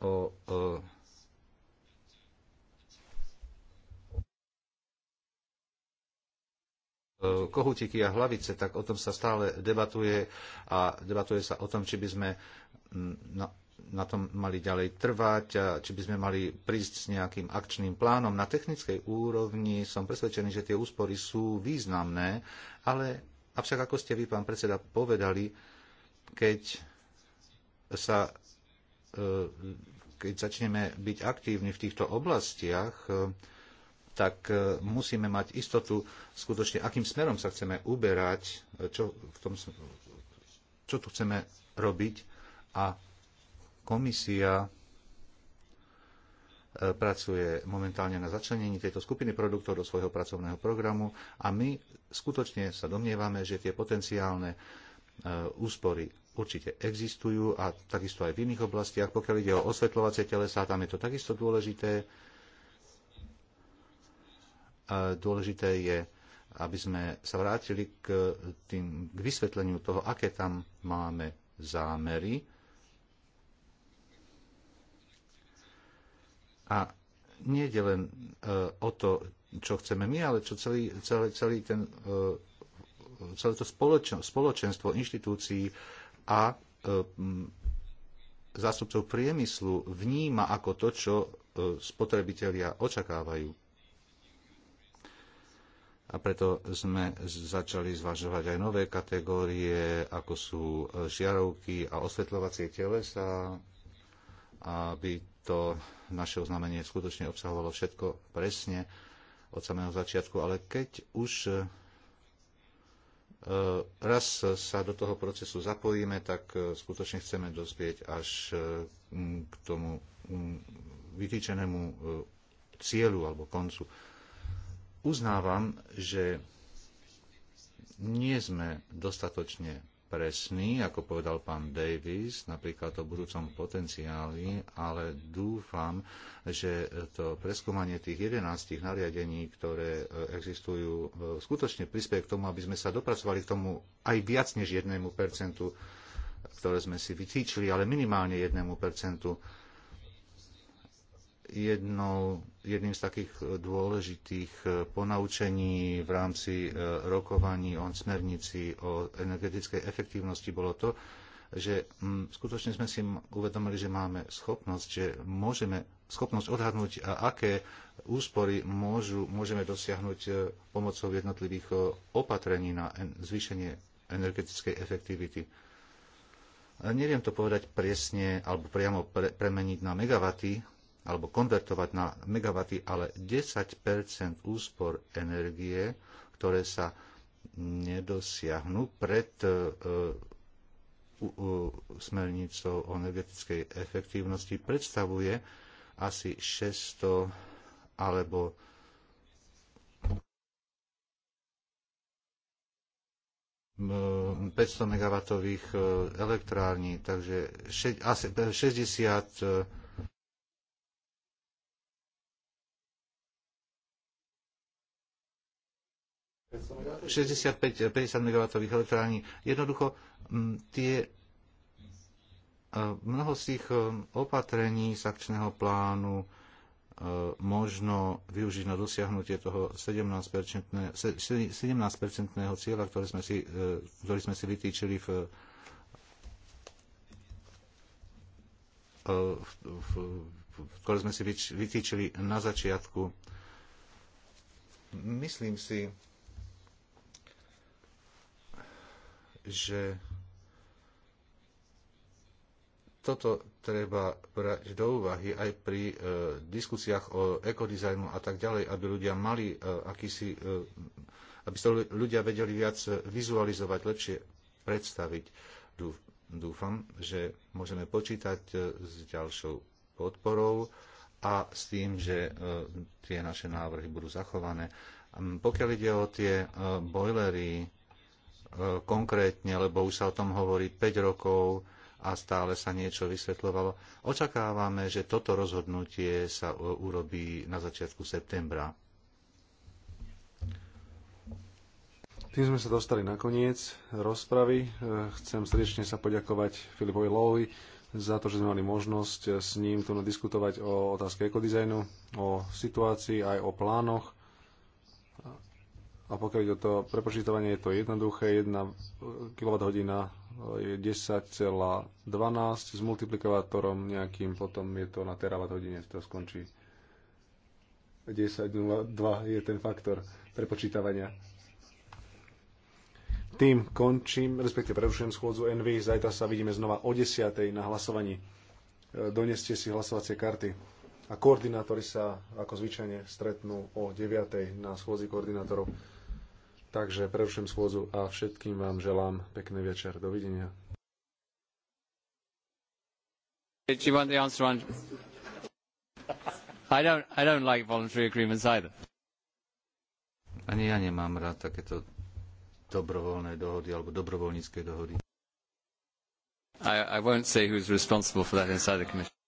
Speaker 3: o, o e, kohutiky a hlavice, tak o tom sa stále debatuje a debatuje sa o tom, či by sme mm, na no, na tom mali ďalej trvať, a či by sme mali prísť s nejakým akčným plánom. Na technickej úrovni som presvedčený, že tie úspory sú významné, ale avšak ako ste vy, pán predseda, povedali, keď sa e, keď začneme byť aktívni v týchto oblastiach, e, tak e, musíme mať istotu skutočne, akým smerom sa chceme uberať, čo, v tom, čo tu chceme robiť a Komisia e, pracuje momentálne na začlenení tejto skupiny produktov do svojho pracovného programu a my skutočne sa domnievame, že tie potenciálne e, úspory určite existujú a takisto aj v iných oblastiach. Pokiaľ ide o osvetľovacie telesa, tam je to takisto dôležité. E, dôležité je, aby sme sa vrátili k, tým, k vysvetleniu toho, aké tam máme zámery A nie je len e, o to, čo chceme my, ale čo celý, celý, celý ten, e, celé to spoločenstvo, spoločenstvo inštitúcií a e, zástupcov priemyslu vníma ako to, čo spotrebitelia očakávajú. A preto sme začali zvažovať aj nové kategórie, ako sú žiarovky a osvetľovacie telesa, aby to naše oznámenie skutočne obsahovalo všetko presne od samého začiatku, ale keď už e, raz sa do toho procesu zapojíme, tak e, skutočne chceme dospieť až e, k tomu vytýčenému cieľu alebo koncu. Uznávam, že nie sme dostatočne presný, ako povedal pán Davis, napríklad o budúcom potenciáli, ale dúfam, že to preskúmanie tých 11 nariadení, ktoré e, existujú, e, skutočne prispieje k tomu, aby sme sa dopracovali k tomu aj viac než jednému percentu, ktoré sme si vytýčili, ale minimálne percentu jednou, jedným z takých e, dôležitých e, ponaučení v rámci e, rokovaní o smernici o energetickej efektívnosti bolo to, že mm, skutočne sme si uvedomili, že máme schopnosť, že môžeme schopnosť odhadnúť, aké úspory môžu, môžeme dosiahnuť pomocou jednotlivých opatrení na zvýšenie energetickej efektivity neviem to povedať presne alebo priamo pre, premeniť na megawaty, alebo konvertovať na megawaty, ale 10 úspor energie, ktoré sa nedosiahnu pred e, e, smernicou o energetickej efektívnosti, predstavuje asi 600 alebo 500 megawatových e, elektrární, takže asi 60 65-50 eh, MW elektrární. Jednoducho mm, tie eh, mnoho z tých eh, opatrení z akčného plánu možno využiť na dosiahnutie toho 17-percentného 17 cieľa, ktorý sme, si, ktorý sme si vytýčili v, v, v, ktoré sme si vytýčili na začiatku. Myslím si, že toto treba brať do úvahy aj pri e, diskusiách o ekodizajnu a tak ďalej, aby ľudia mali e, akýsi, e, aby to ľudia vedeli viac vizualizovať, lepšie predstaviť. Dúfam, že môžeme počítať e, s ďalšou podporou a s tým, že e, tie naše návrhy budú zachované. Pokiaľ ide o tie e, bojlery, E, konkrétne, lebo už sa o tom hovorí 5 rokov a stále sa niečo vysvetľovalo. Očakávame, že toto rozhodnutie sa e, urobí na začiatku septembra.
Speaker 2: Tým sme sa dostali na koniec rozpravy. E, chcem srdečne sa poďakovať Filipovi Lohovi za to, že sme mali možnosť s ním tu diskutovať o otázke ekodizajnu, o situácii aj o plánoch a pokiaľ ide o to prepočítavanie, je to jednoduché. 1 eh, kWh eh, je 10,12 s multiplikátorom nejakým, potom je to na terawatt hodine, to skončí. 10,02 je ten faktor prepočítavania. Tým končím, respektive prerušujem schôdzu NV. Zajtra sa vidíme znova o 10. na hlasovaní. Eh, doneste si hlasovacie karty. A koordinátori sa, ako zvyčajne, stretnú o 9. na schôdzi koordinátorov. Takže prerušujem schôdzu a všetkým vám želám pekný večer.
Speaker 3: Dovidenia. Do you want the answer I don't, I don't like voluntary agreements either. Ani ja nemám rád takéto dobrovoľné dohody alebo dobrovoľnícke dohody. I, I won't say who's responsible for that inside the commission.